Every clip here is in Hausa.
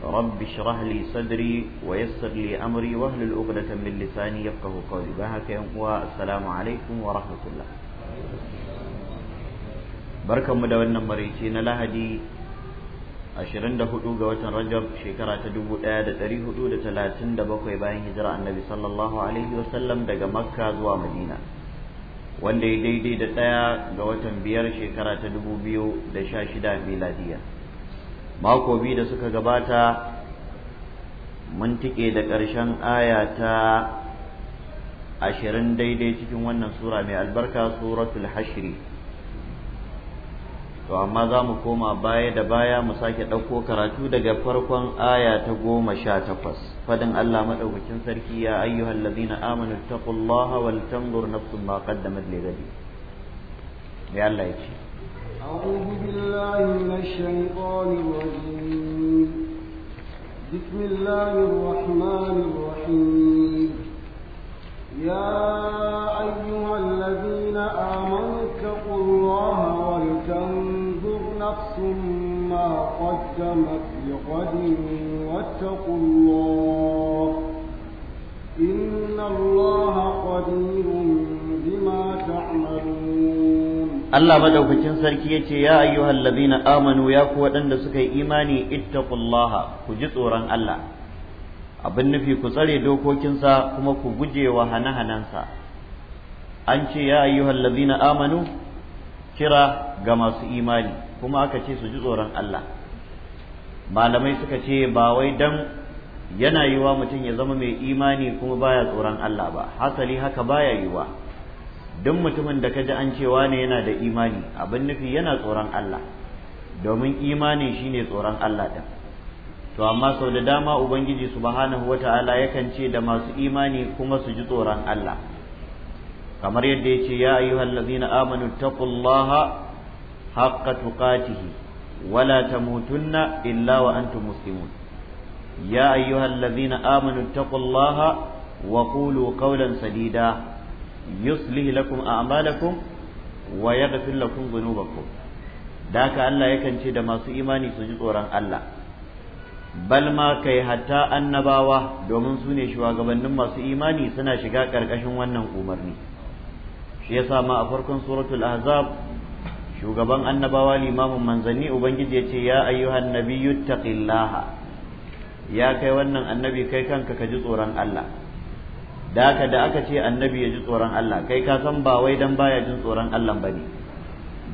رب اشرح لي صدري ويسر لي أمري واهلل عقدة من لساني يفقه قولي بهك والسلام عليكم ورحمة الله barkan mu da wannan maraice na lahadi 24 ga watan rajab shekara ta 1437 bayan hijira annabi sallallahu alaihi sallam daga makka zuwa madina wanda ya daidai da ɗaya ga watan biyar shekara ta 2016 miladiya mako biyu da suka gabata mun tike da ƙarshen aya ta ashirin daidai cikin wannan sura mai albarka suratul hashri to amma za mu koma baya da baya mu sake ɗauko karatu daga farkon aya ta goma sha takwas fadin Allah maɗaukakin sarki ya ayyuhal ladina amanu taqullaha wal tanzur nafsun ma qaddamat li ghadin ya Allah ya ce أعوذ بالله من الشيطان الرجيم بسم الله الرحمن الرحيم يا أيها الذين آمنوا اتقوا الله ولتنظر نفس ما قدمت لغد واتقوا الله إن الله قدير Allah madaukakin sarki ya ce ya ayyuhal ladina amanu ya ku waɗanda suka yi imani ittaqullaha ku ji tsoron Allah abin nufi ku tsare dokokinsa kuma ku guje wa hane-hanensa an ce ya ayyuhal ladina amanu kira ga masu imani kuma aka ce su ji tsoron Allah malamai suka ce ba wai dan yana yiwa mutum ya zama mai imani kuma baya tsoron Allah ba hasali haka baya yiwa duk mutumin da kaji an cewa ne yana da imani abin nufi yana tsoron Allah domin imani shine tsoron Allah din to amma sau da dama ubangiji subhanahu wata'ala yakan ce da masu imani kuma su ji tsoron Allah kamar yadda ya ce ya ayyuhal ladzina amanu taqullaha haqqa tuqatihi ولا تموتن إلا وأنتم مسلمون يا أيها الذين آمنوا اتقوا الله وقولوا قولا sadida. yuslihi lakum a'malakum wa yaghfir lakum dhunubakum da haka Allah yakan ce da masu imani su ji tsoron Allah bal ma kai hatta annabawa domin su ne shugabannin masu imani suna shiga ƙarƙashin wannan umarni shi yasa ma a farkon suratul ahzab shugaban annabawa limamin manzanni ubangiji ya ce ya ayyuhan nabiyyu taqillaha ya kai wannan annabi kai kanka ka ji tsoron Allah da haka da aka ce annabi ya ji tsoron Allah kai ka san ba wai dan baya jin tsoron Allah bane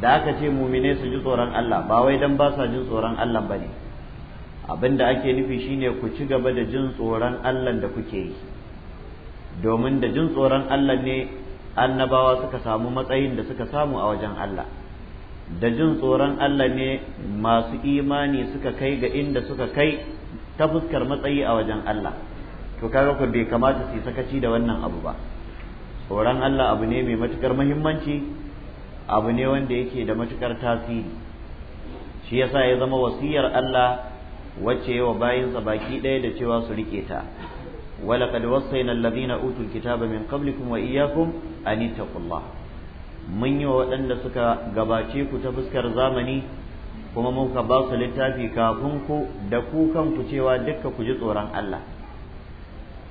da aka ce mumine su ji tsoron Allah ba wai dan ba sa jin tsoron Allah bane abin da ake nufi shine ku ci gaba da jin tsoron Allah da kuke yi domin da jin tsoron Allah ne annabawa suka samu matsayin da suka samu a wajen Allah da jin tsoron Allah ne masu imani suka kai ga inda suka kai ta fuskar matsayi a wajen Allah to kaga ku bai kamata su yi sakaci da wannan abu ba tsoron Allah abu ne mai matukar muhimmanci abu ne wanda yake da matukar tasiri shi yasa ya zama wasiyar Allah wacce yawa bayinsa baki ɗaya da cewa su rike ta ولقد وصينا alladhina اوتوا kitaba min qablikum wa iyyakum an الله mun yi waɗanda suka gabace ku ta fuskar zamani kuma muka ba su littafi kafin ku da ku kanku cewa dukka ku ji tsoron Allah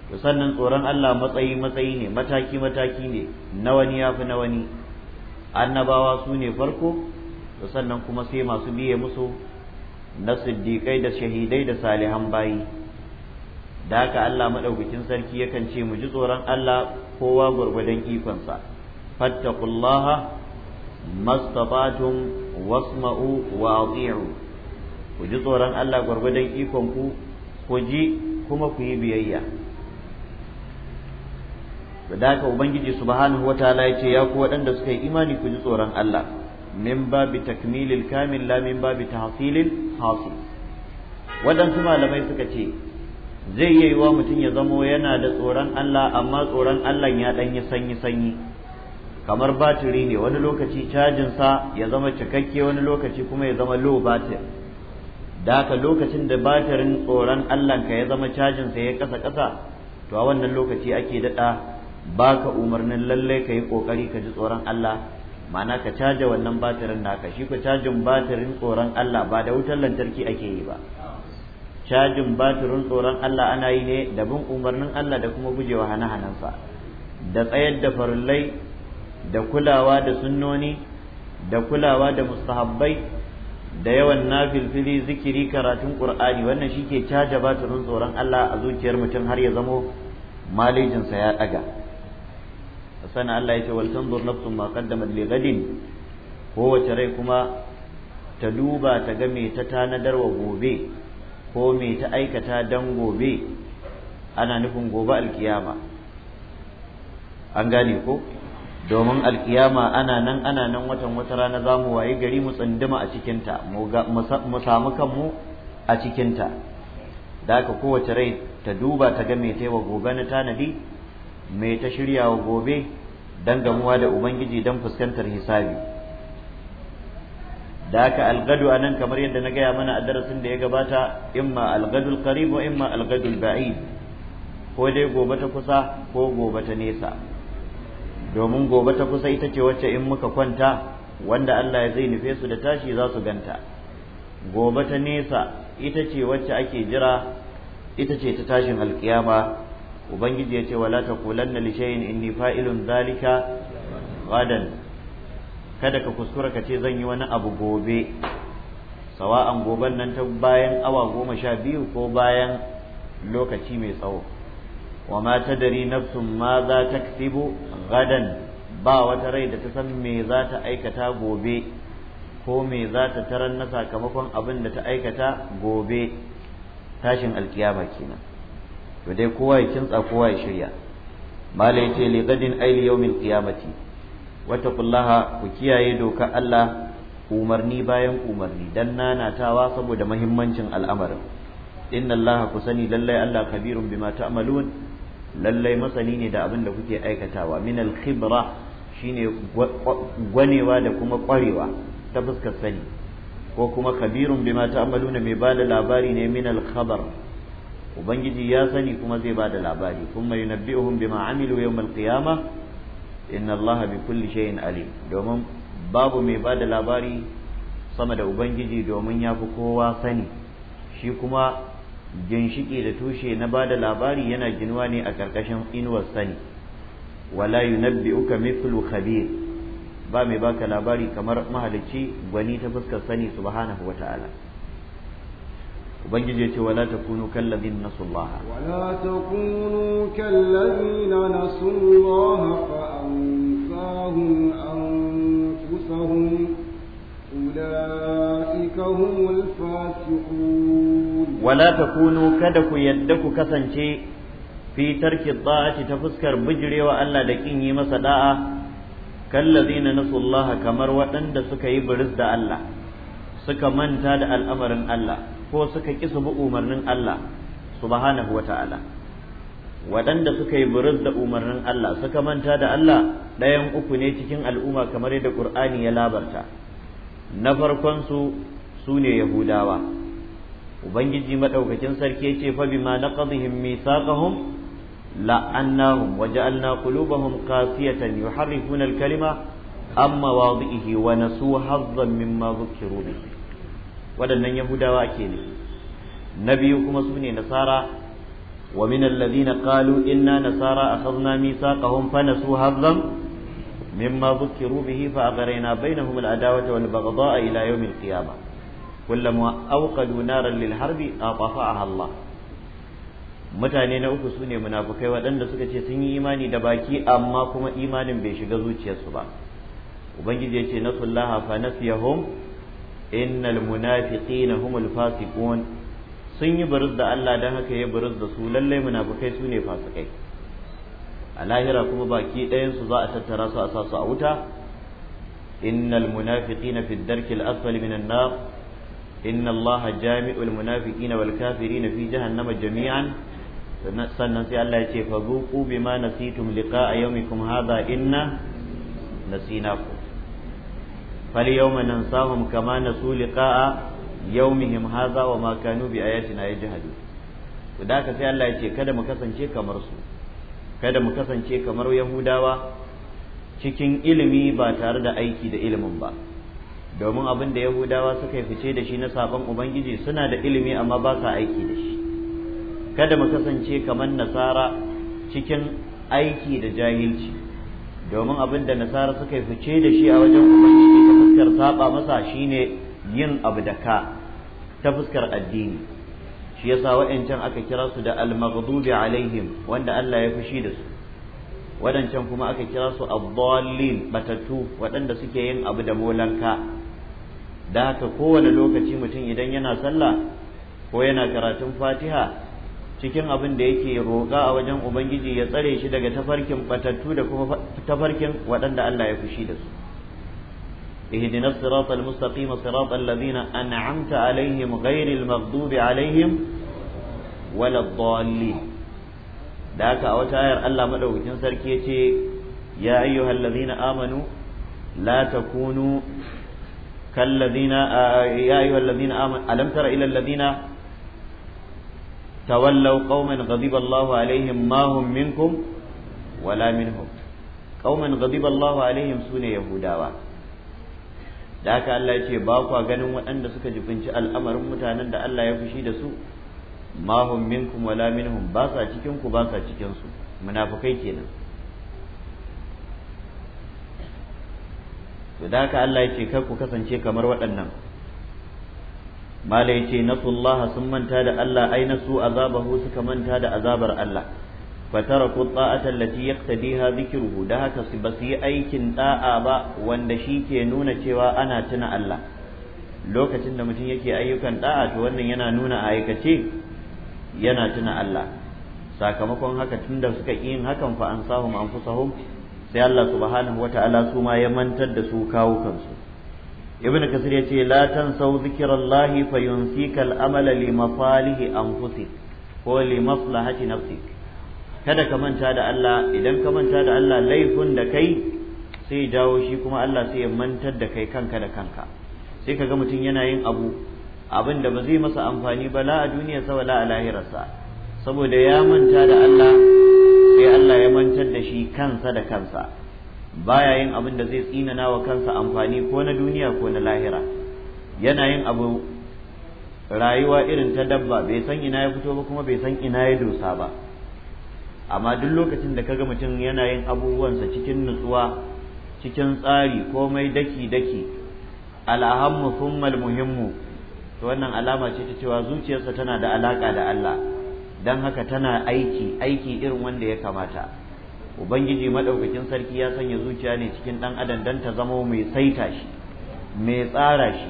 to sannan tsoron Allah matsayi matsayi ne mataki mataki ne na wani ya fi na wani annabawa su ne farko to sannan kuma sai masu biye musu na siddiƙai da shahidai da salihan bayi da haka Allah maɗaukakin sarki yakan ce mu ji tsoron Allah kowa gwargwadon ikonsa fattakullaha mastafatun wasma'u wa ku ji tsoron Allah gwargwadon ikonku ku ku ji kuma ku yi biyayya da haka ubangiji subhanahu wataala ya ce ya ku waɗanda suka yi imani ku ji tsoron Allah min babi takmilil kamil la min babi tahsilil hasil waɗansu malamai suka ce zai iya yiwa mutum ya zamo yana da tsoron Allah amma tsoron Allah ya ɗan yi sanyi sanyi kamar batiri ne wani lokaci cajin sa ya zama cikakke wani lokaci kuma ya zama low batir da haka lokacin da batirin tsoron Allah ka ya zama cajin sa ya kasa kasa to a wannan lokaci ake daɗa baka umarnin lalle ka yi kokari ka ji tsoron Allah ma'ana ka caja wannan batirin naka shi ka cajin batirin tsoron Allah ba da wutar lantarki ake yi ba cajin batirin tsoron Allah ana yi ne da bin umarnin Allah da kuma gujewa hana-hanansa da tsayar da farillai da kulawa da sunnoni da kulawa da mustahabbai da yawan nafilfili zikiri karatun qur'ani wannan shi ke caja batirin tsoron Allah a zuciyar mutum har ya zamo malejinsa ya ɗaga Kana Allah ya ce wal tanzur nafsun ma qaddamat li ghadin kowace rai kuma ta duba ta ga me ta tanadar wa gobe ko me ta aikata dan gobe ana nufin gobe alkiyama an gane ko domin alkiyama ana nan ana nan watan wata rana za mu waye gari mu tsunduma a cikinta mu samu kanmu a cikinta da haka kowace rai ta duba ta ga yi wa gobe na tanadi mai ta shirya wa gobe dan gamuwa da ubangiji dan fuskantar hisabi da ka algadu anan kamar yadda na gaya mana a darasin da ya gabata imma algadul qarib wa imma algadul ba'id ko dai gobe ta kusa ko gobe ta nesa domin gobe ta kusa ita ce wacce in muka kwanta wanda Allah ya zai nufe su da tashi za su ganta gobe ta nesa ita ce wacce ake jira ita ce ta tashin alkiyama ubangiji ya ce wala taqulanna li shay'in inni fa'ilun zalika gadan kada ka kuskura ka ce zan yi wani abu gobe sawa'an goban nan ta bayan awa goma sha biyu ko bayan lokaci mai tsawo wa ma tadri nafsun ma za ta gadan ba wata rai da ta san me za ta aikata gobe ko me za ta tarar na sakamakon abin da ta aikata gobe tashin alkiyama kenan to dai kowa ya kintsa kowa ya shirya mala yace li gadin ay li yawmil qiyamati wattaqullaha ku kiyaye doka Allah umarni bayan umarni dan nanatawa saboda mahimmancin al'amarin inna Allah ku sani lallai Allah kabirun bima ta'malun lallai masani ne da abin da kuke aikatawa min al khibra shine gwanewa da kuma kwarewa ta fuskar sani ko kuma kabirun bima ta'maluna mai bada labari ne min al khabar ubangiji ya sani kuma zai ba da labari kuma yunabbi'uhum bi ma'amilu yau malkiyama inna allaha bi kulli shay'in alim domin babu mai ba da labari sama da ubangiji domin ya fi kowa sani shi kuma ginshiki da tushe na ba da labari yana ginuwa ne a ƙarƙashin inuwar sani wala yunabbi'uka mithlu khabir ba mai baka labari kamar mahalicci gwani ta fuskar sani subhanahu wata'ala ubangiji ya ce wala takunu kallazin nasullaha wala takunu kallazin nasullaha fa ansahum anfusahum ulaika humul fasiqun wala takunu kada ku yadda ku kasance fi tarki da'ati ta fuskar bijirewa Allah da kin yi masa da'a kallazina nasullaha kamar waɗanda suka yi biris da Allah suka manta da al'amarin Allah ko suka ƙi su bi umarnin Allah subhanahu wa ta'ala waɗanda suka yi buruz da umarnin Allah suka manta da Allah ɗayan uku ne cikin al'umma kamar yadda Kur'ani ya labarta na farkon su su ne Yahudawa ubangiji maɗaukacin sarki yace fa bima naqadhihim mithaqahum la'annahum waja'alna qulubahum qasiyatan yuharrifuna al-kalima amma mawadi'ihi wa nasu hazzan ma dhukiru bihi waɗannan yahudawa ake ne. na biyu kuma su ne nasara wa min alladhina qalu inna nasara akhadna mithaqahum fa nasu hazzam mimma dhukiru bihi fa agharayna bainahum al-adawata wal baghdha'a ila yawm al-qiyamah awqadu naran lil harbi atafa'aha Allah mutane na uku sune munafukai waɗanda suka ce sun yi imani da baki amma kuma imanin bai shiga zuciyarsu ba ubangiji ya ce nasullaha fa nasiyahum innal munafiqina humul fasiqun sun yi buruz da Allah dan haka ya buruz da su lallai munafikai su ne fasikai a lahira kuma baki ɗayan su za a tattara su a a wuta innal munafiqina fi darkil asfali minan nar inna Allah jami'ul munafiqina wal kafirina fi jahannama jami'an sannan sai Allah ya ce fa zuqu bima nasitum liqa'a yawmikum hadha inna nasinakum فاليوم ننساهم كما نسوا لقاء يومهم هذا وما كانوا بآياتنا يجهدون da haka sai Allah ya ce kada mu kasance kamar su kada mu kasance kamar yahudawa cikin ilimi ba tare da aiki da ilimin ba domin abin da yahudawa suka yi fice da shi na saban ubangiji suna da ilimi amma ba sa aiki da shi kada mu kasance kamar nasara cikin aiki da jahilci domin abin da nasara suka yi fice da shi a wajen ubangiji ta fuskar saba masa shine yin abu da ka ta fuskar addini shi yasa wa'ancan aka kira su da al-maghdubi alaihim wanda Allah ya fushi da su waɗancan kuma aka kira su ad-dallin batatu waɗanda suke yin abu da molanka da haka kowane lokaci mutum idan yana sallah ko yana karatun fatiha cikin abin da yake roƙa a wajen ubangiji ya tsare shi daga tafarkin batattu da kuma tafarkin waɗanda Allah ya fushi da su ihdina siratal mustaqim siratal ladina an'amta alaihim ghairil maghdubi alaihim waladdallin da haka a wata ayar Allah madaukakin sarki yace ya ayyuhal ladina amanu la takunu kal ladina ya ayyuhal ladina amanu alam tara ila ladina تولوا قوما غضب الله عليهم ما هم منكم ولا منهم قوما غضب الله عليهم سنة يهوداوا da haka Allah ya ce ba kwa ganin waɗanda suka jibinci al'amarin mutanen da Allah ya fushi da su ma hum minkum wala minhum ba sa cikinku ku ba sa cikin su munafikai kenan to da haka Allah ya ce kar ku kasance kamar waɗannan mala yace nasullaha sun manta da Allah ai nasu azabahu suka manta da azabar Allah fataraku ta'ata allati yaqtadiha dhikruhu da haka su basu yi aikin da'a ba wanda shi ke nuna cewa ana tuna Allah lokacin da mutum yake ayyukan da'a to wannan yana nuna a aikace yana tuna Allah sakamakon haka tunda suka yin hakan fa ansahum anfusahum sai Allah subhanahu wata'ala su ma ya mantar da su kawo kansu ibn kasir ya ce la sau zikirallahi fa yunsika al'amala li mafalihi anfusik ko kada ka manta da Allah idan ka manta da Allah laifin da kai sai jawo shi kuma Allah sai ya mantar da kai kanka da kanka sai ka ga mutum yana yin abu abin da ba zai masa amfani ba la a duniya sa la a lahirarsa saboda ya manta da Allah sai Allah ya mantar da shi kansa da kansa baya yin abin da zai tsinana wa kansa amfani ko na duniya ko na lahira yana yin abu rayuwa irin ta dabba bai san ina ya fito ba kuma bai san ina ya dosa ba amma duk lokacin da kaga mutum yana yin abubuwansa cikin nutsuwa cikin tsari komai daki daki alhammu thummal muhimmu to wannan alama ce ta cewa zuciyarsa tana da alaka da Allah dan haka tana aiki aiki irin wanda ya kamata ubangiji madaukakin sarki ya sanya zuciya ne cikin dan adam dan ta zamo mai saita shi mai tsara shi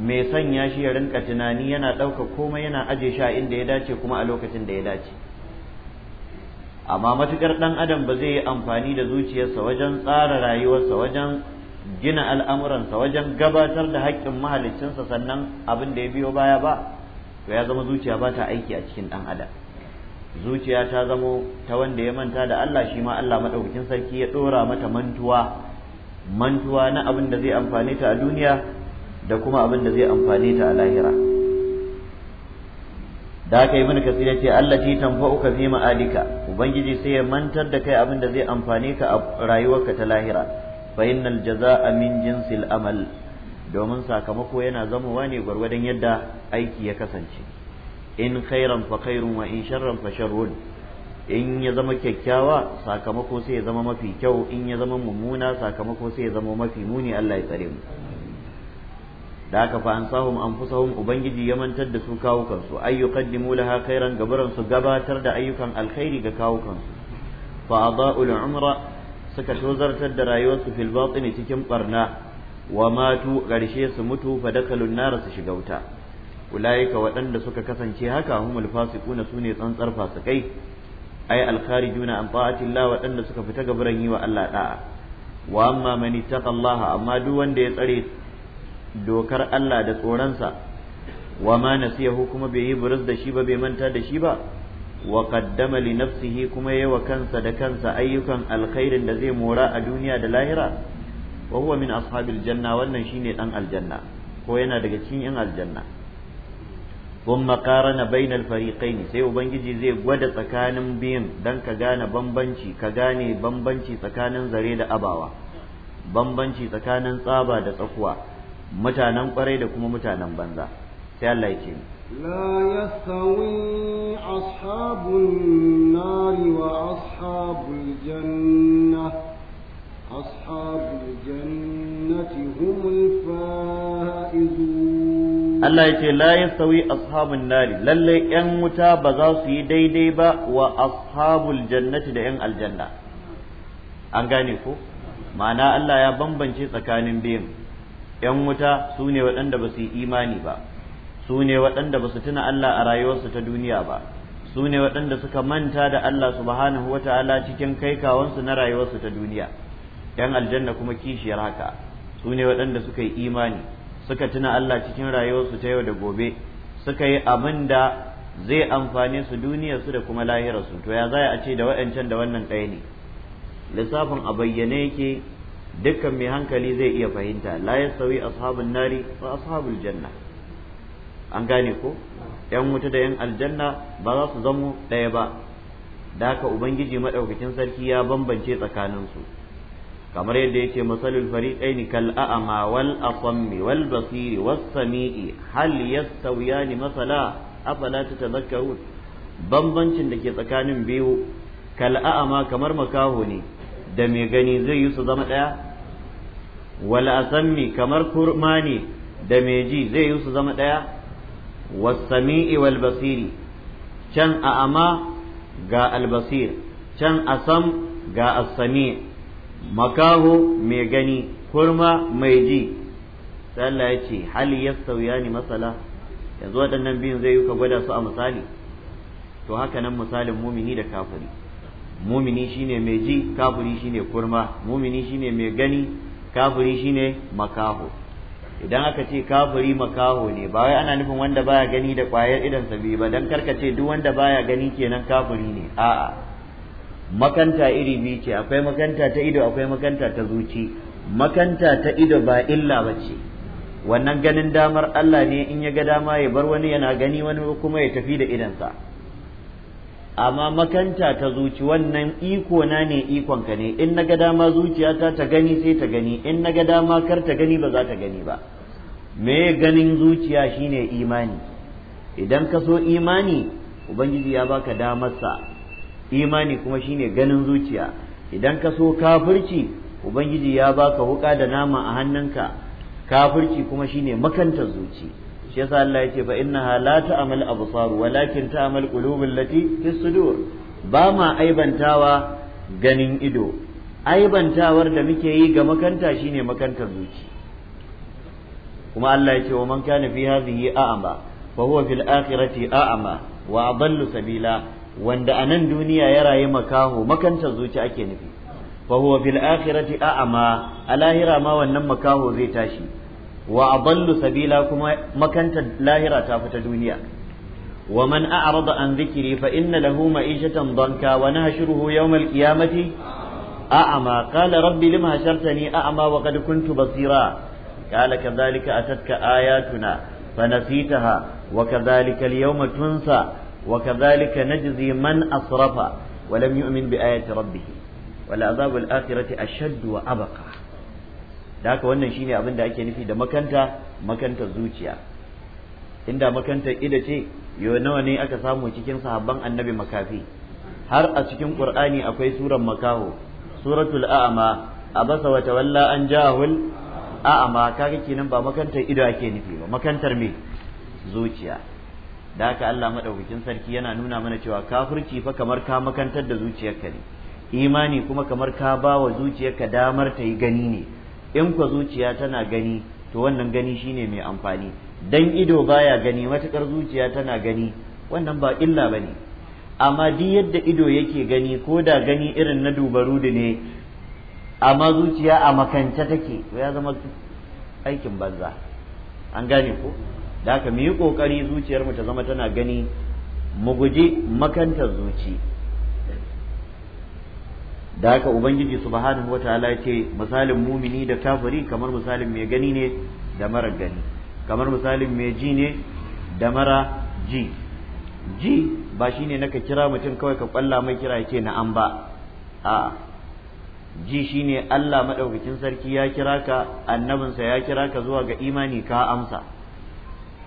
mai sanya shi ya rinka tunani yana ɗauka komai yana aje shi a inda ya dace kuma a lokacin da ya dace amma matukar dan adam ba zai yi amfani da zuciyarsa wajen tsara rayuwarsa wajen gina al'amuransa wajen gabatar da haƙƙin mahaliccinsa sannan abin da ya biyo baya ba to ya zama zuciya ba ta aiki a cikin dan adam zuciya ta zamo ta wanda ya manta da Allah shi ma Allah madaukakin sarki ya ɗora mata mantuwa mantuwa na abin da zai amfane ta a duniya da kuma abin da zai amfane ta a lahira da aka yi mana kasira ce Allah shi uka fi ma'adika ubangiji sai ya mantar da kai abin da zai amfane ka a rayuwarka ta lahira fa innal jaza'a min jinsil amal domin sakamako yana zamowa ne gwargwadon yadda aiki ya kasance in khairan fa khairun wa in sharran fa sharrun in ya zama kyakkyawa sakamako sai ya zama mafi kyau in ya zama mummuna sakamako sai ya zama mafi muni Allah ya tsare mu da aka fa ansahum anfusahum ubangiji ya mantar da su kawukan su ayyuqaddimu laha khairan gabaran su gabatar da ayyukan alkhairi ga kawukan su fa adaa'ul umra suka tozartar da rayuwarsu fil batini cikin barna wa matu karshe su mutu fa dakalun nar su shiga wuta ulaika waɗanda suka kasance haka humul fasiquna sune tsantsar fasikai ay juna an ta'atillah waɗanda suka fita gaburan yi wa Allah da'a wa amma man ittaqallaha amma duk wanda ya tsare dokar Allah da tsoronsa wa ma nasiyahu kuma bai yi burus da shi ba bai manta da shi ba wa qaddama li nafsihi kuma yayi wa kansa da kansa ayyukan alkhairin da zai mora a duniya da lahira wa huwa min ashabil janna wannan shine dan aljanna ko yana daga cikin yan aljanna ثم قارن بين الفريقين sai ubangiji zai gwada tsakanin biyun dan ka gane bambanci ka gane bambanci tsakanin zare da abawa bambanci tsakanin tsaba da tsakuwa mutanen kwarai da kuma mutanen banza sai Allah yake لا يستوي أصحاب النار وأصحاب الجنة أصحاب الجنة هم الفائزون Allah ya ce la sauyi ashabun nari lalle yan wuta ba za su yi daidai ba wa ashabul jannati da yan aljanna an gane ko ma'ana Allah ya bambance tsakanin biyun yan wuta su ne waɗanda ba su yi imani ba su ne waɗanda ba su tuna Allah a rayuwarsu ta duniya ba su ne waɗanda suka manta da Allah subhanahu wata'ala cikin kaikawansu na rayuwarsu ta duniya ‘yan aljanna kuma kishiyar haka su ne waɗanda suka yi imani suka tuna Allah cikin rayuwarsu ta yau da gobe suka yi abin da zai amfane su duniyarsu da kuma lahirarsu to ya za a ce da wa'ancan da wannan ɗaya ne lissafin a bayyane yake dukkan mai hankali zai iya fahimta la sauyi ashabun nari wa ashabul janna an gane ko yan wuta da yan aljanna ba za su zamo ɗaya ba da haka ubangiji madaukakin sarki ya bambance tsakaninsu kamar yadda yake masalul fariqain kal a'ma wal asammi wal basiri was sami'i hal yastawiyani masala afala tatadhakkarun bambancin da ke tsakanin biyu kal a'ma kamar makaho ne da mai gani zai yi su zama daya wal asammi kamar kurma ne da mai ji zai yi su zama ɗaya? was sami'i wal basiri can a'ama ga albasir, can asam ga as-sami' makaho mai gani kurma mai ji sallah ya ce hali ya sauya ni matsala yanzu waɗannan biyun zai yi ka gwada su a misali to haka nan misalin mumini da kafuri mumini shine mai ji shi shine kurma mumini shine mai gani shi shine makaho idan aka ce kafuri makaho ne ba wai ana nufin wanda baya gani da ƙwayar idan sabi ba dan karkace duk wanda baya gani kenan kafuri ne a'a makanta iri biyu ce akwai makanta ta ido akwai makanta ta zuci makanta ta ido ba illa ba wannan ganin damar Allah ne in ya ga dama ya bar wani yana gani wani kuma ya tafi da idansa amma makanta ta zuci wannan iko na ne ikon ka ne in na ga dama zuciyata ta gani sai ta gani in na ga dama kar ta gani ba za ta gani ba me ganin zuciya shine imani idan ka so imani ubangiji ya baka damar sa. imani kuma shine ganin zuciya idan ka so kafirci ubangiji ya baka wuka da nama a hannunka kafirci kuma shine makanta zuci shi yasa Allah yace fa innaha la ta'mal absar walakin ta'mal qulubul lati fi sudur ba ma aibantawa ganin ido aibantawar da muke yi ga makanta shine makantar zuci kuma Allah ya wa man kana fi hadhihi a'ma fa huwa fil akhirati a'ma wa adallu sabila wanda a nan duniya ya rayu makaho makantar zuci ake nufi fa huwa fil akhirati a'ma a lahira ma wannan makaho zai tashi wa adallu sabila kuma makantar lahira ta fita duniya wa man a'rada an dhikri fa inna lahu ma'ishatan danka wa nahshuruhu yawm al-qiyamati a'ma qala rabbi lima hashartani a'ma wa qad kuntu basira قال كذلك أتتك آياتنا فنسيتها وكذلك اليوم تنسى وكذلك نجزي من أسرف ولم يؤمن بآية ربه والعذاب الآخرة أشد وأبقى ذاك wannan shine abin da ake nufi da makanta makanta zuciya inda makanta ida ce yo nawa ne aka samu cikin sahabban annabi makafi har a cikin qur'ani akwai suran makaho suratul a'ma abasa wa tawalla an ja'ahul a'ama kaga kenan ba makantar ido ake nufi ba makantar me zuciya da haka Allah madaukakin sarki yana nuna mana cewa kafirci fa kamar ka makantar da zuciyarka ne imani kuma kamar ka ba wa zuciyarka damar ta yi gani ne in ku zuciya tana gani to wannan gani shine mai amfani dan ido baya gani matukar zuciya tana gani wannan ba illa bane amma duk yadda ido yake gani ko da gani irin na dubaru da ne amma zuciya a makance take ya zama aikin banza an gane ko da haka mu yi kokari zuciyar mu ta zama tana gani mu guji makanta zuci da haka ubangiji subhanahu wataala ya ce misalin mumini da kafiri kamar misalin mai gani ne da mara gani kamar misalin mai ji ne da mara ji ji ba shine naka kira mutum kawai ka kwalla mai kira ya ce na'am ba a ji shine Allah madaukakin sarki ya kira ka annabinsa ya kira ka zuwa ga imani ka amsa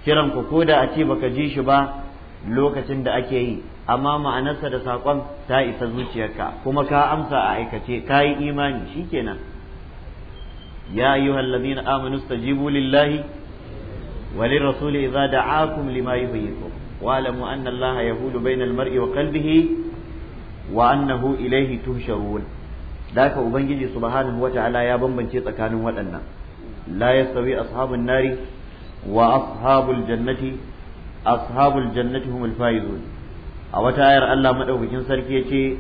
kiran ku ko da a ce baka ji shi ba lokacin da ake yi amma ma'anarsa da saƙon ta isa zuciyarka kuma ka amsa a aikace ka yi imani shikenan ya ayyuha alladhina amanu stajibu lillahi wa lirrasuli idza da'akum lima yuhyikum wa'lamu anna allaha yahulu bainal mar'i wa qalbihi wa annahu ilaihi tuhsharun daka ubangiji subhanahu wata'ala ya bambance tsakanin waɗannan la yastawi ashabun nari واصحاب jannati اصحاب الجنه هم الفائزون a wata ayar Allah madaukakin sarki yace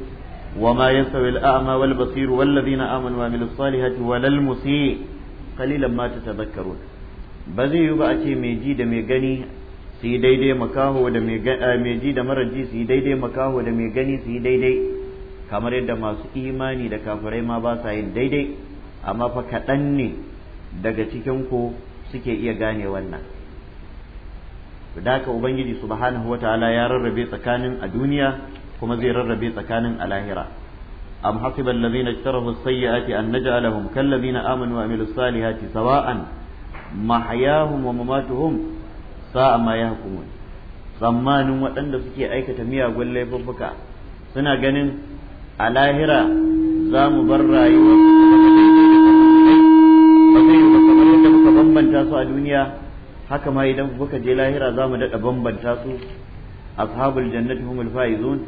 wa ma yasawi al-a'ma wal basir wal ladina amanu wa amilus salihati wal musi qalilan ma tatadhakkarun ba zai yi ba a ce mai ji da mai gani eh, mara ji su yi daidai makaho da mai gani su yi daidai kamar yadda masu imani da kafirai ma ba sa yin daidai amma fa kaɗan ne daga cikin ku suke iya gane wannan da haka ubangiji subhanahu wataala ya rarrabe tsakanin a duniya kuma zai rarrabe tsakanin a lahira am hasiba allazina ijtarahu as-sayyi'ati an naj'alahum kal amanu wa amilus salihati sawa'an mahyahum wa mamatuhum sa'a ma yahkumun tsammanin waɗanda suke aikata miyagun laifuffuka suna ganin a lahira za mu bar rayuwar da muka bambanta su a duniya haka ma idan muka je lahira za mu daɗa bambanta su ashabul jannati humul faizun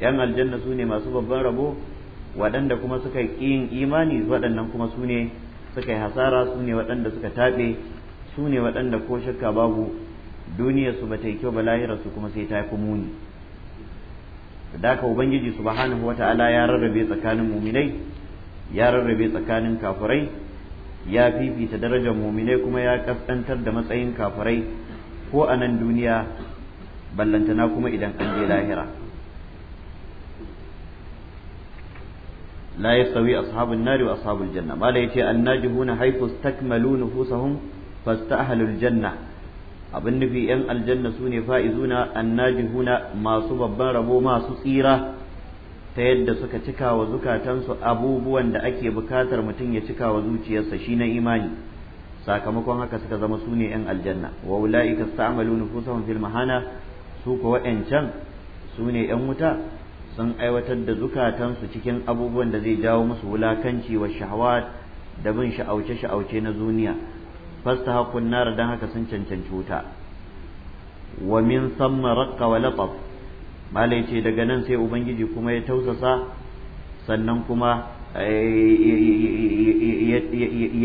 yan aljanna su ne masu babban rabo waɗanda kuma suka yi yin imani waɗannan kuma su ne suka yi hasara su ne waɗanda suka taɓe su ne waɗanda ko shakka babu duniyar su bata kyau ba lahirar su kuma sai ta fi muni da ka ubangiji subhanahu wata'ala ya rarrabe tsakanin muminai ya rarrabe tsakanin kafurai ya fifita darajar muminai kuma ya kaskantar da matsayin kafirai ko a nan duniya ballantana kuma idan an je lahira لا يستوي أصحاب النار وأصحاب الجنة ما ليتي الناجحون حيث استكملوا نفوسهم فاستأهلوا الجنة أبن في أن الجنة سوني فائزون الناجحون ما صبب ربو ما سصيرة ta yadda suka cika wa zukatansu abubuwan da ake bukatar mutum ya cika wa zuciyarsa shi na imani sakamakon haka suka zama su ne 'yan aljanna wa ula'ika sta'amalu nufusahum fil mahana su kuwa yancan su ne 'yan wuta sun aiwatar da zukatansu cikin abubuwan da zai jawo musu wulakanci wa shahawat da bin sha'auce sha'auce na zuniya fasta hakkun nara don haka sun cancanci wuta wa min samma raqqa wa malai ce daga nan sai ubangiji kuma ya tausasa sannan kuma eh, eh, eh, ya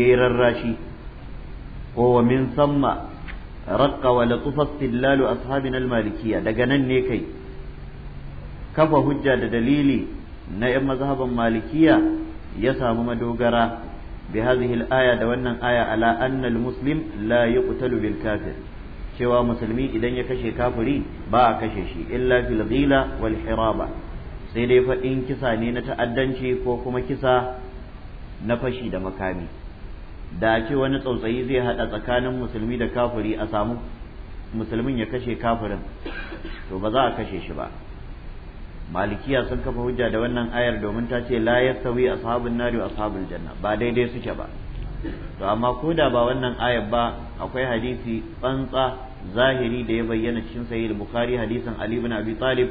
yi rarrashi kowa min samma raqqa wa latufa istillalu ashabina al daga nan ne kai kafa hujja da dalili na yan mazhaban malikiya ya samu madogara bi hadhihi al-aya da wannan aya ala anna al-muslim la yuqtalu bil kafir cewa musulmi idan ya kashe kafiri ba a kashe shi illa fil ghila wal hiraba sai dai faɗin kisa ne na ta'addanci ko kuma kisa na fashi da makami da ce wani tsautsayi zai haɗa tsakanin musulmi da kafiri a samu musulmin ya kashe kafirin to ba za a kashe shi ba malikiya sun kafa hujja da wannan ayar domin ta ce la yasawi ashabun nari wa ashabul janna ba daidai suke ba to amma ko da ba wannan ayar ba akwai hadisi tsantsa zahiri da ya bayyana cikin sahih bukhari hadisin ali ibn abi talib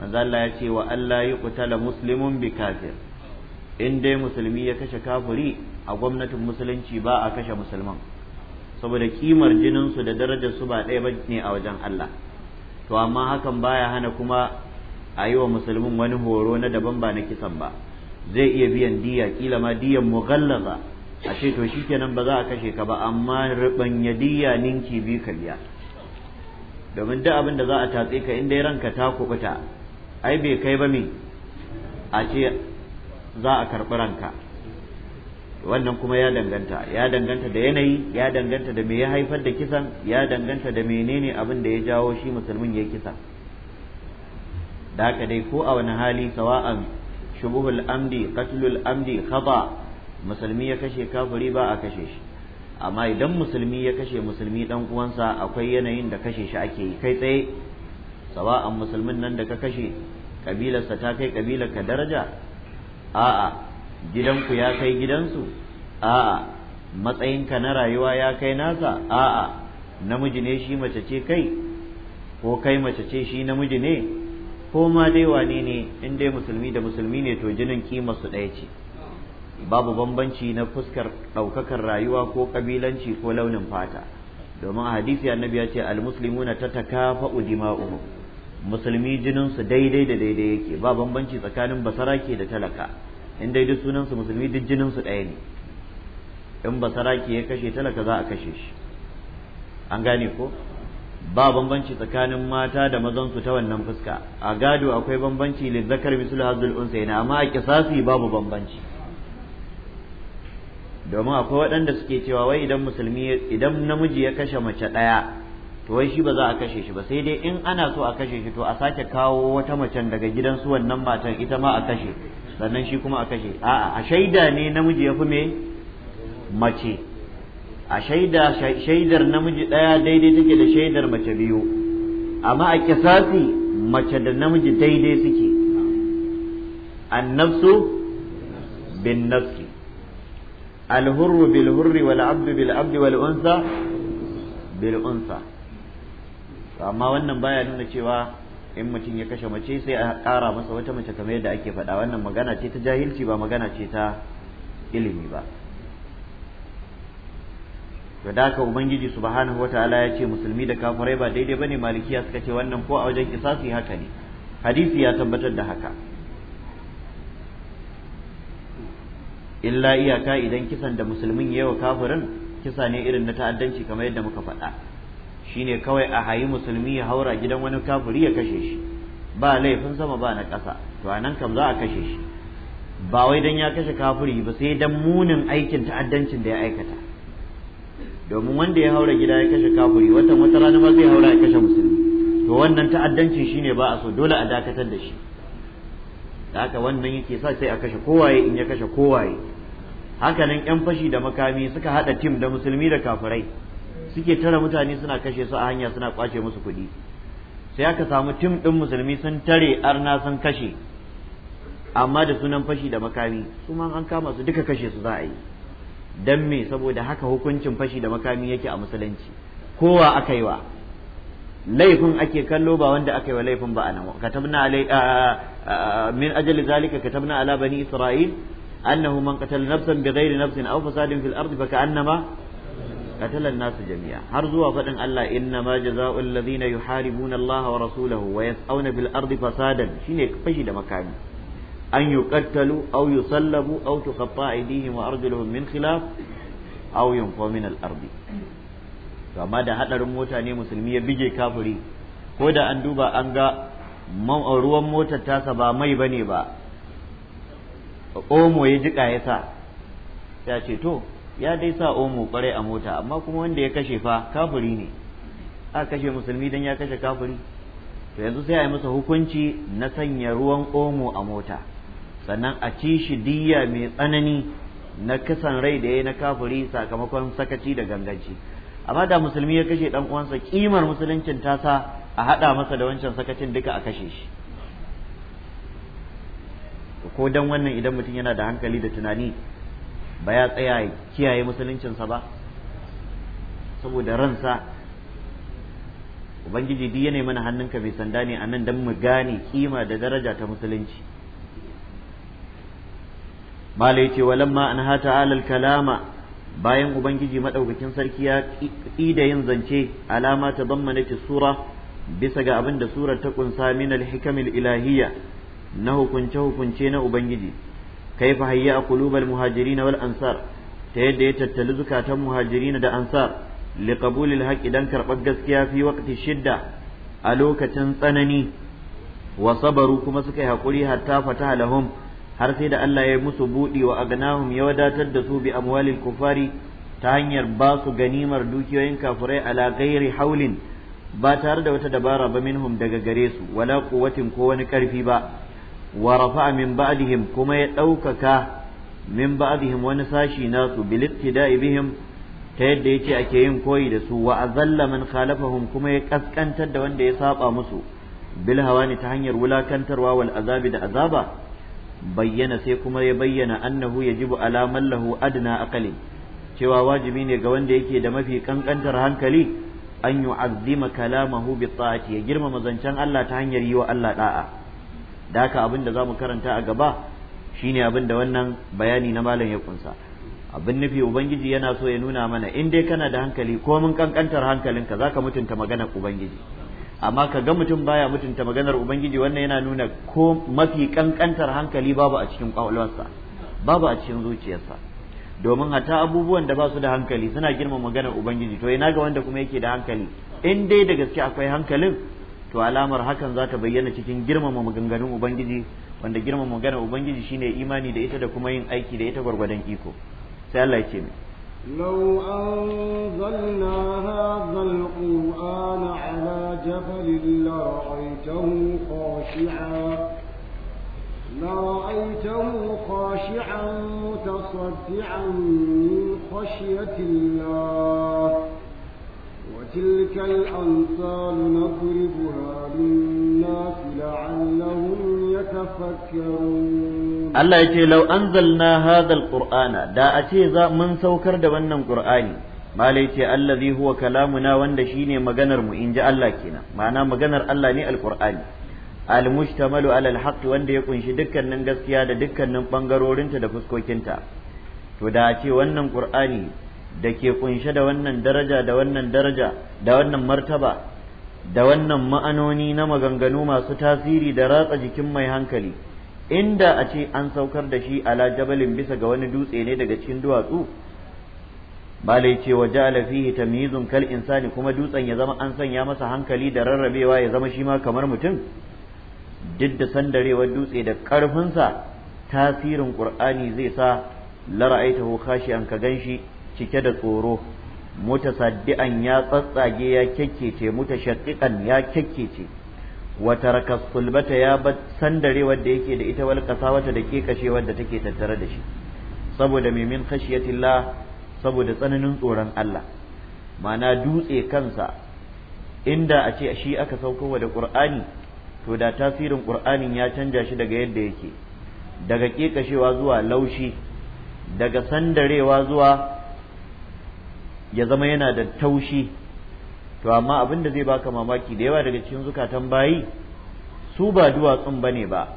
manzo Allah ya ce wa Allah yuqtala muslimun bi kafir in dai musulmi ya kashe kafiri a gwamnatin musulunci ba a kashe musulman saboda kimar jinin su da darajar su ba ɗaya ba ne a wajen Allah to amma hakan baya hana kuma a yi wa musulmin wani horo na daban ba na kisan ba zai iya biyan diya kila ma diyan mughallaza a ce to shikenan ba za a kashe ka ba amma ribanya yadiya ninki bi ka biya domin duk abin da za a tatse ka inda ranka ta kubuta ai bai kai ba me a ce za a karɓi ranka wannan kuma ya danganta ya danganta da yanayi ya danganta da me ya haifar da kisan ya danganta da menene abin da ya jawo shi musulmin ya kisa da haka dai ko a wani hali sawa'an shubuhul amdi qatlul amdi khata musulmi ya kashe kafiri ba a kashe shi amma idan musulmi ya kashe musulmi dan uwansa akwai yanayin da kashe shi ake yi kai tsaye sawa'an musulmin nan da ka kashe kabilarsa ta kai kabilar ka daraja a'a gidanku ya kai gidansu a'a matsayinka na rayuwa ya kai nasa a'a namiji ne shi mace ce kai ko kai mace ce shi namiji ne ko ma dai wane ne in dai musulmi da musulmi ne to jinin kima su ɗaya ce babu bambanci na fuskar ɗaukakar rayuwa ko ƙabilanci ko launin fata domin a hadisi annabi ya ce almuslimuna ta takafa udima'uhu musulmi jininsu daidai da daidai yake ba bambanci tsakanin basarake da talaka in dai duk sunansu musulmi duk jininsu ɗaya ne in basarake ya kashe talaka za a kashe shi an gane ko ba bambanci tsakanin mata da mazansu ta wannan fuska a gado akwai bambanci lizzakar misul hazul unsa amma a kisasi babu bambanci domin akwai waɗanda suke cewa wai idan musulmi idan namiji ya kashe mace ɗaya to wai shi ba za a kashe shi ba sai dai in ana so a kashe shi to a sake kawo wata macen daga gidan su wannan matan ita ma a kashe sannan shi kuma a kashe a'a a shaida ne namiji ya fi me mace a shaida shaidar namiji ɗaya daidai take da shaidar mace biyu amma a kisasi mace da namiji daidai suke annabsu bin nafsi الهر بالهر والعبد بالعبد والأنثى بالأنثى amma wannan baya nuna cewa in mutum ya kashe mace sai a ƙara masa wata mace kamar yadda ake faɗa wannan magana ce ta jahilci ba magana ce ta ilimi ba da daka ubangiji subhanahu wataala ya ce musulmi da kafirai ba daidai bane malikiya suka ce wannan ko a wajen kisasi haka ne hadisi ya tabbatar da haka illa iyaka idan kisan da musulmin ya wa kafirin kisa ne irin na ta'addanci kamar yadda muka faɗa shine kawai a hayi musulmi ya haura gidan wani kafiri ya kashe shi ba laifin sama ba na ƙasa to a nan kam za a kashe shi ba wai dan ya kashe kafiri ba sai dan munin aikin ta'addancin da ya aikata domin wanda ya haura gida ya kashe kafiri watan wata rana ma zai haura ya kashe musulmi to wannan ta'addancin shine ba a so dole a dakatar da shi da haka wannan yake sa sai a kashe kowaye in ya kashe kowaye hakanan yan fashi da makami suka hada tim da musulmi da kafirai suke tara mutane suna kashe su a hanya suna kwace musu kuɗi sai aka samu tim din musulmi sun tare arna sun kashe amma da sunan fashi da makami su ma an kama su duka kashe su za a yi dan me saboda haka hukuncin fashi da makami yake a musulunci kowa aka yi wa laifin ake kallo ba wanda aka yi wa laifin ba a nan katabna alai min ajali zalika katabna ala bani isra'il أنه من قتل نفسا بغير نفس أو فساد في الأرض فكأنما قتل الناس جميعا هرزوا فإن ألا إنما جزاء الذين يحاربون الله ورسوله ويسعون في الأرض فسادا شينك فشد مكان أن يقتلوا أو يصلبوا أو تقطع أيديهم وأرجلهم من خلاف أو ينفوا من الأرض فما da hadarin mota ne musulmi ya bige kafiri ko da an duba an ga ruwan motar tasa ba mai bane ba omo ya jika ya sa ya ce to ya dai sa omo kwarai a mota amma kuma wanda ya kashe fa kafiri ne a kashe musulmi dan ya kashe kafiri to yanzu sai a yi masa hukunci na sanya ruwan omo a mota sannan a ci shi diya mai tsanani na kisan rai da ya na kafuri sakamakon sakaci da ganganci amma da musulmi ya kashe dan uwansa kimar musuluncin sa a haɗa masa da wancan sakacin duka a kashe shi to ko dan wannan idan mutum yana da hankali da tunani ba ya tsaya kiyaye musuluncinsa ba saboda ransa ubangiji duk yana mana hannunka mai sanda ne a nan don mu gane kima da daraja ta musulunci mala ce walamma an hata alal kalama bayan ubangiji madaukakin sarki ya da yin zance alama ta zammana sura bisa ga abin da surar ta kunsa min alhikamil ilahiyya na hukunce hukunce na ubangiji kaifa hayya a kulubal muhajiri na ansar ta yadda ya tattali zukatan muhajirin da ansar liƙabulil haƙi don dan karɓar gaskiya fi waƙti shidda a lokacin tsanani wa sabaru kuma suka yi hakuri ta fata lahum har sai da Allah ya musu buɗi wa agnahum ya wadatar da su bi amwalil kufari ta hanyar ba su ganimar dukiyoyin kafurai ala ghairi haulin ba tare da wata dabara ba minhum daga gare su wala kuwatin ko wani ƙarfi ba wa rafa'a min ba'dihim kuma ya ɗaukaka min ba'dihim wani sashi nasu bil ittida'i bihim ta yadda yace ake yin koyi da su wa azalla man khalafahum kuma ya kaskantar da wanda ya saɓa musu bil ne ta hanyar wulakantarwa wal azabi da azaba bayyana sai kuma ya bayyana annahu ya yajibu ala man lahu adna aqali cewa wajibi ne ga wanda yake da mafi kankantar hankali an yu'azzima kalamahu bi ta'ati ya girmama zancen Allah ta hanyar yi wa Allah da'a da haka abin da za mu karanta a gaba shine abin da wannan bayani na malam ya kunsa abin nufi ubangiji yana so ya nuna mana in dai kana da hankali ko mun kankantar hankalinka zaka mutunta maganar ubangiji amma ka ga mutum baya mutunta maganar ubangiji wannan yana nuna ko mafi kankantar hankali babu a cikin kwakwalwarsa babu a cikin zuciyarsa domin hata abubuwan da ba su da hankali suna girma maganar ubangiji to ina ga wanda kuma yake da hankali in dai da gaske akwai hankalin to alamar hakan za ta bayyana cikin girmama maganganun ubangiji wanda girmama maganar ubangiji shine imani da ita da kuma yin aiki da ita gwargwadon iko sai Allah ya ce mai لو أنزلنا هذا القرآن على جبل لرأيته خاشعا لرأيته خاشعا متصدعا من خشية الله وتلك الأمثال نضربها للناس لعلهم يتفكرون الله يقول لو أنزلنا هذا القرآن دا أتيزا من سوكر دوانا قرآني malai ce allazi huwa kalamuna wanda shine maganar mu inji Allah kenan ma'ana maganar Allah ne alqur'ani almustamalu ala hakki wanda ya ƙunshi dukkanin gaskiya da dukkanin bangarorinta da fuskokinta to da ce wannan Ƙur'ani. da ke kunshe da wannan daraja da wannan daraja da wannan martaba da wannan ma'anoni na maganganu masu tasiri da ratsa jikin mai hankali inda a ce an saukar da shi ala jabalin bisa ga wani dutse ne daga cikin duwatsu ba ce wa ja'ala fihi tamyizun kal insani kuma dutsen ya zama an sanya masa hankali da rarrabewa ya zama shi ma kamar mutum duk da sandarewar dutse da karfinsa tasirin qur'ani zai sa lara'aitahu khashiyan ka ganshi cike da tsoro mutasaddian ya tsatsage ya kyakkece mutashaqqiqan ya kyakkece wa taraka sulbata ya bar sandare wanda yake da ita wal kasawata da kekashe wanda take tattare da shi saboda mai min khashiyatillah saboda tsananin tsoron Allah ma'ana dutse kansa inda a ce shi aka saukowa da qur'ani to da tasirin qur'anin ya canja shi daga yadda yake daga kekashewa zuwa laushi daga sandarewa zuwa ya zama yana da taushi to amma abin da zai baka mamaki da yawa daga cikin zukatan bayi su ba duwatsun bane ba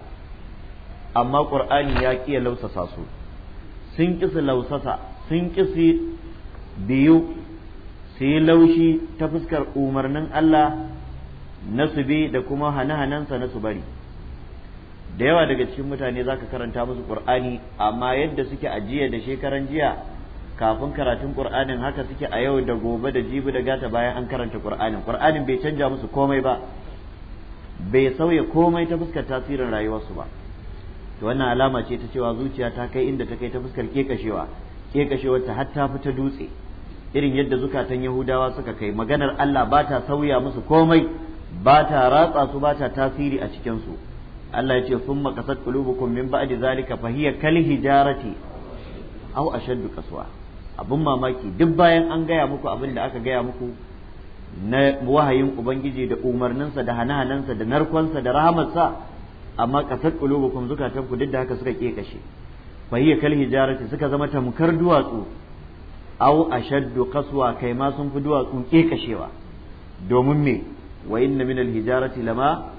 amma ƙur'ani ya kiya lausasa su sun kisi lausasa sun kisi biyu su yi laushi ta fuskar umarnin Allah na su bi da kuma hane-hanensa na su bari da yawa daga cikin mutane za ka karanta musu ƙur'ani amma yadda suke ajiya da shekaran jiya kafin karatun qur'anin haka suke a yau da gobe da jibi da gata bayan an karanta qur'anin qur'anin bai canja musu komai ba bai sauya komai ta fuskar tasirin rayuwarsu ba to wannan alama ce ta cewa zuciya ta kai inda ta kai ta fuskar kekashewa kekashewar ta har ta fita dutse irin yadda zukatan yahudawa suka kai maganar Allah ba ta sauya musu komai ba ta ratsa su ba ta tasiri a cikin su Allah ya ce summa qasat qulubukum min ba'di zalika fa hiya kal hijarati aw ashaddu qaswa abin mamaki duk bayan an gaya muku abin da aka gaya muku na wahayin ubangiji da umarninsa da hana-hanansa da narkonsa da rahamarsa amma kasar qulubukum zukatanku duk da haka suka ke kashe hiya kal hijarati suka zama tamkar duwatsu aw ashaddu qaswa kai ma sun fi duwatsu kashewa. domin me wa inna min al hijarati lama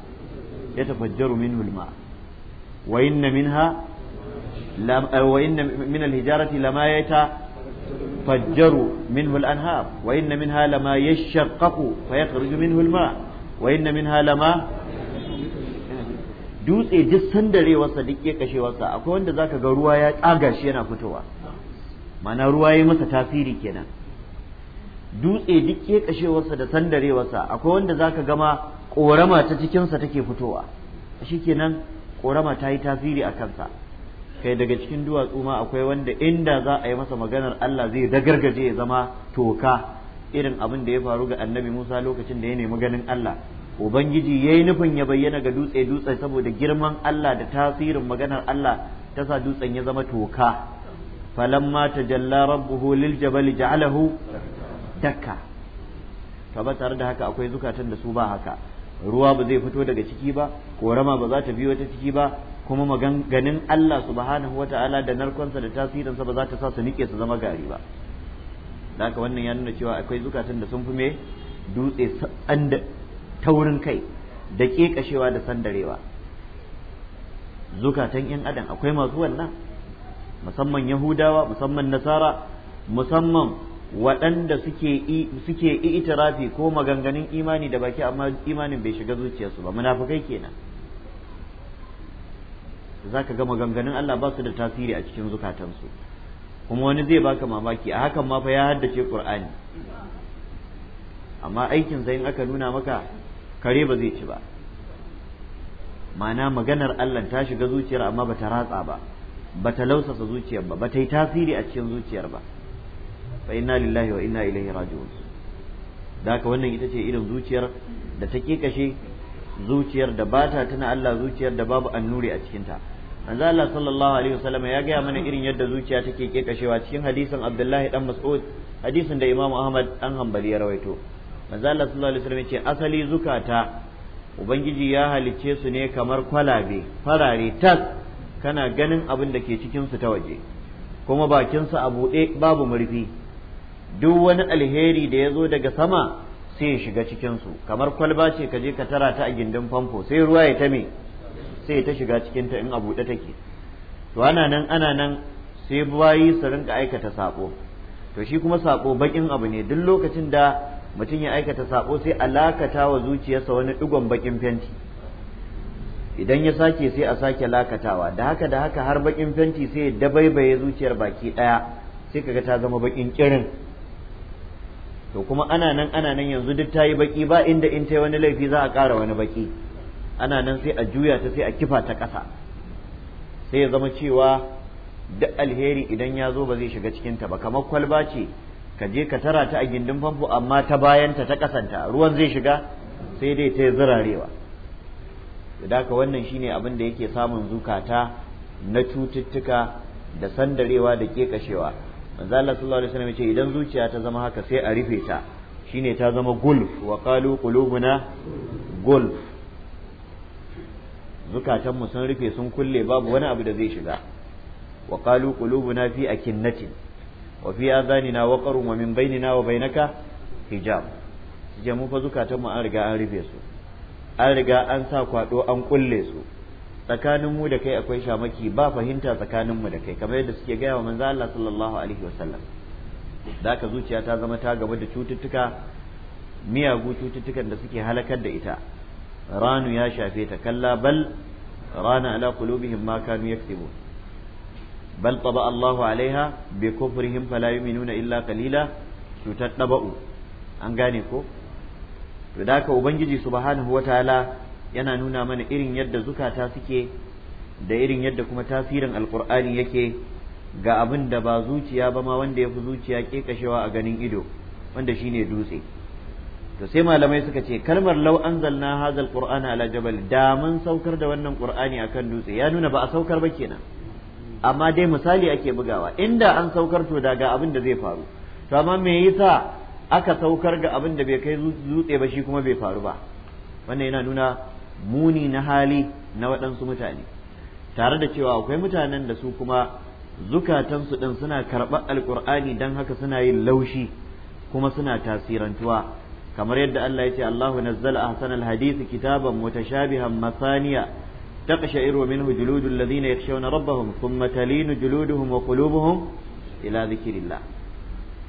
yatafajjaru minhu al ma wa inna minha wa inna min al hijarati lama yata تفجر منه الأنهار وإن منها لما يشقق فيخرج منه الماء وإن منها لما dutse duk sandare wasa duk ya kashe wasa akwai wanda zaka ga ruwa ya tsaga shi yana fitowa mana ruwa ya masa tasiri kenan dutse duk ya kashe wasa da sandare wasa akwai wanda zaka gama ma korama ta cikinsa take fitowa shikenan korama ta yi tasiri a kansa kai daga cikin duwatsu ma akwai wanda inda za a yi masa maganar Allah zai dagargaje ya zama toka irin abin da ya faru ga annabi Musa lokacin da ya nemi ganin Allah ubangiji yayi nufin ya bayyana ga dutse dutse saboda girman Allah da tasirin maganar Allah ta sa dutsen ya zama toka falamma tajalla rabbuhu lil jabali ja'alahu dakka to ba tare da haka akwai zukatan da su ba haka ruwa ba zai fito daga ciki ba korama ba za ta biyo ta ciki ba kuma maganganin Allah subhanahu wa ta'ala da narkonsa da tasirinsa ba za ta sa su nike su zama gari ba da haka wannan ya nuna cewa akwai zukatan da sun fi me dutse da taurin kai da kashewa da sandarewa zukatan yan adam akwai masu wannan musamman yahudawa musamman nasara musamman waɗanda suke itirafi ko maganganin imani da baki amma imanin bai shiga zuciyarsu ba munafukai kenan za ka ga maganganun Allah ba su da tasiri a cikin zukatansu kuma wani zai baka mamaki a hakan ma fa ya haddace Qur'ani amma aikin in aka nuna maka kare ba zai ci ba ma'ana maganar Allah ta shiga zuciyar amma ba ta ratsa ba ba ta lausasa zuciyar ba ba ta yi tasiri a cikin zuciyar ba fa inna lillahi wa inna ilaihi raji'un da haka wannan ita ce irin zuciyar da ta kashe zuciyar da bata tana Allah zuciyar da babu annuri a cikinta manzo Allah sallallahu alaihi wasallam ya gaya mana irin yadda zuciya take kekashewa cikin hadisin Abdullahi dan Mas'ud hadisin da Imam Ahmad dan Hanbali ya rawaito manzo Allah sallallahu alaihi wasallam ya ce asali zukata ubangiji ya halice su ne kamar kwalabe farare tas kana ganin abin da ke cikin su ta waje kuma bakinsa a buɗe babu murfi duk wani alheri da ya zo daga sama sai ya shiga su kamar kwalba ce kaje ka tara ta a gindin famfo sai ruwa ya tame. sai ta shiga cikin ta in a buɗe take to ana nan ana nan sai bayi su rinka aikata sako to shi kuma sako bakin abu ne duk lokacin da mutum ya aikata sako sai alakata wa zuciyarsa wani digon bakin fenti idan ya sake sai a sake lakatawa da haka da haka har bakin fenti sai ya dabaibaye zuciyar baki daya sai kaga ta zama bakin kirin to kuma ana nan ana nan yanzu duk tayi yi baki ba inda in ta yi wani laifi za a ƙara wani baki ana nan sai a juya ta sai a kifa ta ƙasa sai ya zama cewa duk alheri idan ya zo ba zai shiga cikin ta ba kamar kwalba ce ka je ka tara ta a gindin famfo amma ta bayan ta ta ƙasanta ruwan zai shiga sai dai ta zirarewa da haka wannan shine abin da yake samun zukata na cututtuka da sandarewa da kashewa manzo Allah sallallahu alaihi ce idan zuciya ta zama haka sai a rufe ta shine ta zama gulf wa qalu qulubuna gulf zukatanmu sun rufe sun kulle babu wani abu da zai shiga wa qalu qulubuna fi akinnatin wa fi adhanina waqarun wa min bainina wa bainaka hijab je mu fa zukatanmu an riga an rufe su an riga an sa kwado an kulle su tsakanin mu da kai akwai shamaki ba fahimta tsakanin mu da kai kamar yadda suke gaya wa manzo Allah sallallahu alaihi wasallam da ka zuciya ta zama ta gaba da cututtuka miyagu cututtukan da suke halakar da ita ranu ya shafe ta kalla bal rana ala qulubihim ma kanu yaktubun bal taba Allahu alaiha bi kufrihim fala yu'minuna illa qalila cutar daba'u an gane ko to da ka ubangiji subhanahu wataala yana nuna mana irin yadda zukata suke da irin yadda kuma tasirin alqur'ani yake ga abin da ba zuciya ba ma wanda ya fi zuciya kekashewa a ganin ido wanda shine dutse to sai malamai suka ce kalmar law anzalna hadzal qur'ana ala jabal da mun saukar da wannan qur'ani akan dutse ya nuna ba a saukar ba kenan amma dai misali ake bugawa inda an saukar to daga abin da zai faru to amma me yasa aka saukar ga abin da bai kai dutse ba shi kuma bai faru ba wannan yana nuna muni na hali na waɗansu mutane tare da cewa akwai mutanen da su kuma zukatansu ɗin suna karɓar alƙur'ani don haka suna yin laushi kuma suna tasirantuwa kamar yadda Allah ya ce Allahu nazzala ahsanal hadisi kitaban mutashabihan masaniya taqsha'iru minhu juludul ladina yakhshawna rabbahum thumma talinu juluduhum wa qulubuhum ila dhikrillah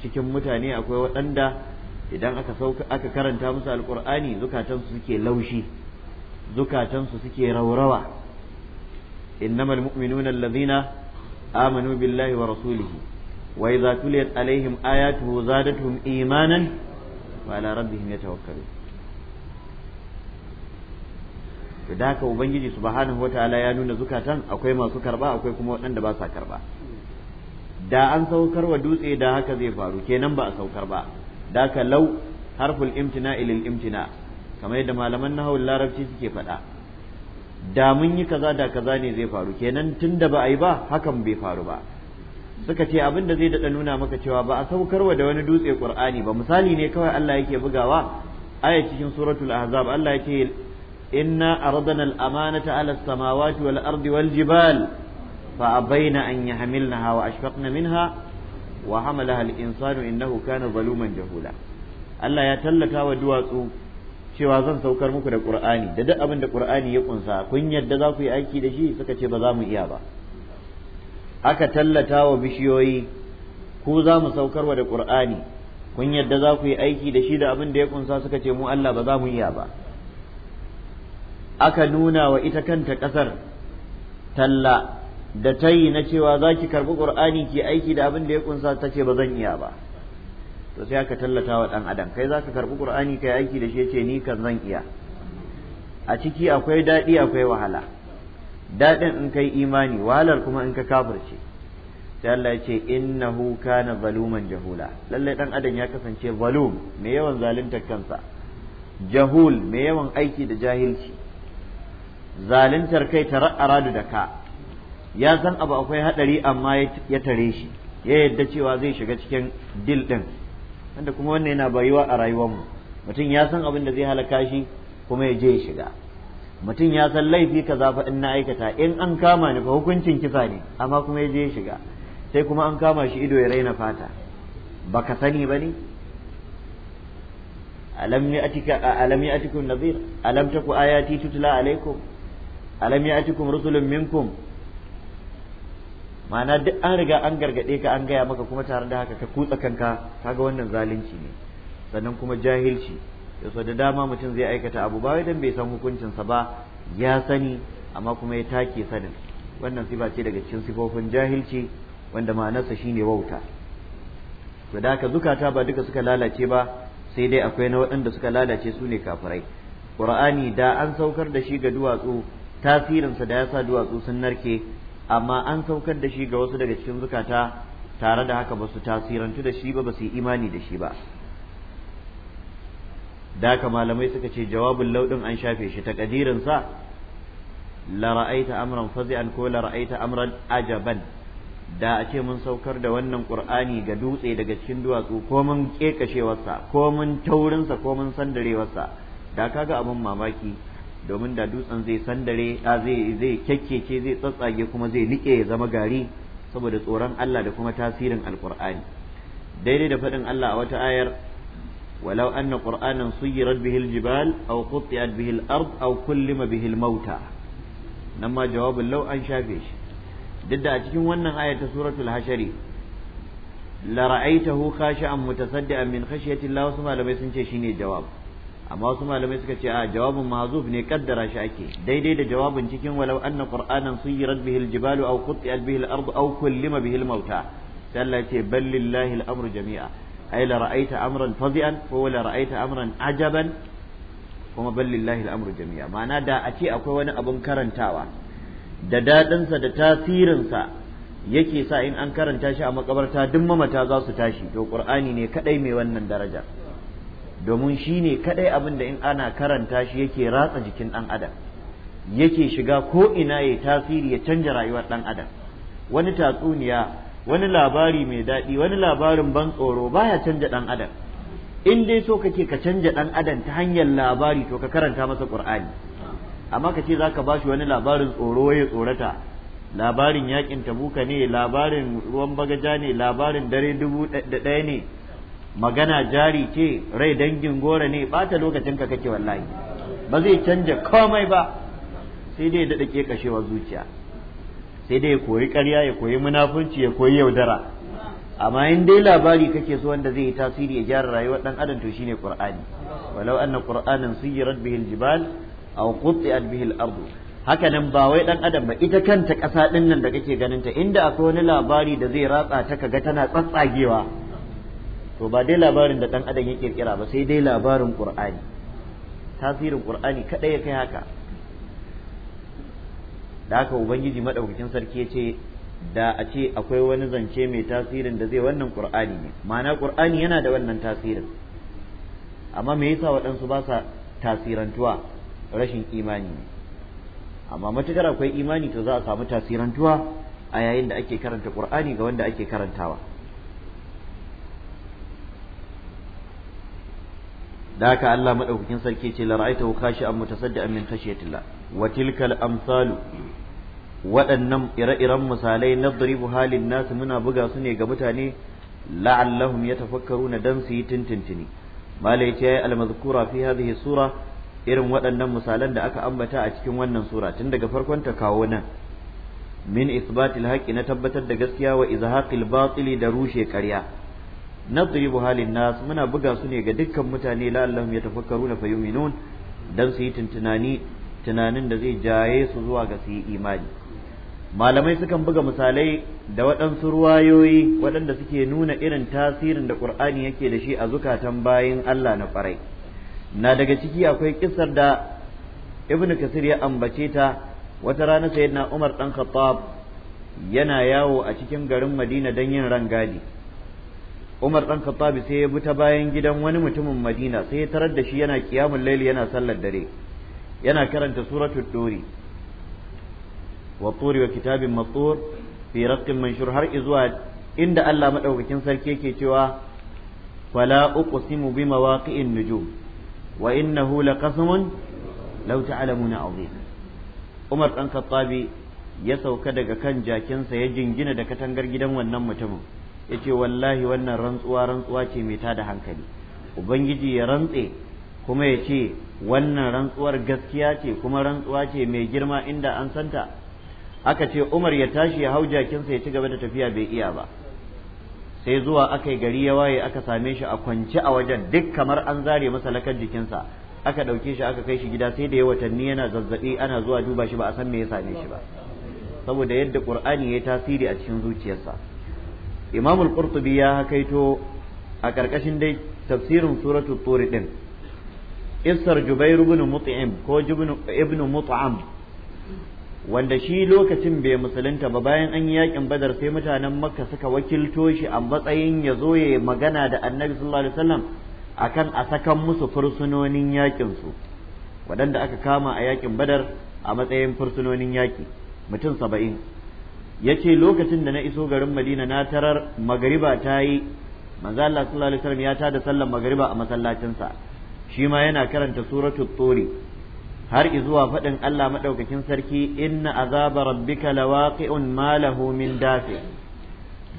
cikin mutane akwai waɗanda idan aka sauka aka karanta musu alqur'ani zukatansu suke laushi zukatansu suke raurawa innamal mu'minuna alladhina amanu billahi wa rasulihi wa idza tuliyat alaihim ayatuhu zadatuhum imanan وعلى ربهم يتوكلون da haka ubangiji subhanahu wataala ya nuna zukatan akwai masu karba akwai kuma waɗanda ba sa karba da an saukar wa dutse da haka zai faru kenan ba a saukar ba da haka lau harful imtina ilil imtina kamar yadda malaman nahawul larabci suke faɗa da mun yi kaza da kaza ne zai faru kenan tun da ba a yi ba hakan bai faru ba suka ce abin da zai daɗa nuna maka cewa ba a saukarwa da wani dutse qur'ani ba misali ne kawai Allah yake bugawa aya cikin suratul ahzab Allah yake inna aradana al-amanata ala samawati wal ardi wal jibal fa abaina an yahmilnaha wa ashfaqna minha wa hamalaha al-insanu innahu kana zaluman jahula Allah ya tallata wa duwatsu cewa zan saukar muku da kur'ani da duk abin da ƙur'ani ya kunsa kun yadda za ku yi aiki da shi suka ce ba za mu iya ba aka tallata wa bishiyoyi ku za mu saukarwa da ƙur'ani kun yadda za ku yi aiki da shi da abin da ya kunsa suka ce mu Allah ba za mu iya ba aka nuna wa ita kanta ƙasar talla da ta yi na cewa za ki karɓi ƙur'ani ki aiki da abin da ya kunsa ta ce ba zan iya ba to sai aka tallata wa ɗan adam kai za ka karɓi ƙur'ani ka aiki da shi ce ni kan zan iya a ciki akwai daɗi akwai wahala daɗin in kai imani wahalar kuma in ka kafirce sai Allah ya ce innahu kana zaluman jahula lalle dan adam ya kasance zalum mai yawan zaluntar kansa jahul mai yawan aiki da jahilci zaluntar kai ta tara'ara da ka ya san abu akwai hadari amma ya tare shi ya yadda cewa zai shiga cikin dil din wanda kuma wannan yana bayuwa a rayuwar mu. mutum ya san abin da zai halaka shi kuma ya je ya shiga mutum ya san laifi ka zafa in na aikata in an kama ni fa hukuncin kisa ne amma kuma ya je ya shiga sai kuma an kama shi ido ya raina fata baka sani ba ne alam alam nadhir alam taku ayati tutla alaikum alam rusulun minkum ma'ana duk an riga an gargade ka an gaya maka kuma tare da haka ka kutsa kanka kaga wannan zalunci ne sannan kuma jahilci so da dama mutum zai aikata abu ba dan bai san hukuncinsa ba ya sani amma kuma ya take sanin wannan sifa ce daga cikin sifofin jahilci wanda ma'anarsa shine wauta to da haka zukata ba duka suka lalace ba sai dai akwai na waɗanda suka lalace su ne kafirai qur'ani da an saukar da shi ga duwatsu tasirinsa da ya sa duwatsu sun narke amma an saukar da shi ga wasu daga cikin zukata tare da haka ba su tasirantu da shi ba ba su yi imani da shi ba da haka malamai suka ce jawabin laudin an shafe shi takadirin sa la ra'aita amran fazi'an ko la ra'aita amran ajaban da a ce mun saukar da wannan qur'ani ga dutse daga cikin duwatsu ko mun kekashewarsa ko mun taurinsa ko mun sandarewarsa da kaga abin mamaki domin da dutsen zai sandare a zai zai kekkece zai tsatsage kuma zai nike ya zama gari saboda tsoron Allah da kuma tasirin alqur'ani daidai da faɗin Allah a wata ayar ولو أن قرآنا صيرت به الجبال أو قطعت به الأرض أو كلم به الموتى نما جواب لو أن شافيش ضد أتكين ونن آية سورة الحشري لرأيته خاشعا متصدعا من خشية الله وسمع لم يسنش شيني جواب أما وسمع لم يسكت آه جواب معذوف نقدر شاكي دي دي, دي جواب تكين ولو أن قرآنا صيرت به الجبال أو قطعت به الأرض أو كلم به الموتى سألت بل لله الأمر جميعا ai la ra'aita amran fazi'an ko la ra'aita amran ajaban kuma ballillahi al'amru jami'a ma'ana da a ce akwai wani abun karantawa da daɗinsa da tasirinsa yake sa in an karanta shi a makabarta duk mamata za su tashi to qur'ani ne kadai mai wannan daraja domin shi ne kadai abin da in ana karanta shi yake ratsa jikin ɗan adam yake shiga ko ina ya tasiri ya canja rayuwar ɗan adam wani tatsuniya wani labari mai daɗi wani labarin ban tsoro baya canja ɗan adam in dai so kake ka canja ɗan adam ta hanyar labari to ka karanta masa ƙur'ani amma ka ce za ka bashi wani labarin tsoro ya tsorata labarin yakin tabuka ne labarin ruwan bagaja ne labarin dare dubu da ɗaya ne magana jari ce rai dangin gora ne ɓata lokacin ka kake wallahi ba zai canja komai ba sai dai da ɗake kashewar zuciya sai dai ya koyi ƙarya ya koyi munafunci ya koyi yaudara amma in dai labari kake so wanda zai yi tasiri ya gyara rayuwar dan adam to shine qur'ani walau anna qur'anan sayyirat bihil jibal aw qutti'at bihil ardu haka nan ba wai dan adam ba ita kanta ƙasa din da kake ganin ta inda akwai wani labari da zai ratsa ta kaga tana tsatsagewa to ba dai labarin da dan adam ya kirkira ba sai dai labarin qur'ani tasirin qur'ani kada ya kai haka da haka ubangiji madaukakin sarki ya ce da a ce akwai wani zance mai tasirin da zai wannan qur'ani ne ma'ana qur'ani yana da wannan tasirin amma me yasa waɗansu ba sa tasirantuwa rashin imani ne amma matukar akwai imani to za a samu tasirantuwa a yayin da ake karanta qur'ani ga wanda ake karantawa da haka Allah madaukakin sarki ce la ra'aytahu khashi'an mutasaddian min khashyatillah wa tilkal amsalu waɗannan ire-iren misalai na duribu halin nasu muna buga su ne ga mutane la'allahum na dan su yi tintintini malai ce yayi almazkura fi hadhihi sura irin waɗannan misalan da aka ambata a cikin wannan sura tun daga farkon ta kawo nan min isbatil haqqi na tabbatar da gaskiya wa izhaqil batili da rushe ƙarya nadribu halin nas muna buga su ne ga dukkan mutane la'allahum yatafakkaruna fayuminun dan su yi tunanin da zai jaye su zuwa ga su yi imani malamai sukan buga misalai da waɗansu ruwayoyi waɗanda suke nuna irin tasirin da ƙur'ani yake da shi a zukatan bayan Allah na ƙwarai na daga ciki akwai kisar da ibn kasir ya ambace ta wata rana na Umar dan Khattab yana yawo a cikin garin Madina don yin ran gadi. Umar ɗan Khattab sai ya bi ta bayan gidan wani mutumin Madina sai ya tarar da shi yana kiyamun laili yana sallar dare yana karanta suratul duri wa wa kitabin matsur fi raqqin manshur har zuwa inda Allah madaukakin sarki yake cewa fala uqsimu bi mawaqi'in nujum wa innahu laqasmun law na aure. Umar dan Khattabi ya sauka daga kan jakinsa ya jingina da katangar gidan wannan mutumin yace wallahi wannan rantsuwa rantsuwa ce mai tada hankali ubangiji ya rantse kuma ya ce wannan rantsuwar gaskiya ce kuma rantsuwa ce mai girma inda an santa aka ce Umar ya tashi ya hau jakinsa ya ci gaba da tafiya bai iya ba sai zuwa aka yi gari ya waye aka same shi a kwance a wajen duk kamar an zare masa lakar jikinsa aka ɗauke shi aka kai shi gida sai da ya watanni yana zazzabi ana zuwa duba shi ba a san me ya same shi ba saboda yadda qur'ani ya tasiri a cikin zuciyarsa imam al-qurtubi ya hakaito a karkashin dai tafsirin suratul turi din isar jubair ibn mut'im ko ibn mut'am wanda shi lokacin bai musulunta ba bayan an yi yakin badar sai mutanen makka suka wakilto shi a matsayin ya zo ya magana da annabi sallallahu alaihi wasallam akan a sakan musu fursunonin yakin su waɗanda aka kama a yakin badar a matsayin fursunonin yaki mutum saba'in ya ce lokacin da na iso garin madina na tarar magariba ta yi manzo Allah sallallahu alaihi wasallam ya tada sallar magariba a masallacinsa shi ma yana karanta suratul turi har izuwa faɗin Allah maɗaukakin sarki inna azaba rabbika lawaqi'un ma lahu min dafi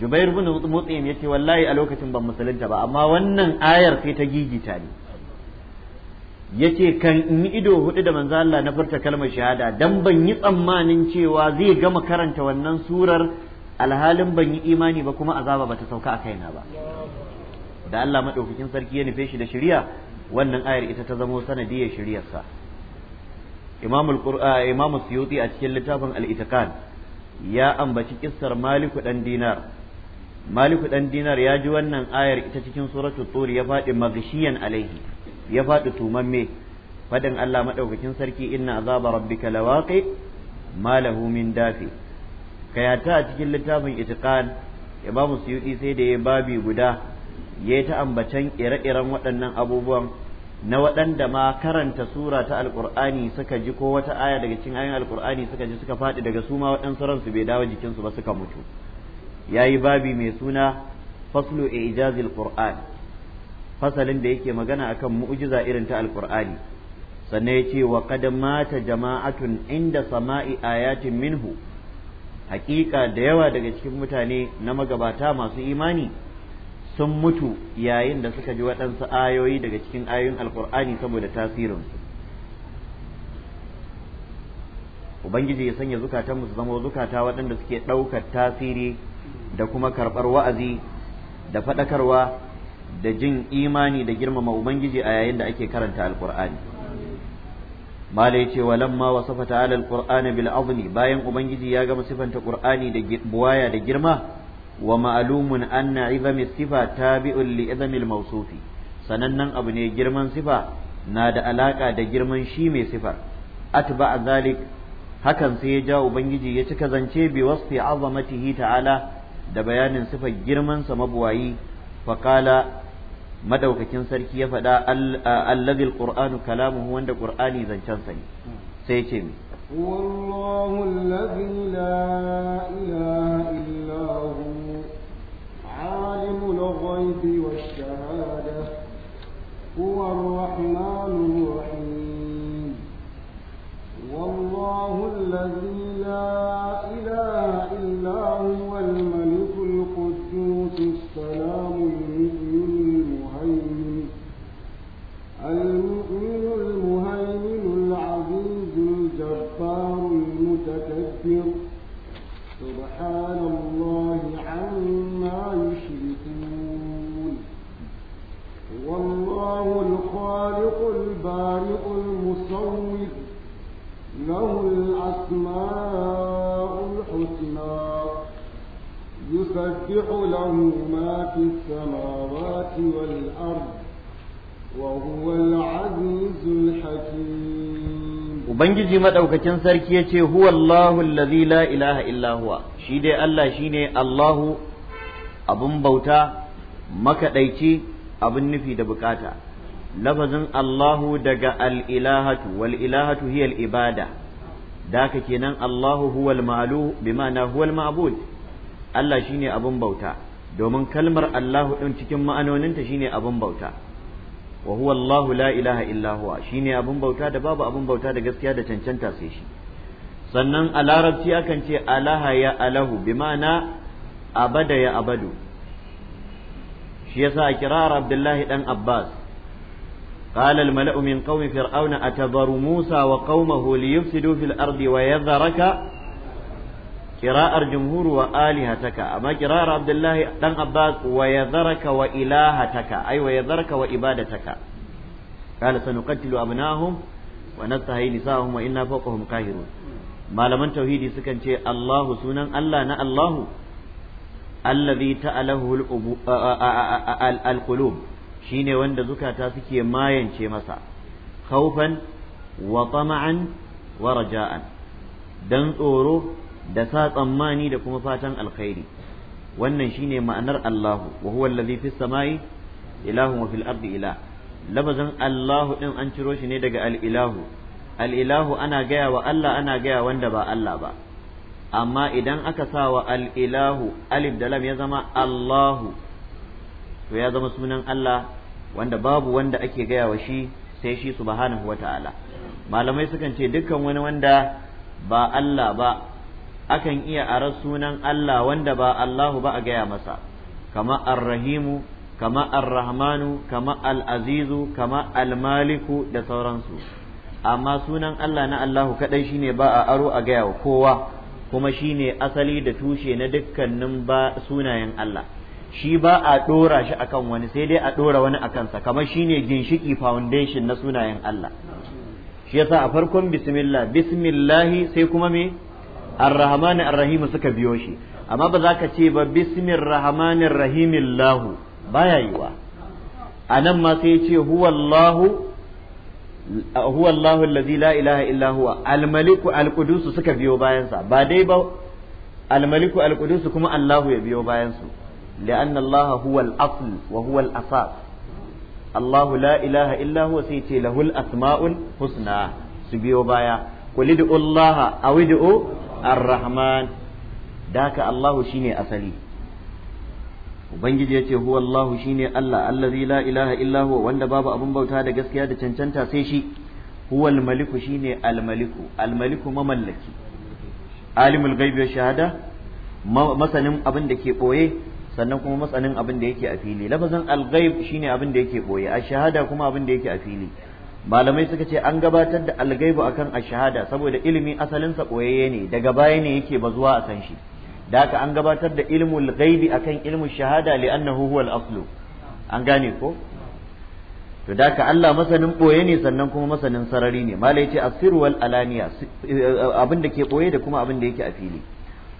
Jubair bin Mutsim yace wallahi a lokacin ban musulunta ba amma wannan ayar sai ta gigita ne. yace kan in ido hudu da manzo Allah na furta kalmar shahada dan ban yi tsammanin cewa zai gama karanta wannan surar alhalin ban yi imani ba kuma azaba bata sauka a kaina ba da Allah madaukakin sarki ya nufe shi da shari'a wannan ayar ita ta zamo sanadiyar shari'arsa imam ah, imam suyuti a cikin littafin al ya ambaci kissar maliku dan dinar maliku dan dinar ya ji wannan ayar ita cikin suratu tur ya faɗi magshiyan alaihi ya faɗi tumamme faɗin Allah madaukakin sarki inna azaba rabbika lawaqi ma lahu min dafi kayata a cikin littafin itiqan imamu suyuti sai da ya babi guda ya ta ambacen ire-iren waɗannan abubuwan na waɗanda ma karanta sura ta alƙur'ani suka ji ko wata aya daga cikin ayoyin alƙur'ani suka ji suka faɗi daga su ma waɗansu ransu bai dawo jikinsu ba suka mutu Ya yi babi mai suna faslu ijazil qur'an fasalin da yake magana akan mu'jiza irin ta alƙur'ani sannan ya ce wa qad mata jama'atun inda sama'i ayatin minhu haƙiƙa da yawa daga cikin mutane na magabata masu imani sun mutu yayin da suka ji waɗansu ayoyi daga cikin ayoyin alkur'ani saboda tasirinsu ubangiji ya sanya zukatanmu su zama zukata waɗanda suke ɗaukar tasiri da kuma karɓar wa'azi da faɗakarwa da jin imani da girmama ubangiji a yayin da ake karanta alkur'ani mala ya ce walamma wasafa ta'ala alqur'ana bil azmi bayan ubangiji ya gama sifanta qur'ani da buwaya da girma Wa ma'alumun أن عظم الصفة تابع لعظم mausufi sanannen abu ne girman sifa na da alaƙa da girman shi mai sifar atba zalik hakan sai ya ja ubangiji ya cika zance bi wasfi azamatihi ta'ala da bayanin sifar girman sa mabuwayi faqala madaukakin sarki ya faɗa alladhi alqur'anu kalamuhu wanda qur'ani zancen sa sai ya ce والله الذي لا إله إلا هو الرحمن الرحيم والله الذي لا ubangiji maɗaukacin sarki ya ce huwa Allahu allazi la ilaha illa huwa shi dai Allah shine Allahu abun bauta makaɗaici, abun nufi da bukata lafazin Allahu daga al-ilahatu wal ilahatu hiya al da daka kenan Allahu huwal al-ma'lu bima'ana huwa huwal mabud Allah shine abun bauta domin kalmar Allahu ɗin cikin ma'anoninta shine abun bauta wa huwa Allahu la ilaha illa huwa shine abun bauta da babu abun bauta da gaskiya da cancanta sai shi sannan a larabci akan ce alaha ya alahu bi ma'ana abada ya abadu shi yasa a kirar Abdullahi dan Abbas قال الملأ من قوم فرعون أتذر موسى وقومه ليفسدوا في الأرض ويذرك qira'ar jumhur wa alihataka amma qira'ar abdullahi dan abbas wa yadharaka wa ilahataka ay wa yadharaka wa ibadataka qala sanuqatilu abnahum wa nastahi nisahum wa inna fawqahum qahirun malaman tauhidi sukan ce Allahu sunan Allah na Allahu allazi ta'alahu al-qulub shine wanda zukata suke mayance masa khawfan wa tama'an wa raja'an dan tsoro da sa tsammani da kuma fatan alkhairi wannan shine ma'anar Allahu wa huwa allazi fis samai ilahun wa fil ardi labazin Allahu din an ciro shi ne daga al-ilahu al-ilahu ana gaya wa Allah ana gaya wanda ba Allah ba amma idan aka sa wa al'ilahu alif da lam ya zama Allahu to ya zama sunan Allah wanda babu wanda ake gaya wa shi sai shi subhanahu wata'ala malamai sukan ce dukkan wani wanda ba Allah ba akan iya ara sunan Allah wanda ba Allahu ba a gaya masa kama Al-Rahimu, kama Al-Rahmanu, kama Al-Azizu, kama Al-Maliku da sauransu amma sunan Allah na Allahu kaɗai shine ba a aro a gaya kowa kuma shine asali da tushe na dukkanin ba sunayen Allah shi ba a ɗora shi akan wani sai dai a ɗora wani a kansa kamar shine ginshiki foundation na sunayen Allah shi yasa a farkon bismillah bismillahi sai kuma me ar-rahman ar-rahim suka biyo shi amma ba za ka ce ba bismir rahmanir rahimil lahu baya yiwa anan ma sai ce huwallahu huwallahu allazi la ilaha illa huwa al-maliku al-qudus suka biyo bayan sa ba dai ba al-maliku al kuma Allahu ya biyo bayan su لأن الله هو الأصل وهو الأساس الله لا إله إلا هو سيتي له الأسماء الحسنى سبيو بايا قل ادعوا الله أو ادعوا ar-rahman da aka Allahu shine asali ubangiji ya ce huwa Allahu shine Allah allazi la ilaha illa huwa wanda babu abin bauta da gaskiya da cancanta sai shi huwa al-maliku shine al-maliku al-maliku mamallaki alimul ghaibi wa shahada masanin abin da ke boye sannan kuma masanin abin da yake a fili lafazin al-ghaib shine abin da yake boye a shahada kuma abin da yake a fili malamai suka ce an gabatar da algaibu akan ashahada saboda ilimi asalinsa koyayye ne daga baya ne yake bazuwa a san shi da haka an gabatar da ilmul gaibi akan ilmul shahada li'annahu al aslu an gane ko to da haka Allah masanin boye ne sannan kuma masanin sarari ne malai ce asir wal alaniya eh, abin da ke boye da kuma abin da yake a fili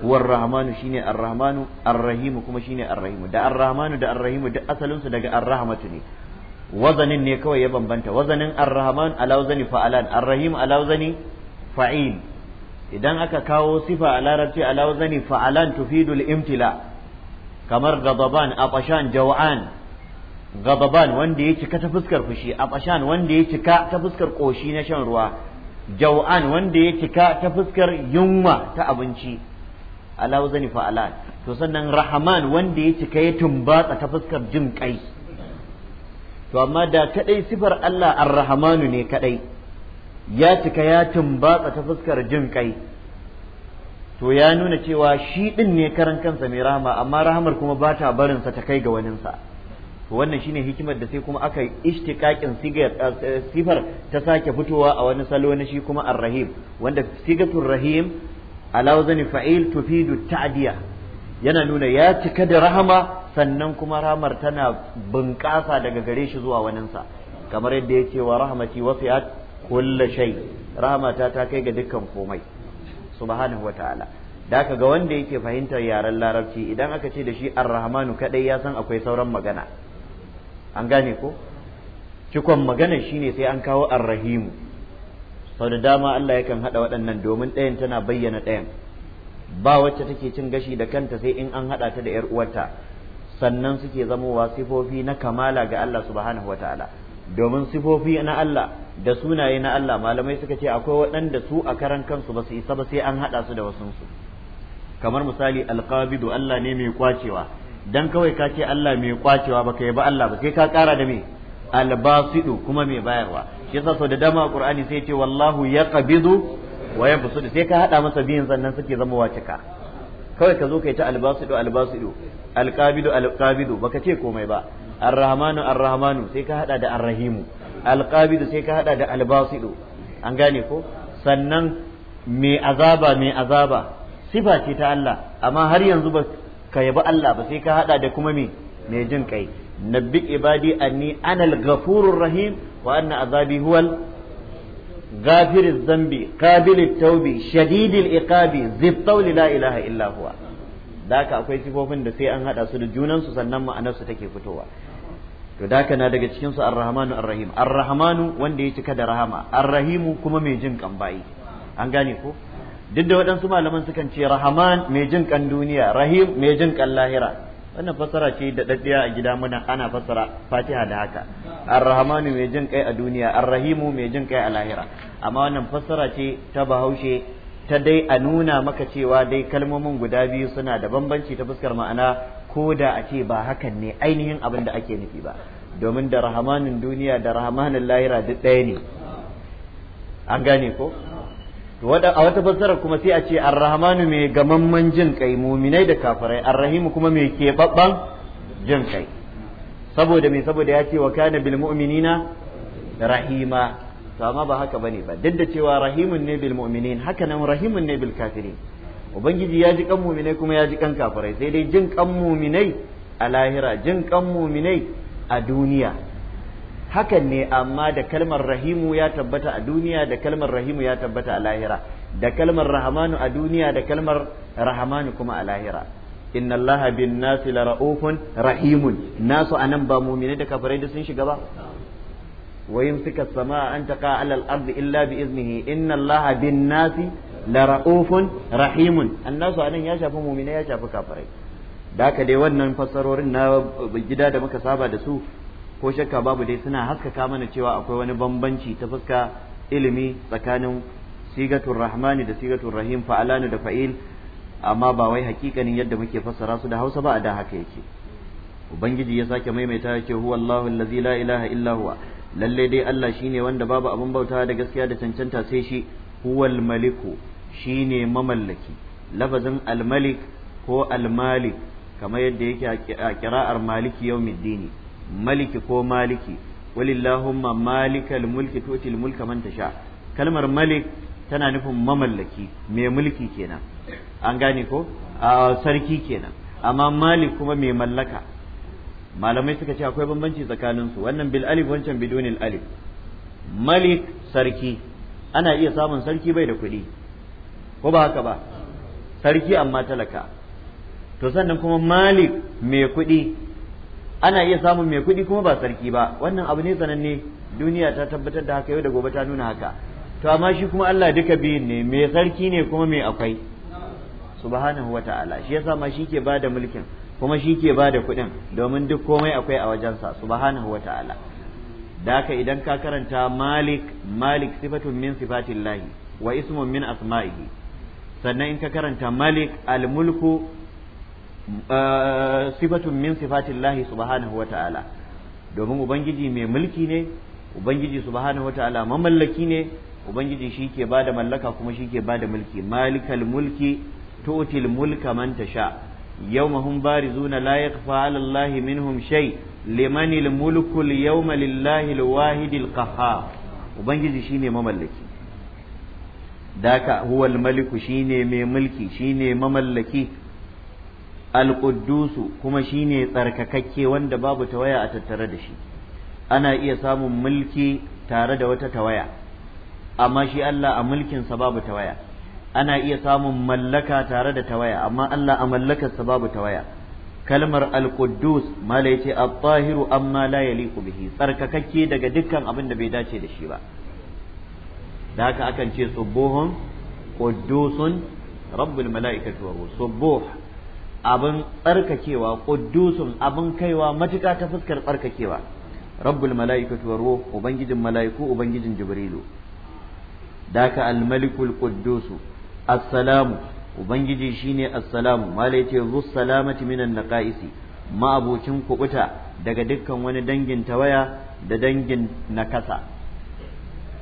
war rahmanu shine ar-rahmanu ar-rahimu kuma shine ar-rahimu da ar-rahmanu da ar-rahimu duk asalin su daga ar-rahmatu ne wazanin ne kawai ya bambanta wazanin ar-rahman fa'alan ar-rahim ala fa'il idan aka kawo sifa a larabci ala fa'alan tufidul imtila kamar gababan afashan jaw'an gababan wanda ya cika ta fuskar fushi afashan wanda ya cika ta fuskar koshi na shan ruwa jaw'an wanda ya cika ta fuskar yunwa ta abinci ala fa'alan to sannan rahaman wanda ya cika ya tumbatsa ta fuskar jin kai to amma da kadai sifar Allah ar-rahmanu ne kadai ya cika ya tumbatsa ta fuskar jin kai to ya nuna cewa shi din ne karan kansa mai rahama amma rahamar kuma ba ta barin sa ta kai ga waninsa to wannan shine hikimar da sai kuma aka yi ishtiqaqin eh, sifar ta sake fitowa a wani salo na shi kuma ar-rahim wanda sigatul rahim ala fa'il tufidu ta'diya yana nuna ya cika da rahama sannan kuma rahmar tana bunƙasa daga gare shi zuwa waninsa kamar yadda ya ce wa rahmati wasi'at kulle shay rahmata ta kai ga dukkan komai subhanahu wataala da ka ga wanda yake fahimtar yaren larabci idan aka ce da shi ar-rahmanu kadai ya san akwai sauran magana an gane ko cikon magana shine sai an kawo ar-rahimu sau da dama Allah yakan hada waɗannan domin ɗayan tana bayyana ɗayan ba wacce take cin gashi da kanta sai in an haɗa ta da ‘yar uwarta sannan suke zamowa sifofi na kamala ga Allah subhanahu wataala domin sifofi na Allah da sunaye na Allah malamai suka ce akwai waɗanda su a karan kansu ba su isa ba sai an haɗa su da wasunsu kamar misali alqabidu Allah ne mai kwacewa dan kawai ka ce Allah mai kwacewa ba yi ba Allah ba sai ka ƙara da me albasidu kuma mai bayarwa shi yasa sau da dama Qur'ani sai ce wallahu yaqbidu wa yabsudu sai ka haɗa masa biyan sannan suke zamowa cika kawai ka zo kai ta albasidu albasidu alqabidu alqabidu baka ce komai ba arrahmanu arrahmanu sai ka hada da arrahimu alqabidu sai ka hada da albasidu an gane ko sannan mai azaba mai azaba sifa ce ta Allah amma har yanzu ba ka yabi Allah ba sai ka hada da kuma me mai jin kai nabbi ibadi anni anal ghafurur rahim wa anna azabi huwal gafiriz zambi qabilit taubi shadidil iqabi zittauli la ilaha illa da haka akwai sifofin da sai an hada su da junan su sannan ma'anar su take fitowa to da na daga cikin su arrahmanu arrahim arrahmanu wanda ya cika da rahama arrahimu kuma mai jin kambayi an gane ko duk da waɗansu malaman sukan ce rahaman mai jin kan duniya rahim mai jin kan lahira wannan fassara ce da daddiya a gida muna ana fassara fatiha da haka arrahmanu mai jin kai a duniya arrahimu mai jin kai a lahira amma wannan fassara ce ta bahaushe ta dai a nuna maka cewa dai kalmomin guda biyu suna da bambanci ta fuskar ma'ana ko da a ce ba hakan ne ainihin abin da ake nufi ba domin da rahamanin duniya da rahamanin lahira duk ɗaya ne an gane ko to wada a wata fassarar kuma sai a ce ar-rahmanu mai gamamman jin kai muminai da kafirai ar-rahimu kuma mai kebabban jin kai saboda me saboda ya ce wa kana bil mu'minina rahima to amma ba haka bane ba duk da cewa rahimun ne bil mu'minin haka nan rahimun ne bil kafirin ubangiji ya ji kan muminai kuma ya ji kan kafirai sai dai jin kan muminai a lahira jin kan muminai a duniya hakan ne amma da kalmar rahimu ya tabbata a duniya da kalmar rahimu ya tabbata a lahira da kalmar rahamanu a duniya da kalmar rahamanu kuma a lahira inna Allah bin nasi la ra'ufun rahimun nasu anan ba mu'mine da kafirai da sun shiga ba wa yumsika as-samaa an taqa 'ala al-ardi illa bi iznihi inna Allah bin nasi la ra'ufun rahimun annasu anan ya shafi mu'mine ya shafi kafirai da haka dai wannan fassarorin na gida da muka saba da su ko shakka babu dai suna haskaka mana cewa akwai wani bambanci ta fuska ilimi tsakanin sigatul rahmani da sigatul rahim fa'alanu da fa'il amma ba wai hakikanin yadda muke fassara su da Hausa ba a da haka yake ubangiji ya sake maimaita yake huwa Allahu allazi la ilaha illa huwa lalle dai Allah shine wanda babu abin bautawa da gaskiya da cancanta sai shi huwal maliku shine mamallaki lafazin al-malik ko al-malik kamar yadda yake a kira'ar maliki yawmiddini maliki ko maliki walillahumma malikal mulki tutil mulka man tasha kalmar malik tana nufin mamallaki mai mulki kenan an gane ko a sarki kenan amma malik kuma mai mallaka malamai suka ce akwai bambanci tsakanin su wannan bil alif wancan bidunil alif malik sarki ana iya samun sarki bai da kuɗi ko ba haka ba sarki amma talaka to sannan kuma malik mai kuɗi ana iya samun mai kuɗi kuma ba sarki ba wannan abu ne sananne duniya ta tabbatar da haka yau da gobe ta nuna haka to amma shi kuma Allah duka biyun ne mai sarki ne kuma mai akwai subhanahu wa ta'ala shi yasa ma shi ke bada mulkin kuma shi ke bada kuɗin domin duk komai akwai a wajensa subhanahu wa ta'ala da haka idan ka karanta malik malik sifatun min sifatillahi wa ismun min asma'ihi sannan in ka karanta malik al-mulku sifatun min sifatillahi subhanahu wata'ala domin ubangiji mai mulki ne ubangiji subhanahu wata'ala mamallaki ne ubangiji shi ke bada mallaka kuma shi ke bada mulki malikal mulki tutil mulka man tasha Yau hum barizuna la yakhfa 'ala allahi minhum shay liman mulku lillahi al-wahid al-qahhar mamallaki daka huwal maliku shine mai mulki shine mamallaki alƙuddusu kuma shine tsarkakakke wanda babu tawaya a tattare da shi ana iya samun mulki tare da wata tawaya amma shi Allah a mulkinsa babu tawaya ana iya samun mallaka tare da tawaya amma Allah a mallakarsa babu tawaya kalmar alƙuddus mala yace at-tahiru amma la yaliqu bihi tsarkakakke daga dukkan abin da bai dace da shi ba da haka akan ce subuhun ƙuddusun rabbul mala'ikati wa subuh abin tsarkakewa quddusun abin kaiwa matuka ta fuskar tsarkakewa rabbul mala'ikatu ubangijin mala'iku ubangijin jibrilu daka al malikul assalamu ubangiji shine assalamu mala yace zu salamati minan naqaisi abokin kubuta daga dukkan wani dangin tawaya da dangin nakasa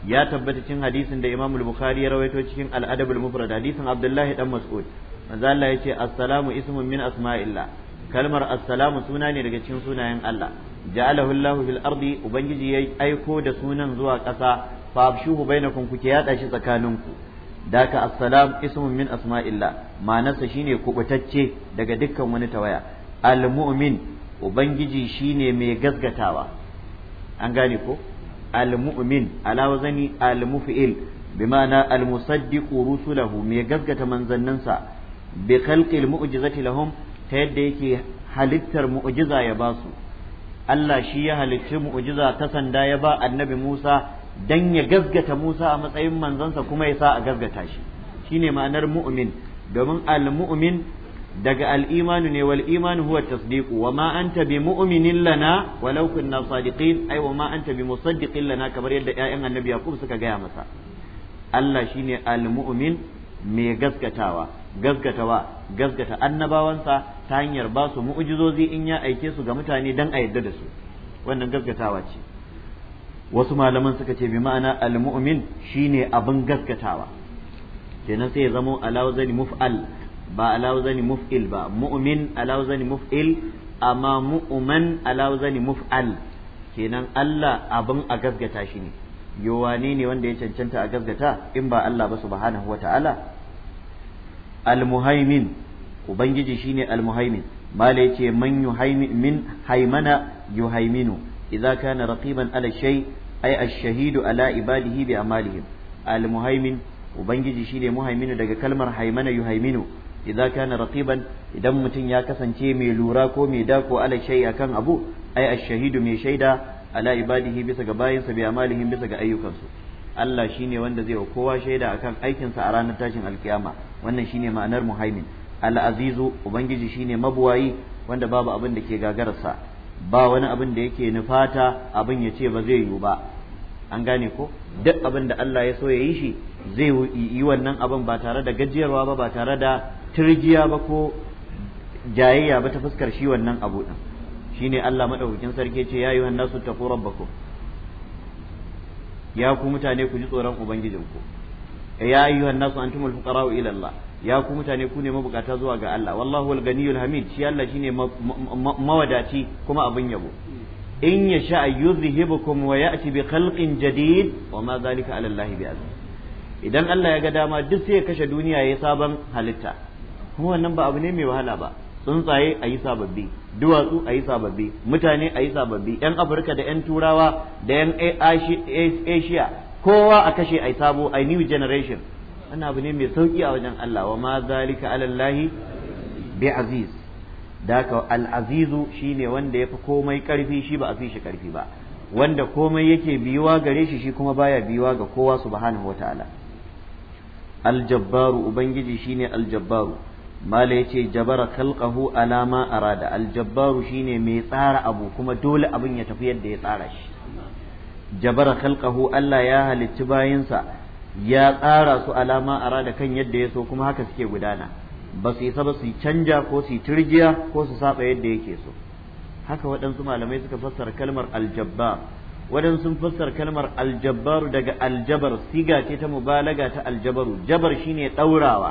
ya tabbata cikin hadisin da Imam Bukhari ya rawaito cikin Al-Adab al-Mufrad hadisin Abdullahi dan Mas'ud manzo Allah yace assalamu ismun min asma'illah kalmar assalamu suna ne daga cikin sunayen Allah ja'alahu Allahu fil ardi ubangiji ya aiko da sunan zuwa ƙasa fa abshuhu bainakum kuke yada shi tsakaninku daka assalam ismun min asma'illah ma'anarsa shine kubutacce daga dukkan wani tawaya almu'min ubangiji shine mai gazgatawa an gane ko almu'min ala wazani almuf'il bima'ana almusaddiqu rusulahu mai gasgata manzanninsa bi khalqil mu'jizati lahum ta yadda yake halittar mu'jiza ya ba su Allah shi ya halicci mu'jiza ta sanda ya ba annabi Musa dan ya gazgata Musa a matsayin manzansa kuma ya sa a gazgata shi shine ma'anar mu'min domin al-mu'min daga al-imanu ne wal imanu huwa tasdiqu wa ma anta bi mu'minin lana walau kunna sadiqin ai wa ma anta bi musaddiqin lana kamar yadda ƴaƴan annabi Yaqub suka gaya masa Allah shine al-mu'min mai gaskatawa ba gaskata annabawansa ta hanyar ba su mu'ujizozi in ya aike su ga mutane dan a yadda da su wannan gaskatawa ce wasu malaman suka ce bi ma'ana al-mu'min shine abin gaskatawa kenan sai ya zamo alawzani muf'al ba alawzani muf'il ba mu'min alawzani muf'il amma mu'man alawzani muf'al kenan Allah abin a gaskata shi ne yowane ne wanda ya cancanta a gaskata in ba Allah ba subhanahu wata'ala almuhaimin ubangiji shine almuhaimin mala yace man yuhaimin min haimana yuhaiminu idza kana raqiban ala shay ay ash-shahidu ala ibadihi bi amalihim almuhaimin ubangiji shine muhaiminu daga kalmar haimana yuhaiminu idza kana raqiban idan mutum ya kasance mai lura ko mai dako ala shay akan abu ay ash-shahidu mai shaida ala ibadihi bisa ga bayinsa bi amalihim bisa ga ayyukansu Allah shine wanda zai wa kowa shaida akan aikinsa a ranar tashin alkiyama wannan shine ma'anar muhaimin al-azizu ubangiji shine mabuwayi wanda babu abin da ke gagararsa ba wani abin da yake nufata abin ya ce ba zai yiwu ba an gane ko duk abin da Allah ya so ya yi shi zai yi wannan abin ba tare da gajiyarwa ba ba tare da turjiya ba ko jayayya ba ta fuskar shi wannan abu din shine Allah madaukakin sarki ce ya yi su nasu taqu rabbakum ya ku mutane ku ji tsoron ubangijinku ya an nasu antumul fuqara'u ila Allah ya ku mutane ku ne mabukata zuwa ga Allah wallahu al-ganiyul hamid shi Allah shine mawadaci kuma abin yabo in yasha yuzhibukum wa ya'ti bi khalqin jadid wa ma zalika ala Allah bi aziz idan Allah ya ga dama duk sai ya kashe duniya ya sabon halitta kuma wannan ba abu ne mai wahala ba tsuntsaye a yi sababbi duwatsu a yi sababbi mutane a yi sababbi 'yan afirka da 'yan turawa da 'yan asia kowa a kashe ai sabo ai new generation wannan abu ne mai sauki a wajen Allah wa ma zalika alallahi bi aziz daka al-azizu shine wanda yafi komai karfi shi ba a fi shi karfi ba wanda komai yake biyuwa gare shi shi kuma baya biyuwa ga kowa subhanahu wataala al-jabbaru ubangiji shine al-jabbaru mala yace jabara khalqahu ala ma arada al-jabbaru shine mai tsara abu kuma dole abin ya tafi yadda ya tsara shi jabara khalqahu Allah ya halicci bayinsa ya tsara su alama ara da kan yadda ya so kuma haka suke gudana ba su isa ba su canja ko su turjiya ko su saba yadda yake so haka waɗansu malamai suka fassara kalmar aljabbar waɗansu sun fassara kalmar aljabbaru daga aljabar siga ce ta mubalaga ta aljabaru jabar shine ɗaurawa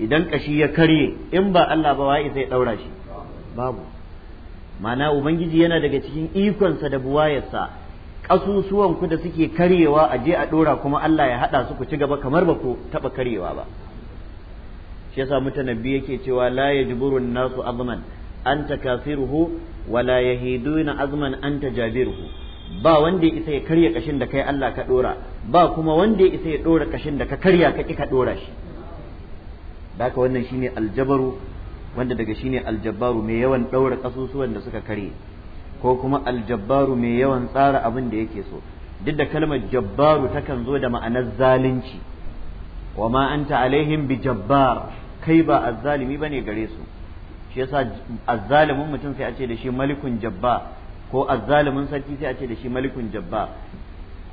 idan ƙashi ya karye in ba Allah ba wa'i sai ɗaura shi babu ma'ana ubangiji yana daga cikin ikonsa da buwayarsa ƙasusuwan ku da suke karyewa a je a ɗora kuma Allah ya haɗa su ku ci gaba kamar ba ku taɓa karyewa ba shi yasa mutanabbi yake cewa la yajburun nasu azman anta kafiruhu wa la yahiduna azman anta jabiruhu ba wanda ya isa ya karya kashin da kai Allah ka ɗora ba kuma wanda ya isa ya ɗora kashin da ka karya ka ƙi ka ɗora shi da haka wannan shine aljabaru wanda daga shine aljabaru mai yawan ɗaura ƙasusuwan da suka karye ko kuma aljabbaru mai yawan tsara abin da yake so duk da kalmar jabbaru takan zo da ma'anar zalunci wa ma anta alaihim bi jabbar kai ba azzalimi bane gare su shi yasa azzalimin mutum sai a ce da shi malikun jabba ko azzalimin sarki sai a ce da shi malikun jabba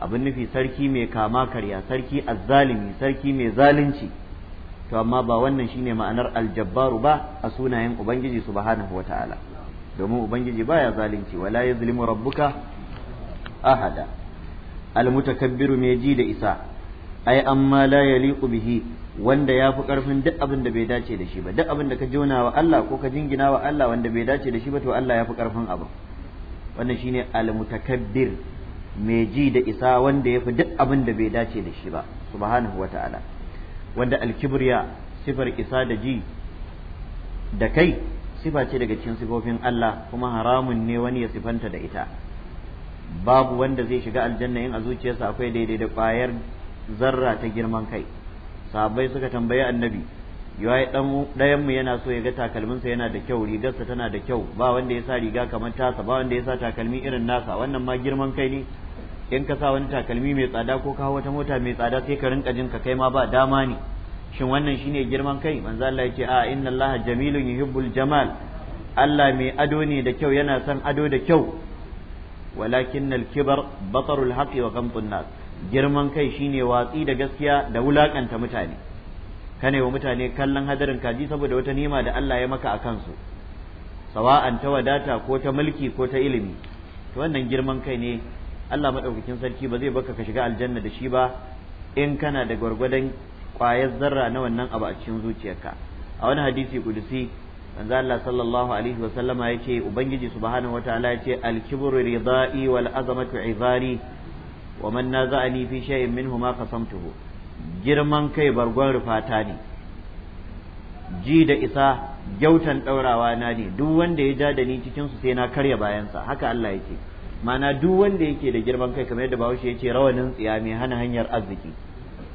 abin nufi sarki mai kama karya sarki azzalimi sarki mai zalunci to amma ba wannan shine ma'anar aljabbaru ba a sunayen ubangiji subhanahu wataala domin ubangiji baya zalunci wala yuzlimu rabbuka ahada almutakabbiru mai ji da isa ai amma la yaliqu bihi wanda ya fi karfin duk abin da bai dace da shi ba duk abin da ka jona wa Allah ko ka jingina wa Allah wanda bai dace da shi ba to Allah ya fi karfin abin wannan shine almutakabbir mai ji da isa wanda ya fi duk abin da bai dace da shi ba subhanahu wata'ala wanda alkibriya sifar isa da ji da kai sifa ce daga cikin sifofin Allah kuma haramun ne wani ya sifanta da ita babu wanda zai shiga aljanna in a zuciyarsa akwai daidai da ƙwayar zarra ta girman kai sahabbai suka tambayi annabi yayi dan dayan mu yana so ya ga takalminsa yana da kyau rigarsa tana da kyau ba wanda ya sa riga kamar tasa ba wanda ya sa takalmi irin nasa wannan ma girman kai ne in ka sa wani takalmi mai tsada ko ka wata mota mai tsada sai ka rinka jin ka kai ma ba dama ne shin wannan shine girman kai manzo Allah yake a inna Allah jamilun yuhibbul jamal Allah mai ado ne da kyau yana son ado da kyau walakin al-kibar batarul haqqi wa gamtun nas girman kai shine watsi da gaskiya da wulakanta mutane kane wa mutane kallon hadarin kaji saboda wata nima da Allah ya maka a kansu sawa'an ta wadata ko ta mulki ko ta ilimi to wannan girman kai ne Allah madaukakin sarki ba zai baka ka shiga aljanna da shi ba in kana da gwargwadon kwayar zarra na wannan abu a cikin zuciyarka a wani hadisi kudusi manzo Allah sallallahu alaihi wa sallama yace ubangiji subhanahu wa ta'ala yace al-kibru ridai wal azamatu izari wa man naza'ani fi shay'in minhu ma qasamtuhu girman kai bargon rufata ne ji da isa gyautan daurawa na ne duk wanda ya ja da ni cikin su sai na karya bayansa haka Allah yake mana duk wanda yake da girman kai kamar yadda Bahaushe yace rawanin tsiya mai hana hanyar arziki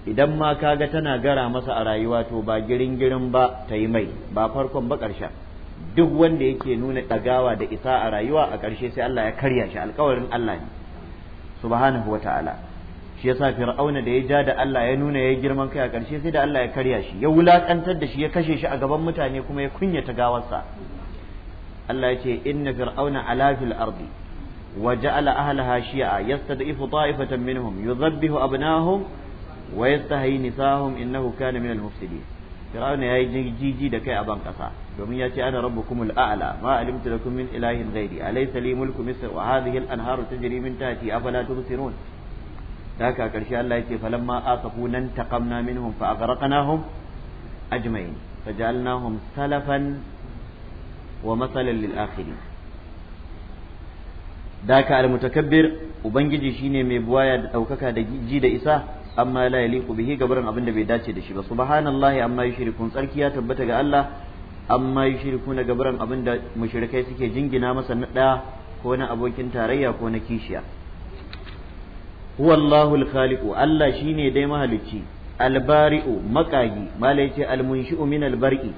idan ma kaga tana gara masa a rayuwa to ba girin girin ba ta yi mai ba farkon ba ƙarshen duk wanda yake nuna ɗagawa da isa a rayuwa a ƙarshe sai Allah ya karya shi alƙawarin Allah ne subhanahu wata'ala shi yasa fir'auna da ya ja da Allah ya nuna ya girman kai a ƙarshe sai da Allah ya karya shi ya wulaƙantar da shi ya kashe shi a gaban mutane kuma ya kunyata gawarsa Allah ya ce inna fir'auna ala fil ardi وجعل أهلها شيعا يستضعف طائفة منهم يذبح abna'hum wa yastahi nisahum innahu kana minal mufsidin fir'auna yi jiji da kai a ban domin ya ce ana rabbukumul a'la ma alimtu lakum min ilahin ghairi alaysa li mulku misr wa hadhihi al anharu tajri min tahti afala tubsirun haka karshe Allah yake falamma asafunan taqamna minhum fa aghraqnahum ajma'in fajalnahum salafan wa masalan lil akhirin daka al mutakabbir ubangiji shine mai buwaya da daukaka da ji da isa amma la yaliqu bihi gabaran abin da bai dace da shi ba subhanallahi amma yushrikun tsarki ya tabbata ga Allah amma yushrikun gabaran abin da mushrikai suke jingina masa na da ko na abokin tarayya ko na kishiya huwallahu alkhaliqu Allah shine dai mahalicci albari'u makagi mala yace almunshi'u min albar'i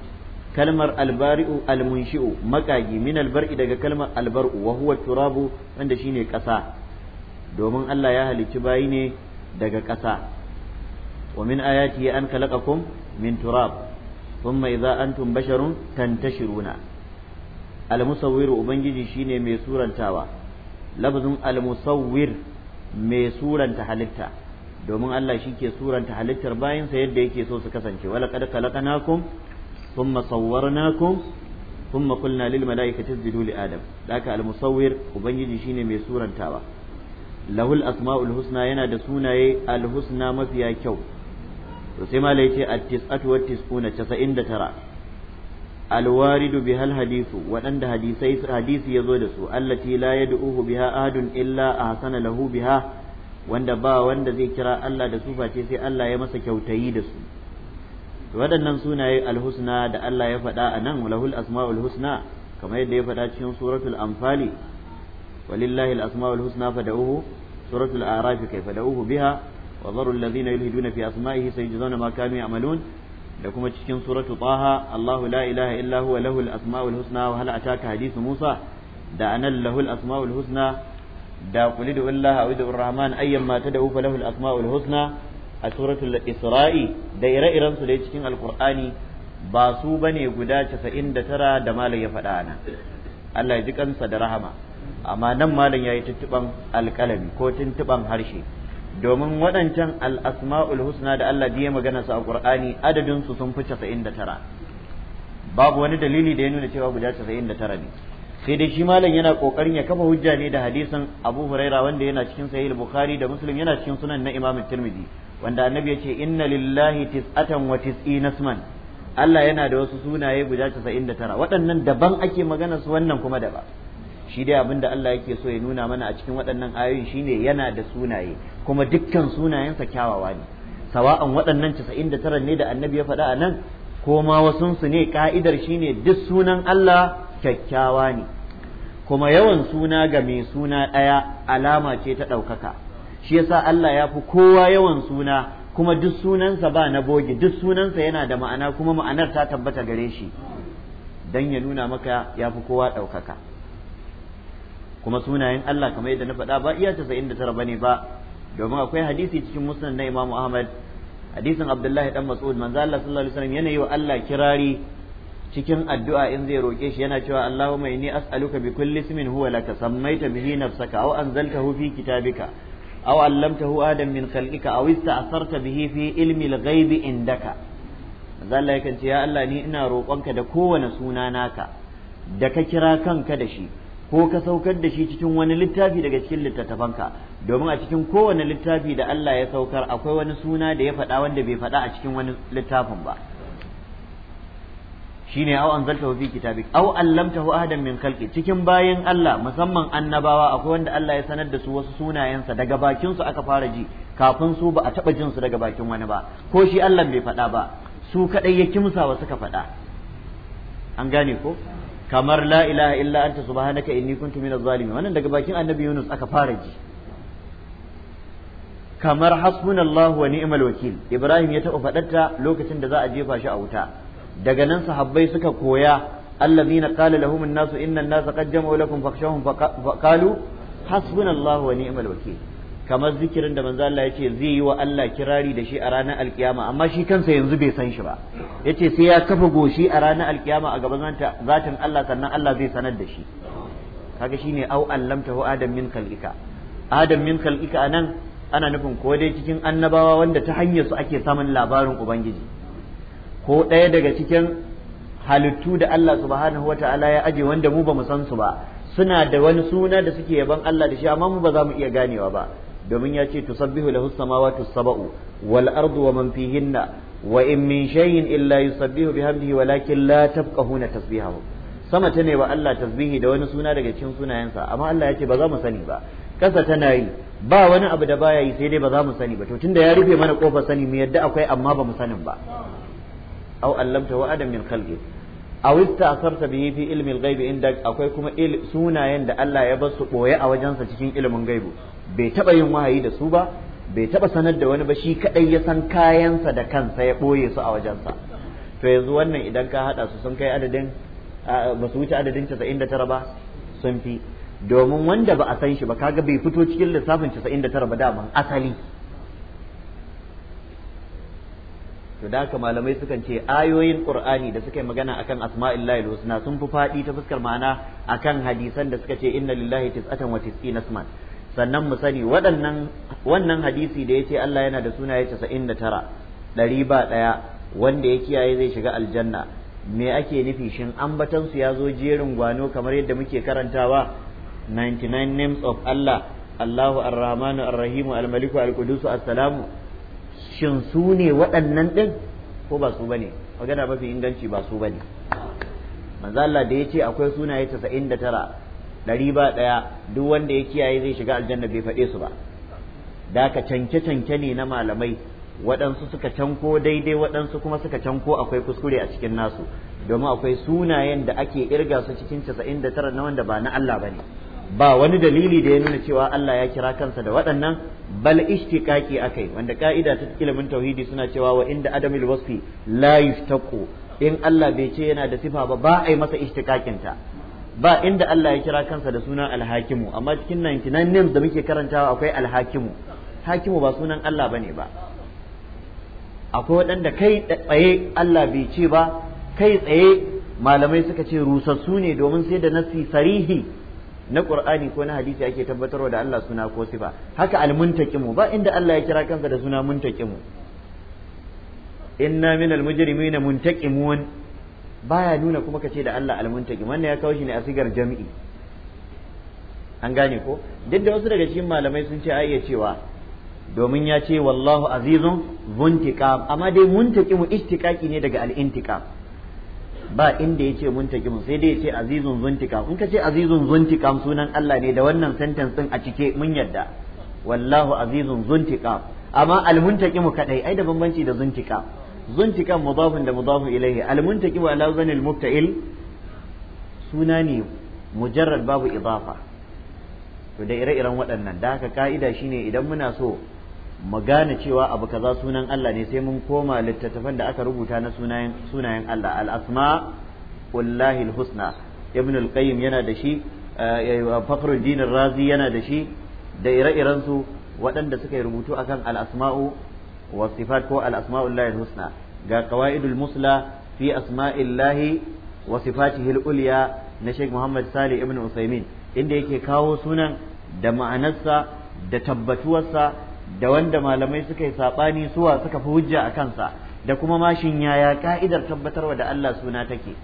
kalmar albari'u almunshi'u makagi min albar'i daga kalmar albar'u wa huwa turabu wanda shine kasa domin Allah ya halicci bayi ne daga ƙasa wa min ayatihi an khalaqakum min turab thumma idza antum basharun tantashiruna al-musawwir ubangiji shine mai surantawa lafzin al-musawwir mai suranta halitta domin Allah shi ke suranta halittar bayansa yadda yake so su kasance wala qad khalaqnakum thumma sawwarnakum thumma qulna lil malaikati isjudu li adam daka al musawwir ubangiji shine mai surantawa lahul asma'ul husna yana da sunaye alhusna mafiya kyau to sai malai ce at-tis'atu wat tis'una 99 alwaridu bihal hadithu waɗanda hadisai hadisi yazo da su allati la yad'uhu biha ahadun illa ahsana lahu biha wanda ba wanda zai kira Allah da su face sai Allah ya masa kyautayi da su waɗannan sunaye alhusna da Allah ya faɗa a nan lahul asma'ul husna kamar yadda ya faɗa cikin suratul anfali ولله الأسماء الحسنى فدعوه سورة الأعراف كيف فدعوه بها وذروا الذين يلهدون في أسمائه سيجزون ما كانوا يعملون لكم تشكين سورة طه الله لا إله إلا هو له الأسماء الحسنى وهل أتاك حديث موسى دا أنا له الأسماء الحسنى دا قل ادعوا الله أو ادعوا الرحمن أيما تدعوا فله الأسماء الحسنى سورة الإسراء دا إرى إرى سورة تشكين القرآن ba su bane guda 99 da malam ya faɗa ana Allah ya ji kansa da rahama amma nan malam yi tuttuban alƙalami ko tuntuban harshe domin waɗancan al'asma'ul husna da Allah biye magana su a Qur'ani adadin su sun fi 99 babu wani dalili da ya nuna cewa guda 99 ne sai dai shi malam yana kokarin ya kafa hujja ne da hadisin Abu Huraira wanda yana cikin Sahih Bukhari da Muslim yana cikin Sunan na Imam Tirmidhi wanda annabi ya ce inna lillahi tis'atan wa tis'ina isman Allah yana da wasu sunaye guda 99 waɗannan daban ake magana su wannan kuma daban shi dai abin da Allah yake so ya nuna mana a cikin waɗannan ayoyin shine yana da sunaye kuma dukkan sunayensa kyawawa ne sawa'an waɗannan 99 ne da annabi ya faɗa a nan ko ma wasunsu ne ka'idar shine duk sunan Allah kyakkyawa ne kuma yawan suna ga mai suna ɗaya alama ce ta ɗaukaka shi yasa Allah ya fi kowa yawan suna kuma duk sunansa ba na bogi duk sunansa yana da ma'ana kuma ma'anar ta tabbata gare shi don ya nuna maka ya fi kowa ɗaukaka kuma sunayen Allah kamar yadda na faɗa ba iya 99 bane ba domin akwai hadisi cikin musulun na Imam Ahmad hadisin Abdullahi dan Mas'ud manzo Allah sallallahu alaihi wasallam yana yi wa Allah kirari cikin addu'a in zai roke shi yana cewa Allahumma inni as'aluka bi kulli ismin huwa laka sammaita bihi nafsaka aw anzaltahu fi kitabika aw 'allamtahu adam min khalqika aw ista'sarta bihi fi ilmi al-ghaib indaka manzo Allah yakan ce ya Allah ni ina roƙonka da kowane suna naka da ka kira kanka da shi ko ka saukar da shi cikin wani littafi daga cikin littattafanka domin a cikin kowane littafi da Allah ya saukar akwai wani suna da ya faɗa wanda bai faɗa a cikin wani littafin ba shine aw anzaltahu fi kitabik aw allamtahu ahadan min khalqi cikin bayan Allah musamman annabawa akwai wanda Allah ya sanar da su wasu sunayensa daga bakin su aka fara ji kafin su ba a taba jin su daga bakin wani ba ko shi Allah bai faɗa ba su kadai ya kimsa wa suka faɗa an gane ko kamar la ilaha illa anta subhanaka inni kuntu minaz zalimin wannan daga bakin annabi Yunus aka fara ji kamar hasbunallahu wa ni'mal wakil Ibrahim ya taɓa faɗata lokacin da za a jefa shi a wuta daga nan sahabbai suka koya allazina qala lahum an-nasu inna an-nasa qad jama'u lakum fakhshawhum faqalu hasbunallahu wa ni'mal wakil kamar zikirin da manzo Allah yace zai yi wa Allah kirari da shi a ranar alkiyama amma shi kansa yanzu bai san shi ba yace sai ya kafa goshi a ranar alkiyama a gaban zatin Allah sannan Allah zai sanar da shi kaga shine au allamtahu adam min khalqika adam min khalqika anan ana nufin ko dai cikin annabawa wanda ta hanyar su ake samun labarin ubangiji ko ɗaya daga cikin halittu da Allah subhanahu wata'ala ya aje wanda mu ba mu san su ba suna da wani suna da suke yaban Allah da shi amma mu ba za mu iya ganewa ba domin ya ce tusabbihu lahu samawati sab'u wal ardu wa man fihinna wa in min shay'in illa yusabbihu bihamdihi walakin la tafqahuna tasbihahu sama ta ne wa Allah tasbihi da wani suna daga cikin sunayensa amma Allah ya ce ba za mu sani ba kasa tana yi ba wani abu da baya yi sai dai ba za mu sani ba to tunda ya rufe mana kofar sani mu yadda akwai amma ba mu sanin ba au allamta wa adam min khalqi aw ista'sarta bihi fi ilmi al-ghaib inda akwai kuma sunayen da Allah ya basu boye a wajensa cikin ilimin gaibu bai taba yin wahayi da su ba bai taba sanar da wani ba shi kadai ya san kayansa da kansa ya boye su a wajensa to yanzu wannan idan ka hada su sun kai adadin ba su wuce adadin 99 ba sun fi domin wanda ba a san shi ba kaga bai fito cikin lissafin 99 ba ban asali to da haka malamai sukan ce ayoyin qur'ani da suka yi magana akan asma'illahi husna sun fi fadi ta fuskar ma'ana akan hadisan da suka ce inna lillahi tis'atan wa tis'ina asma' sannan mu sani waɗannan wannan hadisi da yace Allah yana da sunaye 99 ɗari ba ɗaya wanda ya kiyaye zai shiga aljanna me ake nufi shin ambatan su ya zo jerin gwano kamar yadda muke karantawa 99 names of Allah Allahu ar-Rahmanu ar-Rahimu al-Maliku al-Qudusu as-Salamu shin su ne waɗannan ɗin ko ba su bane magana mafi inganci ba su bane ne manzala da ce akwai sunaye tara ɗari ba ɗaya duk wanda ya kiyaye zai shiga aljanna bai faɗe su ba da ka canke canke ne na malamai waɗansu suka canko daidai waɗansu kuma suka canko akwai kuskure a cikin nasu domin akwai sunayen da ake irga su cikin 99 na wanda ba na Allah ba ne. ba wani dalili da ya nuna cewa Allah ya kira kansa da waɗannan bal ishtiqaqi akai wanda ƙa'ida ta ilimin tauhidi suna cewa wa inda adamil wasfi la yuftaqu in Allah bai ce yana da sifa ba ba a yi masa ishtiqaqin ta ba inda Allah ya kira kansa da sunan alhakimu amma cikin 99 names da muke karantawa akwai alhakimu hakimu ba sunan Allah bane ba akwai waɗanda kai tsaye Allah bai ce ba kai tsaye malamai suka ce rusassu ne domin sai da nasi sarihi na qur'ani ko na hadisi ake tabbatarwa da Allah suna ko sifa haka almuntaqimu ba inda Allah ya kira kansa da suna muntaqimu inna minal mujrimina muntaqimun baya nuna kuma kace da Allah almuntaqim wannan ya kawo shi ne a sigar jami'i an gane ko duk da wasu daga cikin malamai sun ce a iya cewa domin ya ce wallahu azizun muntiqam amma dai muntaqimu istiqaqi ne daga al-intiqam ba inda yace muntakim sai dai yace azizun zuntika in ka ce azizun zuntika sunan Allah ne da wannan sentence din a cike mun yadda wallahu azizun zuntika amma mu kadai ai da bambanci da zuntika zuntikan mudafun da mudafun ilaihi almuntakimu ala zanil mubta'il suna ne mujarrad babu idafa to da ire-iren waɗannan da haka ka'ida shine idan muna so mu gane cewa abu kaza sunan Allah ne sai mun koma littattafan da aka rubuta na sunayen sunayen Allah al-asma wallahi husna ibn al-qayyim yana da shi eh, eh, fakhruddin razi yana da shi da ire-iren su waɗanda suka yi rubutu akan al-asma'u wa sifat ko al-asma'u lillahi husna ga qawaidul musla fi asma'illahi wa sifatihi al-ulya na Sheikh Muhammad sali ibn Usaimin inda yake kawo sunan da ma'anarsa da tabbatuwarsa da wanda malamai suka yi saɓani suwa suka fi hujja a kansa da kuma mashin yaya ka'idar tabbatarwa da Allah suna take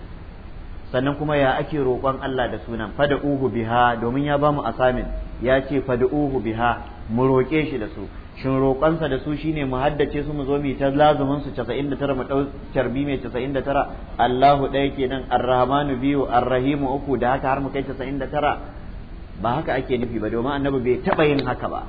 sannan kuma ya ake roƙon Allah da sunan uhu biha domin ya bamu asamin ya ce uhu biha mu roƙe shi da su shin roƙonsa da su shine mu haddace su mu zo mu ta lazumin su 99 mu dau carbi mai 99 Allahu ɗaya kenan nan arrahmanu biyu arrahimu uku da haka har mu kai 99 ba haka ake nufi ba domin annabi bai taɓa yin haka ba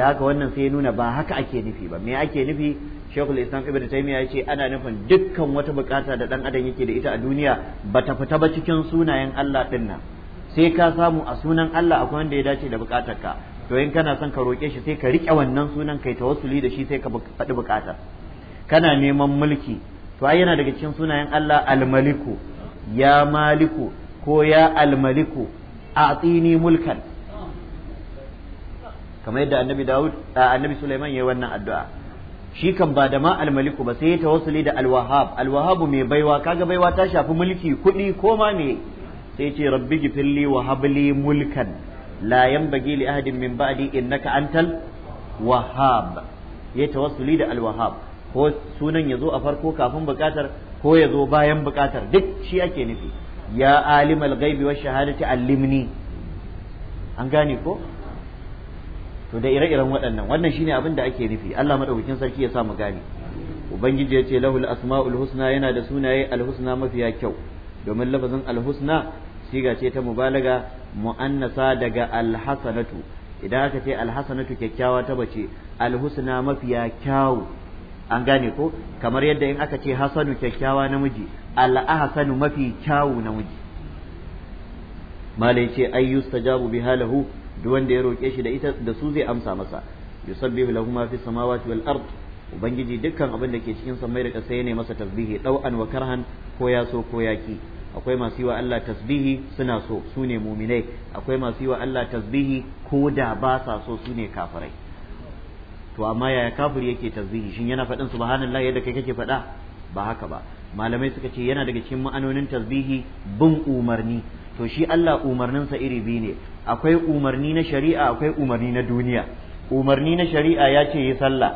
da haka wannan sai ya nuna ba haka ake nufi ba me ake nufi shekul islam ibn taymiya ya ce ana nufin dukkan wata bukata da dan adam yake da ita a duniya ba ta fita ba cikin sunayen Allah din nan sai ka samu a sunan Allah akwai wanda ya dace da bukatarka to in kana son ka roke shi sai ka rike wannan sunan kai ta tawassuli da shi sai ka faɗi bukatar kana neman mulki to ai yana daga cikin sunayen Allah almaliku ya maliku ko ya almaliku a'tini mulkan kamar yadda annabi Dawud annabi Sulaiman yayi wannan addu'a shi kan ba da ma almaliku ba sai ya tawassuli da alwahab alwahabu mai baiwa kaga baiwa ta shafi mulki kuɗi ko ma me sai ce rabbi gifirli wa habli mulkan la yanbaghi li ahadin min ba'di innaka antal wahhab ya tawassuli da alwahab ko sunan ya zo a farko kafin bukatar ko ya zo bayan bukatar duk shi ake nufi ya alimal ghaibi wash shahadati allimni an gane ko to da ire-iren waɗannan wannan shine abin da ake nufi Allah madaukakin sarki ya sa mu gane ubangiji ya ce lahul asma'ul husna yana da sunaye alhusna mafiya kyau domin lafazin alhusna siga ce ta mubalaga mu'annasa daga alhasanatu idan aka ce alhasanatu kyakkyawa ta bace alhusna mafiya kyau an gane ko kamar yadda in aka ce hasanu kyakkyawa namiji al'ahsanu mafi kyawu namiji malai ce ayyu stajabu biha lahu duk wanda ya roke shi da ita da su zai amsa masa yusabbihu lahu ma fi samawati wal ard ubangiji dukkan abin da ke cikin samai da ƙasa yana masa tasbihi dau'an wa karhan ko ya so ko ya ki akwai masu yi wa Allah tasbihi suna so su ne muminai akwai masu yi wa Allah tasbihi ko da ba sa so su ne kafirai to amma yaya kafir yake tasbihi shin yana faɗin subhanallahi yadda kai kake faɗa ba haka ba malamai suka ce yana daga cikin ma'anonin tasbihi bin umarni to shi Allah umarninsa iri biyu ne akwai umarni na shari'a akwai umarni na duniya umarni na shari'a ya ce yi sallah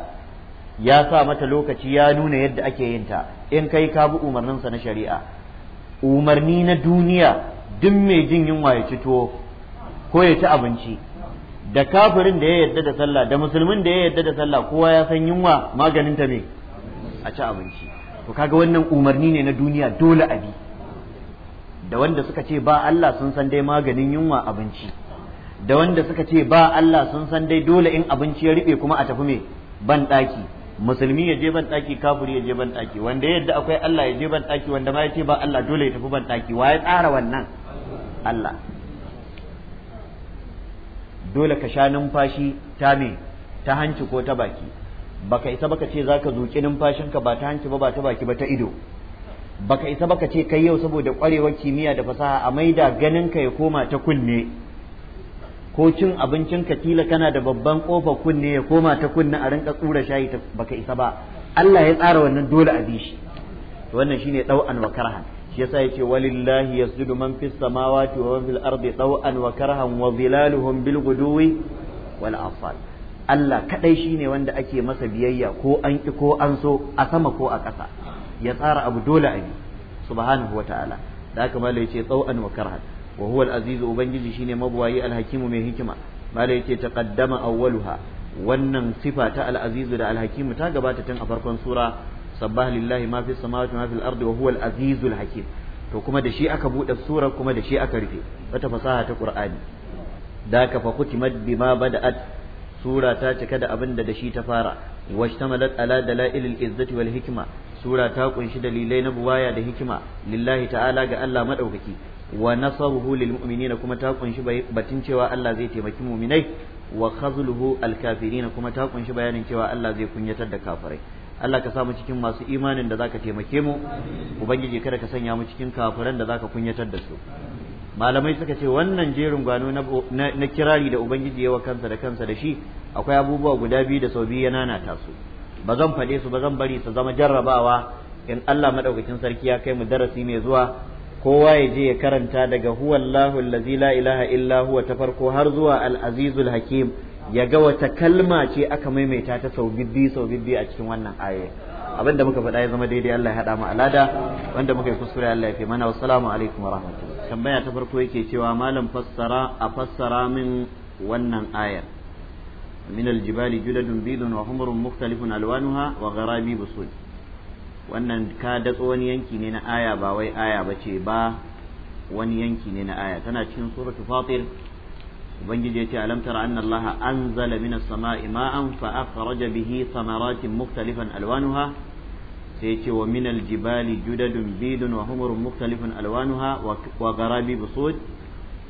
ya sa mata lokaci ya nuna yadda ake yin ta in kai ka bi umarninsa na shari'a umarni na duniya duk mai jin yunwa ya ci tuwo ko ya ci abinci da kafirin da ya yarda da sallah da musulmin da ya yarda da sallah kowa ya san yunwa maganin ta ne a ci abinci to kaga wannan umarni ne na duniya dole a bi da wanda suka ce ba Allah sun san dai maganin yunwa abinci da wanda suka ce ba Allah sun san dai dole in abinci ya riɓe kuma a tafi me ban ɗaki musulmi ya je ban ɗaki kafiri ya je ban ɗaki wanda yadda akwai Allah ya je ban ɗaki wanda ma ya ce ba Allah dole ya tafi ban ɗaki wa ya tsara wannan Allah dole ka sha numfashi ta me ta hanci ko ta baki baka isa baka ce zaka zuƙi numfashinka ba ta hanci ba ba ta baki ba ta ido baka isa baka ce kai yau saboda kwarewar kimiyya da fasaha a maida ganin ka ya koma ta kunne ko cin abincin ka kila kana da babban kofar kunne ya koma ta kunne a rinka tsura shayi baka isa ba Allah ya tsara wannan dole a bishi wannan shine dau'an wa karhan shi yasa yace walillahi yasjudu man fis samawati wa man fil ardi dau'an wa karhan wa zilaluhum bil ghuduwi wal afal Allah kadai shine wanda ake masa biyayya ko an ki ko an so a sama ko a ƙasa ya tsara abu dole a subhanahu wataala da haka malai yace tsau'an wa karhan wa huwa al-aziz ubangiji shine mabwayi al-hakimu mai hikima malai yace taqaddama awwaluha wannan sifa ta al-aziz da al ta gabata tun a farkon sura sabbaha lillahi ma fi samawati ma fil ardi wa huwa al-aziz al-hakim to kuma da shi aka bude sura kuma da shi aka rufe wata fasaha ta qur'ani da ka fa kutimat bima bada'at sura ta cika da abin da da shi ta fara washtamalat ala dalailil izzati wal hikma sura ta kunshi dalilai na buwaya da hikima lillahi ta'ala ga Allah madaukaki wa nasabuhu lil mu'minina kuma ta kunshi batun cewa Allah zai taimaki mu'minai wa khazluhu al kafirina kuma ta kunshi bayanin cewa Allah zai kunyatar da kafirai Allah ka samu cikin masu imanin da zaka taimake mu ubangiji kada ka sanya mu cikin kafiran da zaka kunyatar da su malamai suka ce wannan jerin gwano na kirari da ubangiji yawa kansa da kansa da shi akwai abubuwa guda biyu da sau biyu ya nana su ba zan faɗe su ba zan bari su zama jarrabawa in Allah madaukakin sarki ya kai mu darasi mai zuwa kowa ya je ya karanta daga huwallahu allazi la ilaha illa huwa ta farko har zuwa al-azizul hakim ya ga wata kalma ce aka maimaita ta sau bibbi a cikin wannan aya abinda muka faɗa ya zama daidai Allah ya haɗa mu alada wanda muka yi kuskure Allah ya fi mana wassalamu alaikum wa rahmatullahi tambaya ta farko yake cewa malam fassara a fassara min wannan ayar من الجبال جدد بيض وحمر مختلف ألوانها وغرابي بسود wannan ka datso wani yanki ne na aya ba wai aya ba ce ba wani yanki ne na aya tana cikin suratu fatir ubangiji ya ce alam tara anna allaha anzala minas sama'i ma'an fa akhraja bihi thamaratin mukhtalifan alwanuha sai ya ce wa minal jibali judadun bidun wa humurun mukhtalifun alwanuha wa garabi busud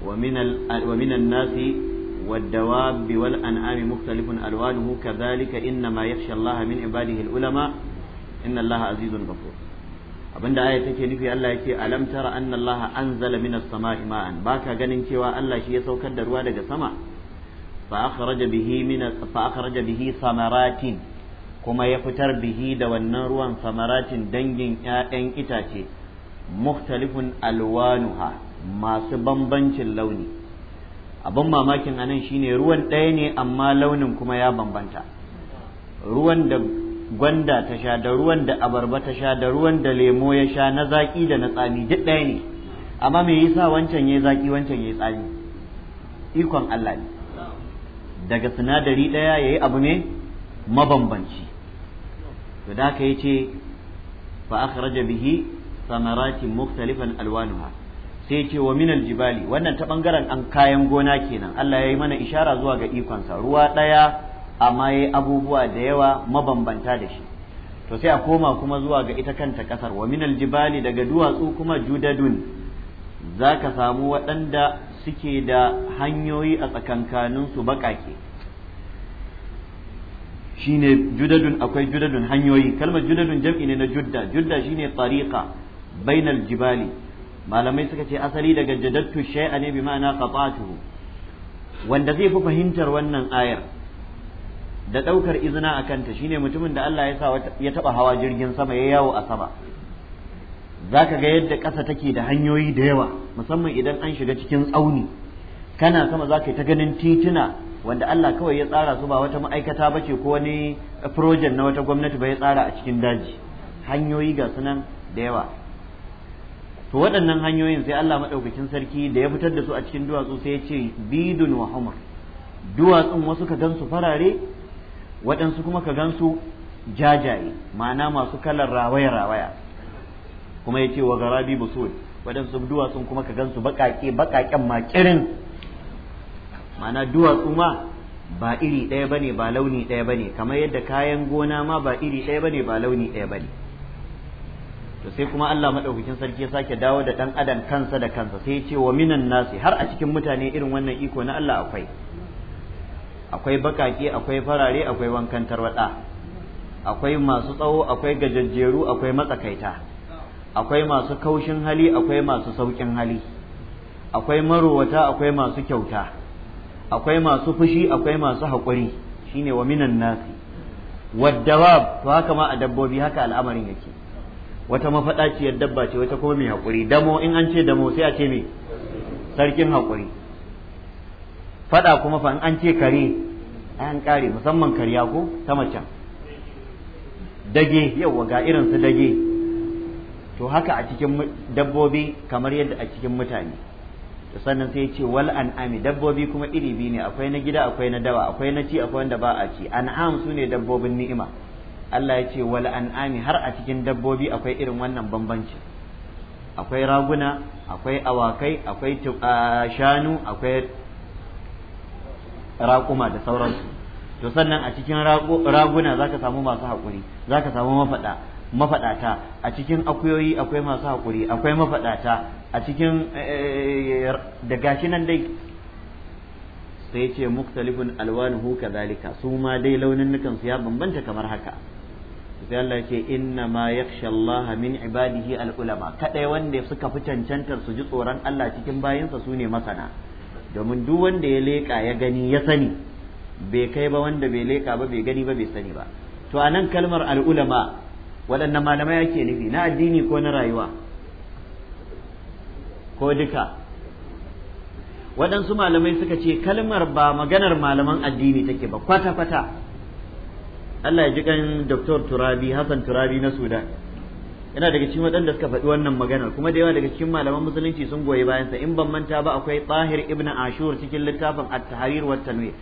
wa minal nasi والدواب والأنعام مختلف ألوانه كذلك إنما يخشى الله من عباده العلماء إن الله عزيز غفور abinda aya take nufi Allah yake alam tara anna Allah anzala minas sama'i ma'an baka ganin cewa Allah shi ya saukar da ruwa daga sama fa akhraja bihi minas fa akhraja bihi samaratin kuma ya fitar bihi da wannan ruwan samaratin dangin ƴaƴan itace mukhtalifun alwanuha masu bambancin launi abin mamakin anan shine ruwan ɗaya ne amma launin kuma ya bambanta ruwan da gwanda ta sha da ruwan da abarba ta sha da ruwan da lemo ya sha na zaƙi da na tsami duk ɗaya ne amma me yasa wancan ya zaƙi wancan ya tsami ikon Allah ne daga sinadari ɗaya ya yi abu ne mabambanci to da haka yace fa akhraja bihi samaratin mukhtalifan alwanuha sai ce wa minal jibali wannan ta bangaren an kayan gona kenan Allah ya yi mana ishara zuwa ga ikonsa ruwa ɗaya amma ya yi abubuwa da yawa mabambanta da shi to sai a koma kuma zuwa ga ita kanta ƙasar wa minal jibali daga duwatsu kuma judadun za ka samu waɗanda suke da hanyoyi a tsakankaninsu baƙaƙe shine judadun akwai judadun hanyoyi kalmar judadun jam'i ne na judda judda shine tariqa bainal jibali malamai suka ce asali daga jadattu shay ne bi ma'ana qata'tuhu wanda zai fi fahimtar wannan ayar da ɗaukar izina a kanta shine mutumin da Allah ya sa ya taɓa hawa jirgin sama ya yawo a sama zaka ga yadda ƙasa take da hanyoyi da yawa musamman idan an shiga cikin tsauni kana sama zaka ta ganin tituna wanda Allah kawai ya tsara su ba wata ma'aikata ba ce ko wani project na wata gwamnati ba ya tsara a cikin daji hanyoyi ga sunan da yawa to waɗannan hanyoyin sai Allah maɗaukacin sarki da ya fitar da su a cikin duwatsu sai ya ce bidun wa humur duwatsun wasu ka gansu farare waɗansu kuma ka gansu jajaye ma'ana masu kalar rawaya rawaya kuma ya ce wa garabi busul waɗansu duwatsun kuma ka gansu baƙaƙe baƙaƙen makirin ma'ana duwatsu ma ba iri ɗaya bane ba launi ɗaya bane kamar yadda kayan gona ma ba iri ɗaya bane ba launi ɗaya bane to sai kuma Allah madaukakin sarki ya sake dawo da dan adam kansa da kansa sai ya ce wa minan nasi har a cikin mutane irin wannan iko na Allah akwai akwai bakaki akwai farare akwai wankan tarwada akwai masu tsawo akwai gajajjeru akwai matsakaita akwai masu kaushin hali akwai masu saukin hali akwai marowata akwai masu kyauta akwai masu fushi akwai masu haƙuri shine wa minan nasi wadda to haka ma a dabbobi haka al'amarin yake wata mafaɗaciyar dabba ce wata kuma mai haƙuri damo in an ce damo sai a ce mai sarkin haƙuri faɗa kuma fa in an ce kare an ƙare musamman kariya ko ta macen dage yauwa ga irin su dage to haka a cikin dabbobi kamar yadda a cikin mutane to sannan sai ce wal an'ami dabbobi kuma iri biyu ne akwai na gida akwai na dawa akwai na ci akwai wanda ba a ci an'am su ne dabbobin ni'ima Allah ya ce an ami har a cikin dabbobi akwai irin wannan bambanci akwai raguna akwai awakai akwai shanu akwai raƙuma da sauransu to sannan a cikin raguna zaka samu masu haƙuri zaka samu mafaɗa mafaɗata a cikin akuyoyi akwai masu haƙuri akwai mafaɗata a cikin eh, da gashi nan dai sai ce muktalifun alwanuhu kazalika su ma dai launin su ya bambanta kamar haka sai Allah ce inna ma yakhsha Allah min ibadihi al'ulama ulama kadai wanda suka fi cancantar su ji tsoron Allah cikin bayinsa su ne masana domin duk wanda ya leka ya gani ya sani bai kai ba wanda bai leka ba bai gani ba bai sani ba to anan kalmar al ulama waɗannan malamai ake nufi na addini ko na rayuwa ko duka waɗansu malamai suka ce kalmar ba maganar malaman addini take ba kwata-kwata Allah ya ji kan Dr. Turabi Hassan Turabi na Sudan yana daga cikin waɗanda suka faɗi wannan maganar kuma da yawa daga cikin malaman musulunci sun goyi bayan sa in ban manta ba akwai Tahir ibn Ashur cikin littafin At-Tahrir wa Tanwir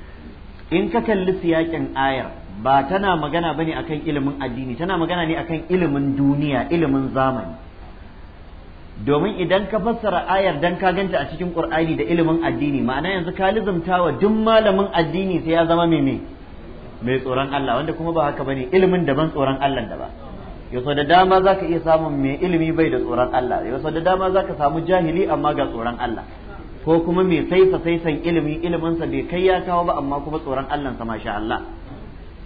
in ka kalli siyakin ayar ba tana magana bane akan ilimin addini tana magana ne akan ilimin duniya ilimin zamani domin idan ka fassara ayar dan ka ganta a cikin Qur'ani da ilimin addini ma'ana yanzu ka lizumta duk malamin addini sai ya zama mai mai tsoron Allah wanda kuma ba haka bane ilimin daban tsoron Allah da ba yaso da dama zaka iya samun mai ilimi bai da tsoron Allah yaso da dama zaka samu jahili amma ga tsoron Allah ko kuma mai saisa saisan ilimi iliminsa bai kai ya kawo ba amma kuma tsoron Allah sa masha Allah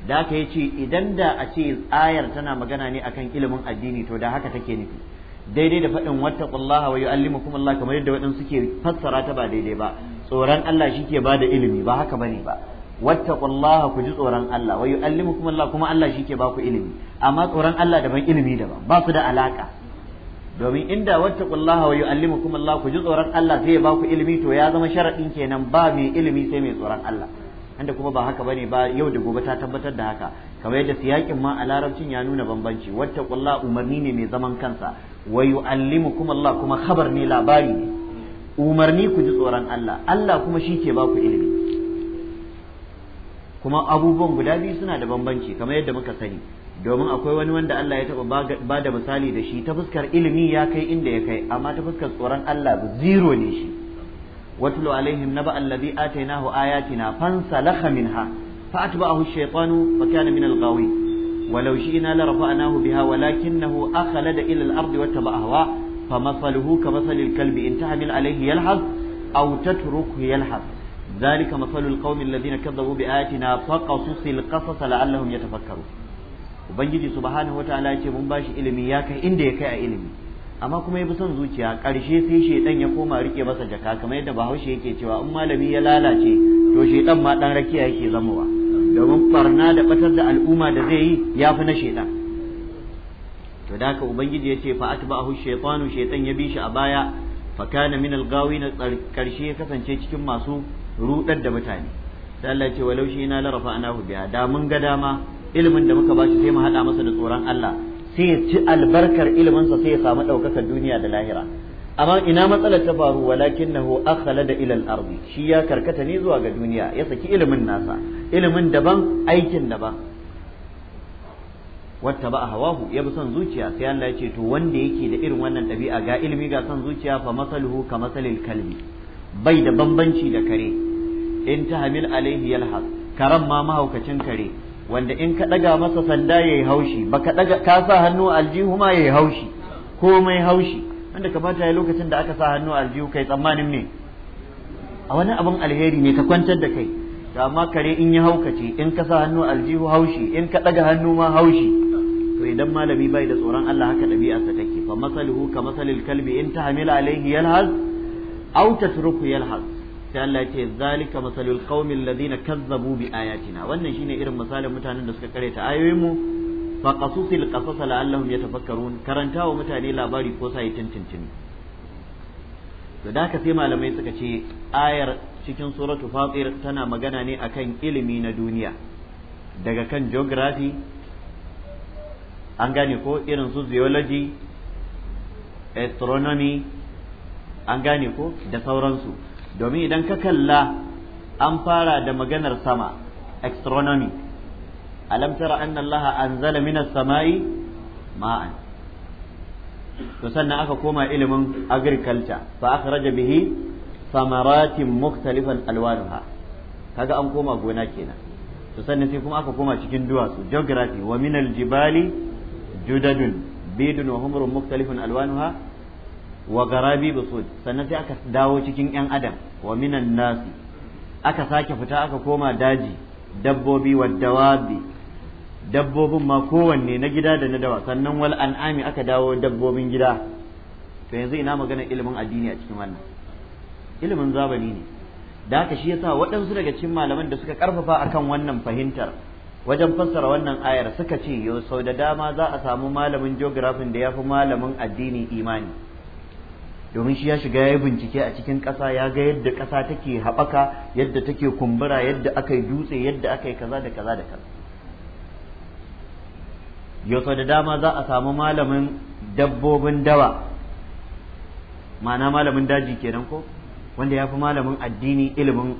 da aka yi idan da a ce ayar tana magana ne akan ilimin addini to da haka take nufi daidai da faɗin wattaqullaha wa yu'allimukum Allah kamar yadda waɗansu suke fassara ta ba daidai ba tsoron Allah shi ke bada ilimi ba haka bane ba wattaqullaha ku ji tsoron Allah wa yu'allimukum Allah kuma Allah shi ke ba ku ilimi amma tsoron Allah daban ilimi daban ba su da alaka domin inda wattaqullaha wa yu'allimukum Allah ku ji tsoron Allah zai ba ku ilimi to ya zama sharadin kenan ba mai ilimi sai mai tsoron Allah inda kuma ba haka bane ba yau da gobe ta tabbatar da haka kamar yadda siyakin ma a larabcin ya nuna bambanci wattaqullaha umarni ne mai zaman kansa wa yu'allimukum Allah kuma khabar ne labari ne umarni ku ji tsoron Allah Allah kuma shi ke ba ku ilimi kuma abubuwan guda biyu suna da bambanci kamar yadda muka sani domin akwai wani wanda Allah ya taɓa ba da misali da shi ta fuskar ilimi ya kai inda ya kai amma ta fuskar tsoron Allah zero ne shi watlu alaihim naba allazi atainahu ayatina fansalakha minha fa atba'ahu ash-shaytanu fa kana min al-ghawin ولو شئنا لرفعناه بها ولكنه wa إلى الأرض واتبع هواه فمثله كمثل kalbi in تحمل عليه يلحظ أو تتركه yalhaz ذلك مثل القوم الذين كذبوا بآياتنا فقصص القصص لعلهم يتفكرون ubangiji subhanahu wataala ya ce mun bashi ilimi ya kai inda ya kai a ilimi amma kuma ya son zuciya karshe sai shedan ya koma rike masa jaka kamar yadda bahaushe yake cewa in malami ya lalace to shedan ma dan rakiya yake zamowa domin barna da batar da al'umma da zai yi ya fi na shedan to da haka ubangiji ya ce fa atba'ahu shaytanu shaytan ya bi shi a baya fa kana min al-gawin karshe ya kasance cikin masu rudar da mutane sai Allah ce walau shi na larafa anahu biya da mun ga dama ilimin da muka bashi sai mu hada masa da tsoron Allah sai ya ci albarkar iliminsa sai ya samu daukakar duniya da lahira amma ina matsalar ta faru nahu akhlada da ilal ardi shi ya karkata ne zuwa ga duniya ya saki ilimin nasa ilimin daban aikin daban wata ba a hawahu ya bi son zuciya sai Allah ya ce to wanda yake da irin wannan ɗabi'a ga ilimi ga son zuciya fa masaluhu ka masalil kalbi bai da bambanci da kare in Hamil alaihi yalhas karan ma mahaukacin kare wanda in ka daga masa sanda yayi haushi baka daga ka sa hannu aljihu ma yayi haushi komai haushi wanda ka bata lokacin da aka sa hannu aljihu kai tsammanin me a wani abin alheri ne ka kwantar da kai to amma kare in ya haukace in ka sa hannu aljihu haushi in ka daga hannu ma haushi to idan malami bai da tsoron Allah haka ɗabi'arsa take fa masaluhu ka masalil kalbi in tahmil alaihi yalhaz aw tatruku yalhaz sai Allah ya ce zalika masalul qaumil ladina kazzabu bi ayatina wannan shine irin misalin mutanen da suka kareta ayoyin mu fa qasusil qasasa la'allahum yatafakkarun karantawa mutane labari ko sai tintintin to da haka sai malamai suka ce ayar cikin suratu fatir tana magana ne akan ilimi na duniya daga kan geography an gane ko irin su zoology astronomy an gane ko da sauransu domin idan ka kalla an fara da maganar sama astronomy alam tara anna Allah anzala minas samai ma'an to sannan aka koma ilimin agriculture fa akhraja bihi samaratin mukhtalifan alwanuha kaga an koma gona kenan to sannan sai kuma aka koma cikin duwatsu geography wa minal jibali judadun bidun wa humrun mukhtalifan alwanuha wa garabi busud sannan sai aka dawo cikin yan adam wa minan nasi aka sake fita aka koma daji dabbobi wa dawabi dabbobin ma kowanne na gida da na dawa sannan wal an'ami aka dawo dabbobin gida to yanzu ina magana ilimin addini a cikin wannan ilimin zabani ne da aka shi yasa waɗansu daga cikin malaman da suka karfafa akan wannan fahimtar wajen fassara wannan ayar suka ce yau sau da dama za a samu malamin geografin da ya fi malamin addini imani domin shi ya shiga ya bincike a cikin ƙasa ya ga yadda ƙasa take haɓaka yadda take kumbura yadda aka yi dutse yadda aka yi kaza da kaza da kaza yau da dama za a samu malamin dabbobin dawa ma'ana malamin daji kenan ko wanda ya fi malamin addini ilimin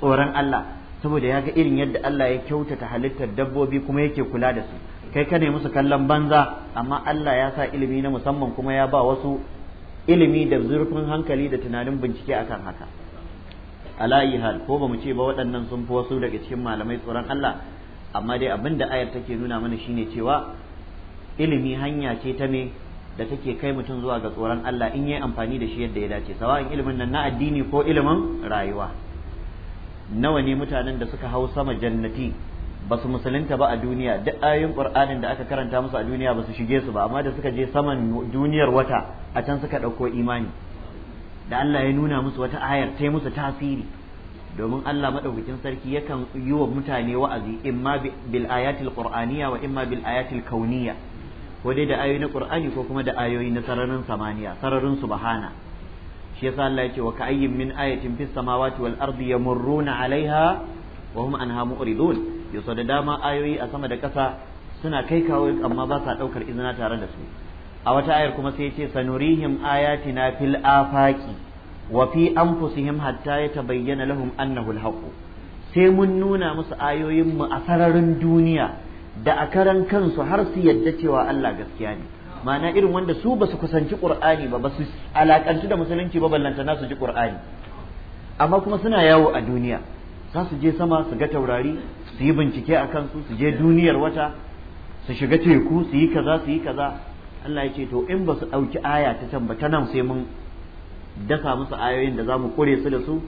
tsoron Allah saboda ya ga irin yadda Allah ya kyautata halittar dabbobi kuma yake kula da su kai ka ne musu kallon banza amma Allah ya sa ilimi na musamman kuma ya ba wasu ilimi da zurfin hankali da tunanin bincike akan haka alayi hal ko ba mu ce ba waɗannan sun fi wasu daga cikin malamai tsoron Allah amma dai abin da ayar take nuna mana shine cewa ilimi hanya ce ta me da take kai mutum zuwa ga tsoron Allah in yayi amfani da shi yadda ya dace sawa'in ilimin nan na addini ko ilimin rayuwa nawa ne mutanen da suka hau sama jannati ba su musulunta ba a duniya duk ayoyin qur'anin da aka karanta musu a duniya ba su shige su ba amma da suka je saman duniyar wata a can suka ɗauko imani da Allah ya nuna musu wata ayar ta yi musu tasiri domin Allah maɗaukakin sarki yakan yi wa mutane wa'azi imma bil ayatil qur'aniyya wa imma bil ayatil kauniyya ko dai da ayoyi na qur'ani ko kuma da ayoyi na sararin samaniya sararin subhana shi yasa Allah ya ce wa ka'ayyin min ayatin fis samawati wal ardi yamurruna 'alaiha wa hum anha mu'ridun yasa da dama ayoyi a sama da ƙasa suna kai kawo amma ba sa ɗaukar izina tare da su a wata ayar kuma sai ce sanurihim ayatina fil afaqi wa fi anfusihim hatta yatabayyana lahum annahu alhaq sai mun nuna musu ayoyin mu a sararin duniya da a karan kansu har su yadda cewa Allah gaskiya ne ma'ana irin wanda su ba su kusanci qur'ani ba ba su alakantu da musulunci ba ballanta su ji qur'ani amma kuma suna yawo a duniya za su je sama su ga taurari su yi bincike a kansu su je duniyar wata su shiga teku su yi kaza su yi kaza Allah ya ce to in ba su ɗauki aya ta can ba ta nan sai mun dasa musu ayoyin da zamu mu kure su da su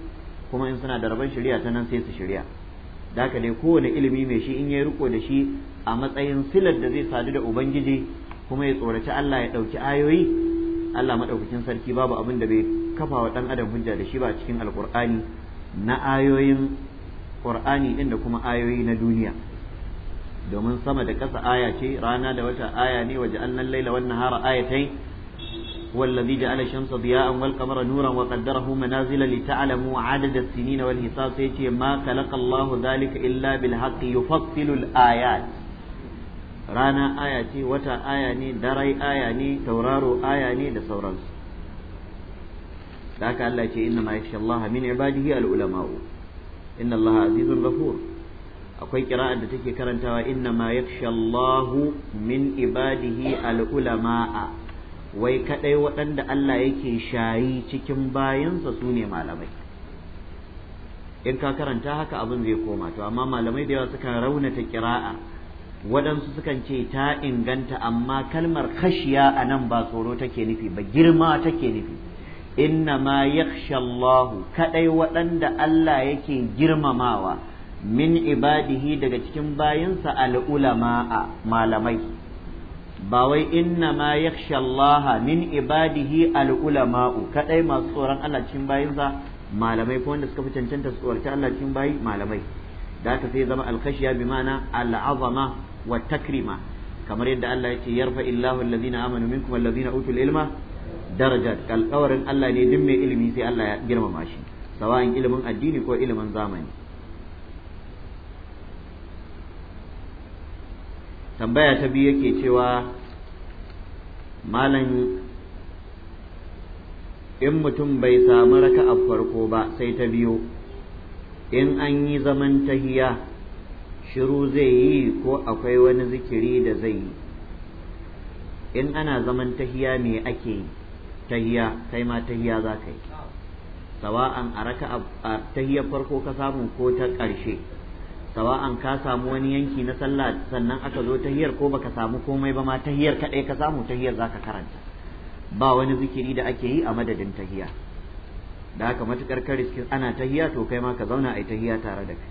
kuma in suna da rabon shari'a ta nan sai su shari'a da haka dai kowane ilimi mai shi in ya riko da shi a matsayin silar da zai sadu da ubangiji kuma ya tsoraci Allah ya ɗauki ayoyi Allah maɗaukacin sarki babu abin da bai kafa wa ɗan adam hujja da shi ba cikin alƙur'ani na ayoyin ƙur'ani inda da kuma ayoyi na duniya domin sama da ƙasa aya ce rana da wata aya ne waje annan laila wannan hara ayatai والذي جعل الشمس ضياء والقمر نورا وقدره منازل لتعلموا عدد السنين والحساب سيتي ما خلق الله ذلك إلا بالحق يفصل الآيات رانا آياتي وتا آياني دري آياني تورار آياني لسورانس ذاك الله إنما يخشى الله من عباده العلماء إن الله عزيز غفور akwai kira'ar da take karantawa inna ma yakhsha min ibadihi al wai kadai waɗanda Allah yake shayi cikin bayansa su ne malamai in ka karanta haka abin zai koma to amma malamai da yawa sukan raunata kira'a waɗansu sukan ce ta inganta amma kalmar khashiya a nan ba tsoro take nufi ba girma take nufi inna ma yakhshallahu kadai waɗanda Allah yake girmamawa min ibadihi daga cikin bayinsa al'ulama'a malamai ba wai inna ma yakhsha Allah min ibadihi al'ulama'u kadai masu tsoron Allah cikin bayinsa malamai ko wanda suka fi cancanta su tsorci Allah cikin bayi malamai da haka sai zama alkashiya bi ma'ana al'azama wa takrima kamar yadda Allah ya ce yarfa illahu allazina amanu minkum allazina utul ilma darajat alƙawarin Allah ne duk mai ilimi sai Allah ya girmama shi sawa'in ilimin addini ko ilimin zamani tambaya ta biyu yake cewa malam in mutum bai samu raka'a farko ba sai ta biyu in an yi zaman tahiya shiru zai yi ko akwai wani zikiri da zai yi in ana zaman tahiya me ake tahiya kai ma tahiya za ka yi sawa'an a a tahiyar farko ka samu ko ta ƙarshe sawa'an ka samu wani yanki na sallah sannan aka zo tahiyar ko baka samu komai ba ma tahiyar kaɗai ka samu tahiyar zaka karanta ba wani zikiri da ake yi a madadin tahiya da haka matukar ka riski ana tahiya to kai ma ka zauna a tahiya tare da kai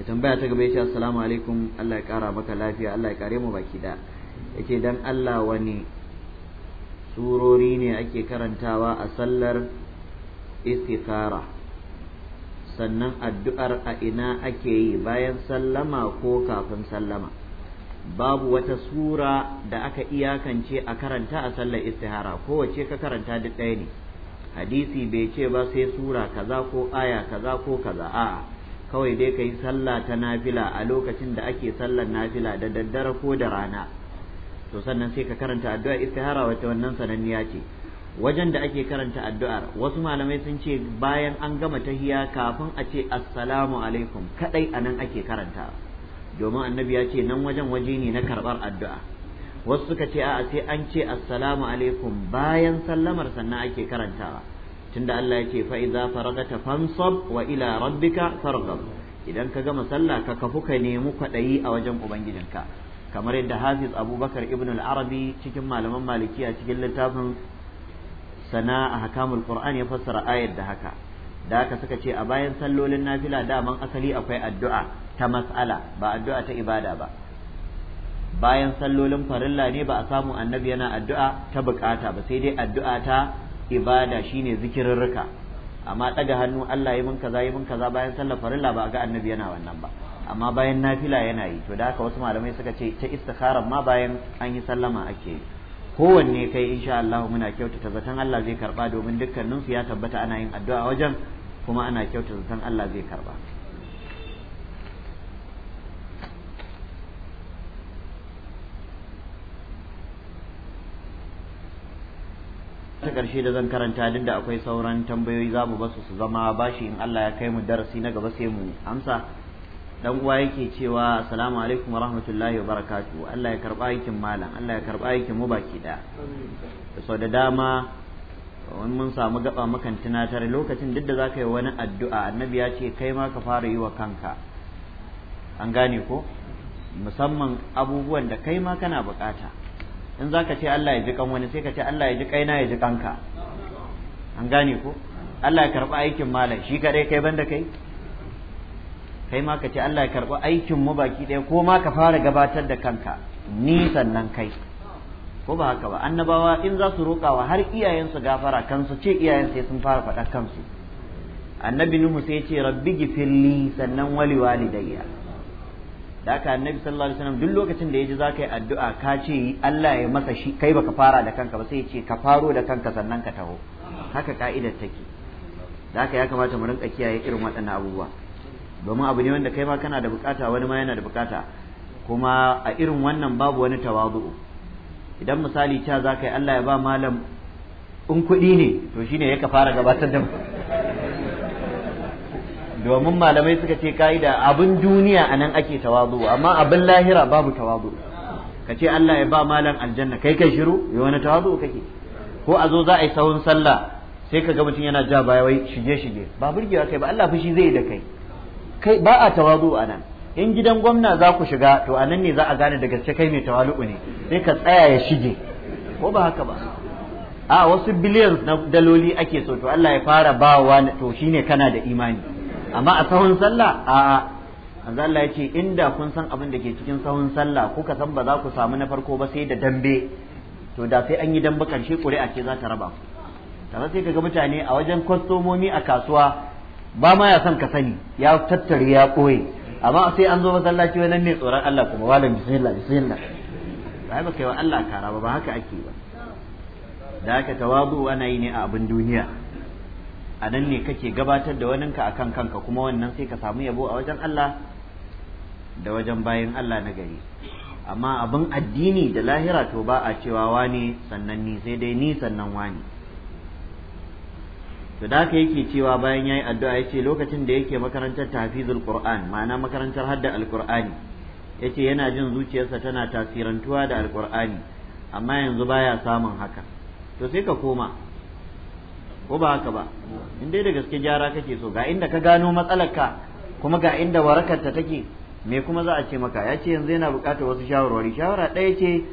da tambaya ta gaba shi assalamu alaikum Allah ya kara maka lafiya Allah ya kare mu baki da yake dan Allah wani surori ne ake karantawa a sallar istikhara sannan addu'ar a ina ake yi bayan sallama ko kafin sallama babu wata sura da aka iyakance a karanta a sallar istihara kowace ka karanta duk ɗaya ne hadisi bai ce ba sai sura kaza ko aya kaza ko kaza a'a kawai dai ka yi sallah ta nafila a lokacin da ake sallar nafila da daddare ko da rana to sannan sai ka karanta addu'ar istihara wata wannan sananniya ce wajen da ake karanta addu'ar wasu malamai sun ce bayan an gama tahiya kafin a ce assalamu alaikum kadai nan ake karanta domin annabi ya ce nan wajen waje ne na karbar addu'a wasu suka ce a'a sai an ce assalamu alaikum bayan sallamar sannan ake karantawa tunda Allah ya ce fa idza faragata fansab wa ila rabbika farghab idan ka gama sallah ka kafu ka nemi kwadayi a wajen ubangijinka kamar yadda Hafiz Abubakar Ibn al-Arabi cikin malaman Malikiya cikin littafin sana a hakamul qur'an ya fassara ayar da haka da haka saka ce a bayan sallolin nafila daman asali akwai addu'a ta mas'ala ba addu'a ta ibada ba bayan sallolin farilla ne ba a samu annabi yana addu'a ta bukata ba sai dai addu'a ta ibada shine zikirarruka amma daga hannu Allah yi mun kaza yi mun kaza bayan sallar farilla ba a ga annabi yana wannan ba amma bayan nafila yana yi to da haka wasu malamai suka ce ta istikharar ma bayan an yi sallama ake yi kowanne kai insha Allah muna kyautata zaton Allah zai karba domin dukkanin su ya tabbata ana yin addu'a wajen kuma ana kyautata zaton Allah zai karba ta karshe da zan karanta duk da akwai sauran tambayoyi za mu basu su zama bashi in Allah ya kai mu darasi na gaba sai mu amsa dan uwa yake cewa assalamu alaikum wa rahmatullahi wa Allah ya karba aikin malam Allah ya karba aikin mu baki da so da dama wani mun samu gaba makan tunatar lokacin duk da zaka yi wani addu'a annabi ya ce kai ma ka fara yi wa kanka an gane ko musamman abubuwan da kai ma kana bukata in zaka ce Allah ya ji kan wani sai ka ce Allah ya ji kaina ya ji kanka an gane ko Allah ya karba aikin malam shi kadai kai banda kai kai ma ka ce Allah ya karɓi aikin mu baki ɗaya ko ma ka fara gabatar da kanka ni sannan kai ko ba haka ba annabawa in za su wa har iyayensu gafara kansu ce iyayen sai sun fara faɗa kansu annabi nuhu sai ce rabbi gifirli sannan wali walidayya da haka annabi sallallahu alaihi wasallam duk lokacin da yaji zaka yi addu'a ka ce Allah ya masa shi kai baka fara da kanka ba sai ce ka faro da kanka sannan ka taho haka ka'idar take da haka ya kamata mu rinka kiyaye irin waɗannan abubuwa domin abu ne wanda kai ma kana da bukata wani ma yana da bukata kuma a irin wannan babu wani tawazu idan misali ca za ka Allah ya ba malam in kuɗi ne to shine ya ka fara gabatar da domin malamai suka ce ka'ida abin duniya a nan ake tawazu amma abin lahira babu tawazu ka ce Allah ya ba malam aljanna kai kai shiru ya wani tawazu kake ko a zo za a yi sahun sallah sai ka ga mutum yana ja baya wai shige shige ba burgewa kai ba Allah fushi zai da kai kai ba a tawadu a nan in gidan gwamna za ku shiga to a nan ne za a gane da gaske kai mai tawadu ne sai ka tsaya ya shige ko ba haka ba a wasu biliyan na daloli ake so to Allah ya fara bawa to shi shine kana da imani amma a sahun sallah a manzo Allah ya ce inda kun san abin da ke cikin sahun sallah kuka san ba za ku samu na farko ba sai da dambe to da sai an yi dambe karshe ƙuri'a ce za ta raba ku tare sai ga mutane a wajen kwastomomi a kasuwa ba ma ya son ka sani ya tattare ya koye amma sai an zo masallaci wani mai tsoron Allah kuma walan bismillah bismillah ba ba kai Allah kara ba ba haka ake ba da haka tawadu ana yi ne a abin duniya a nan ne kake gabatar da waninka akan kanka kuma wannan sai ka samu yabo a wajen Allah da wajen bayan Allah na gari amma abin addini da lahira to ba a cewa wani sannan ni sai dai ni sannan wani to da haka yake cewa bayan yayi addu'a yace lokacin da yake makarantar tahfizul qur'an ma'ana makarantar hadda alqur'ani yace yana jin zuciyarsa tana tasirantuwa da alqur'ani amma yanzu baya samun haka to sai ka koma ko ba haka ba in dai da gaske gyara kake so ga inda ka gano matsalarka kuma ga inda warakarta take me kuma za a ce maka ya ce yanzu yana buƙatar wasu shawarwari shawara ɗaya ce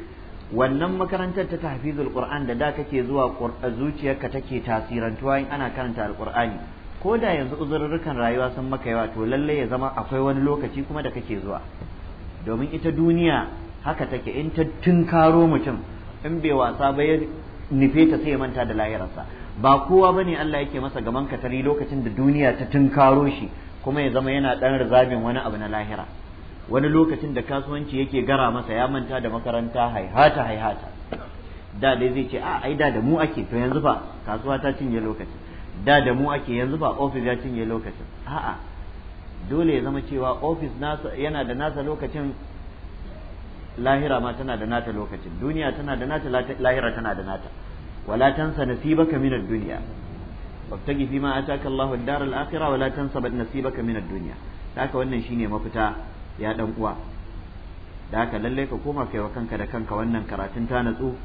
wannan makarantar ta tahfizul qur'an da da kake zuwa zuciyarka take tasirantuwa in ana karanta alqur'ani ko da yanzu uzurrukan rayuwa sun maka yawa to lalle ya zama akwai wani lokaci kuma da kake zuwa domin ita duniya haka take in ta tunkaro mutum in bai wasa ba ya nufe ta sai ya manta da lahirarsa ba kowa bane Allah yake masa gaban katari lokacin da duniya ta tunkaro shi kuma ya zama yana dan rizabin wani abu na lahira wani lokacin da kasuwanci yake gara masa ya manta da makaranta haihata haihata da dai zai ce a ai da da mu ake to yanzu ba kasuwa ta cinye lokacin da da mu ake yanzu ba ofis ya cinye lokacin a'a dole ya zama cewa ofis nasa yana da nasa lokacin lahira ma tana da nata lokacin duniya tana da nata lahira tana da nata wala tansa nasibaka minad dunya wabtagi fi ma ataka Allahu ad-dar al-akhirah wala tansa nasibaka minad dunya haka wannan shine mafita ya ɗan uwa da haka lalle ka koma kai wa kanka da kanka wannan karatun ta natsu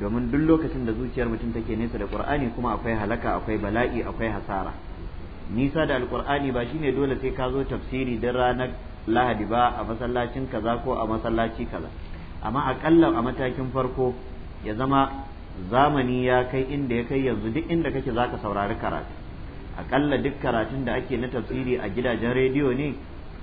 domin duk lokacin da zuciyar mutum take nesa da qur'ani kuma akwai halaka akwai bala'i akwai hasara nisa da alqur'ani ba shine dole sai ka zo tafsiri din ranar lahadi ba a masallacin kaza ko a masallaci kaza amma akalla a matakin farko ya zama zamani ya kai inda ya kai yanzu duk inda kake zaka saurari karatu akalla duk karatun da ake na tafsiri a gidajen rediyo ne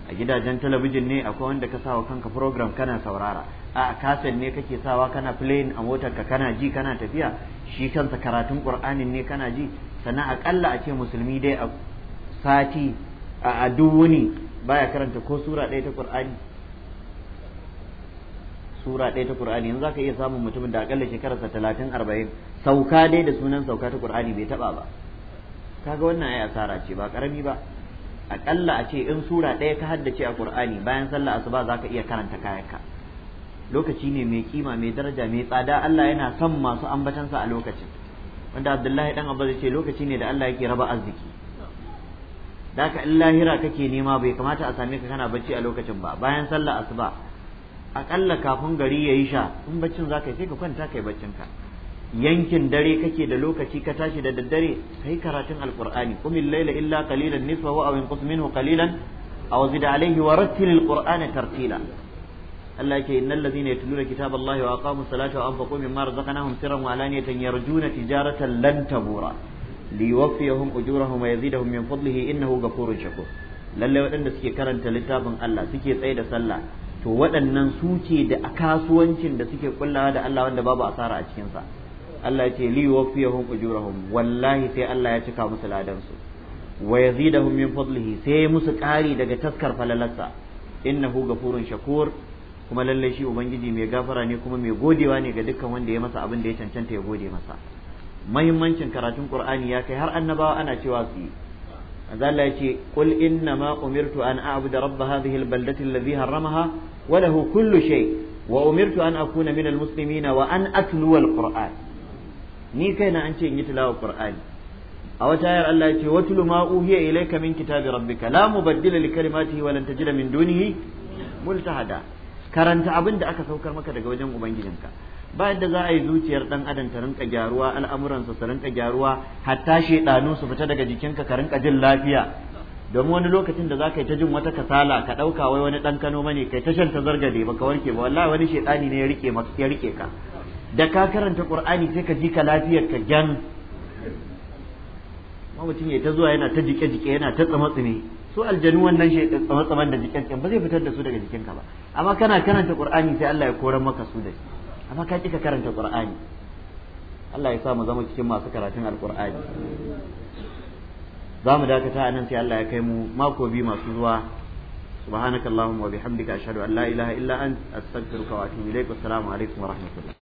a gidajen talabijin ne akwai wanda ka sawa kanka program kana saurara a kaset ne kake sawa kana playing a motar ka kana ji kana tafiya shi kansa karatun qur'anin ne kana ji sannan akalla a ce musulmi dai a sati a aduni baya karanta ko sura ɗaya ta qur'ani sura ɗaya ta qur'ani yanzu zaka iya samun mutumin da akalla shekararsa talatin arba'in sauka dai da sunan sauka ta qur'ani bai taɓa ba kaga wannan ai asara ce ba ƙarami ba akalla a ce in sura ɗaya ka haddace a qur'ani bayan sallah asuba za ka iya karanta kayanka lokaci ne mai kima mai daraja mai tsada Allah yana son masu ambatansa a lokacin wanda Abdullahi dan zai ce lokaci ne da Allah yake raba arziki da ka in lahira kake nema bai kamata a same ka kana bacci a lokacin ba bayan sallah asuba akalla kafin gari ya yi sha in baccin zaka yi sai ka kwanta kai baccin ka yankin dare kake da lokaci ka tashi da daddare kayi karatun alqur'ani qumil layla illa qalilan nisfahu aw inqus minhu qalilan aw zid alayhi wa rattil alqur'ana tartila Allah yake innal ladhina yatluna kitaballahi wa aqamu salata wa anfaqu mimma razaqnahum sirran wa alaniyatan yarjuna tijaratan lan tabura liwaffiyahum ujurahum wa yazidahum min fadlihi innahu ghafurun shakur lalle waɗanda suke karanta littafin Allah suke tsaye da sallah to waɗannan su ce da kasuwancin da suke kullawa da Allah wanda babu asara a cikinsa Allah ce li yuwaffiyahum ujurahum wallahi sai Allah ya cika musu ladan su wa yazidahum min fadlihi sai musu kare daga taskar falalarsa innahu gafurun shakur kuma lallai shi ubangiji mai gafara ne kuma mai godewa ne ga dukkan wanda ya masa abin da ya cancanta ya gode masa mahimmancin karatun qur'ani ya kai har annabawa ana cewa su yi azalla ya ce qul inna ma umirtu an a'budu rabb hadhihi albaldati alladhi harramaha wa lahu kullu shay wa umirtu an akuna min almuslimina wa an atluwa alquran ni kai na an ce in yi tilawa qur'ani a wata ayar Allah ce tulu ma uhiya ilayka min kitabi rabbika la mubaddila li kalimatihi wa lan tajida min dunihi multahada karanta abin da aka saukar maka daga wajen ubangijinka ba yadda za a yi zuciyar dan adam ta rinka gyaruwa al'amuran su rinka gyaruwa hatta shedanu su fita daga jikinka ka rinka jin lafiya domin wani lokacin da za ka yi ta jin wata kasala ka ɗauka wai wani ɗan kano mane kai ta shan ta zargade ka warke ba wallahi wani shedani ne ya rike ka da ka karanta qur'ani sai ka ji ka lafiyar ka jan mutum ya ta zuwa yana ta jike jike yana ta tsama tsime su aljanu wannan shi tsama tsaman da jikin ba zai fitar da su daga jikinka ba amma kana karanta qur'ani sai Allah ya koran maka su da shi amma ka ki ka karanta qur'ani Allah ya sa mu zama cikin masu karatun alqur'ani za mu dakata a nan sai Allah ya kai mu mako biyu masu zuwa subhanakallahumma wa bihamdika ashhadu an la ilaha illa anta astaghfiruka wa atubu ilaik assalamu alaikum wa rahmatullah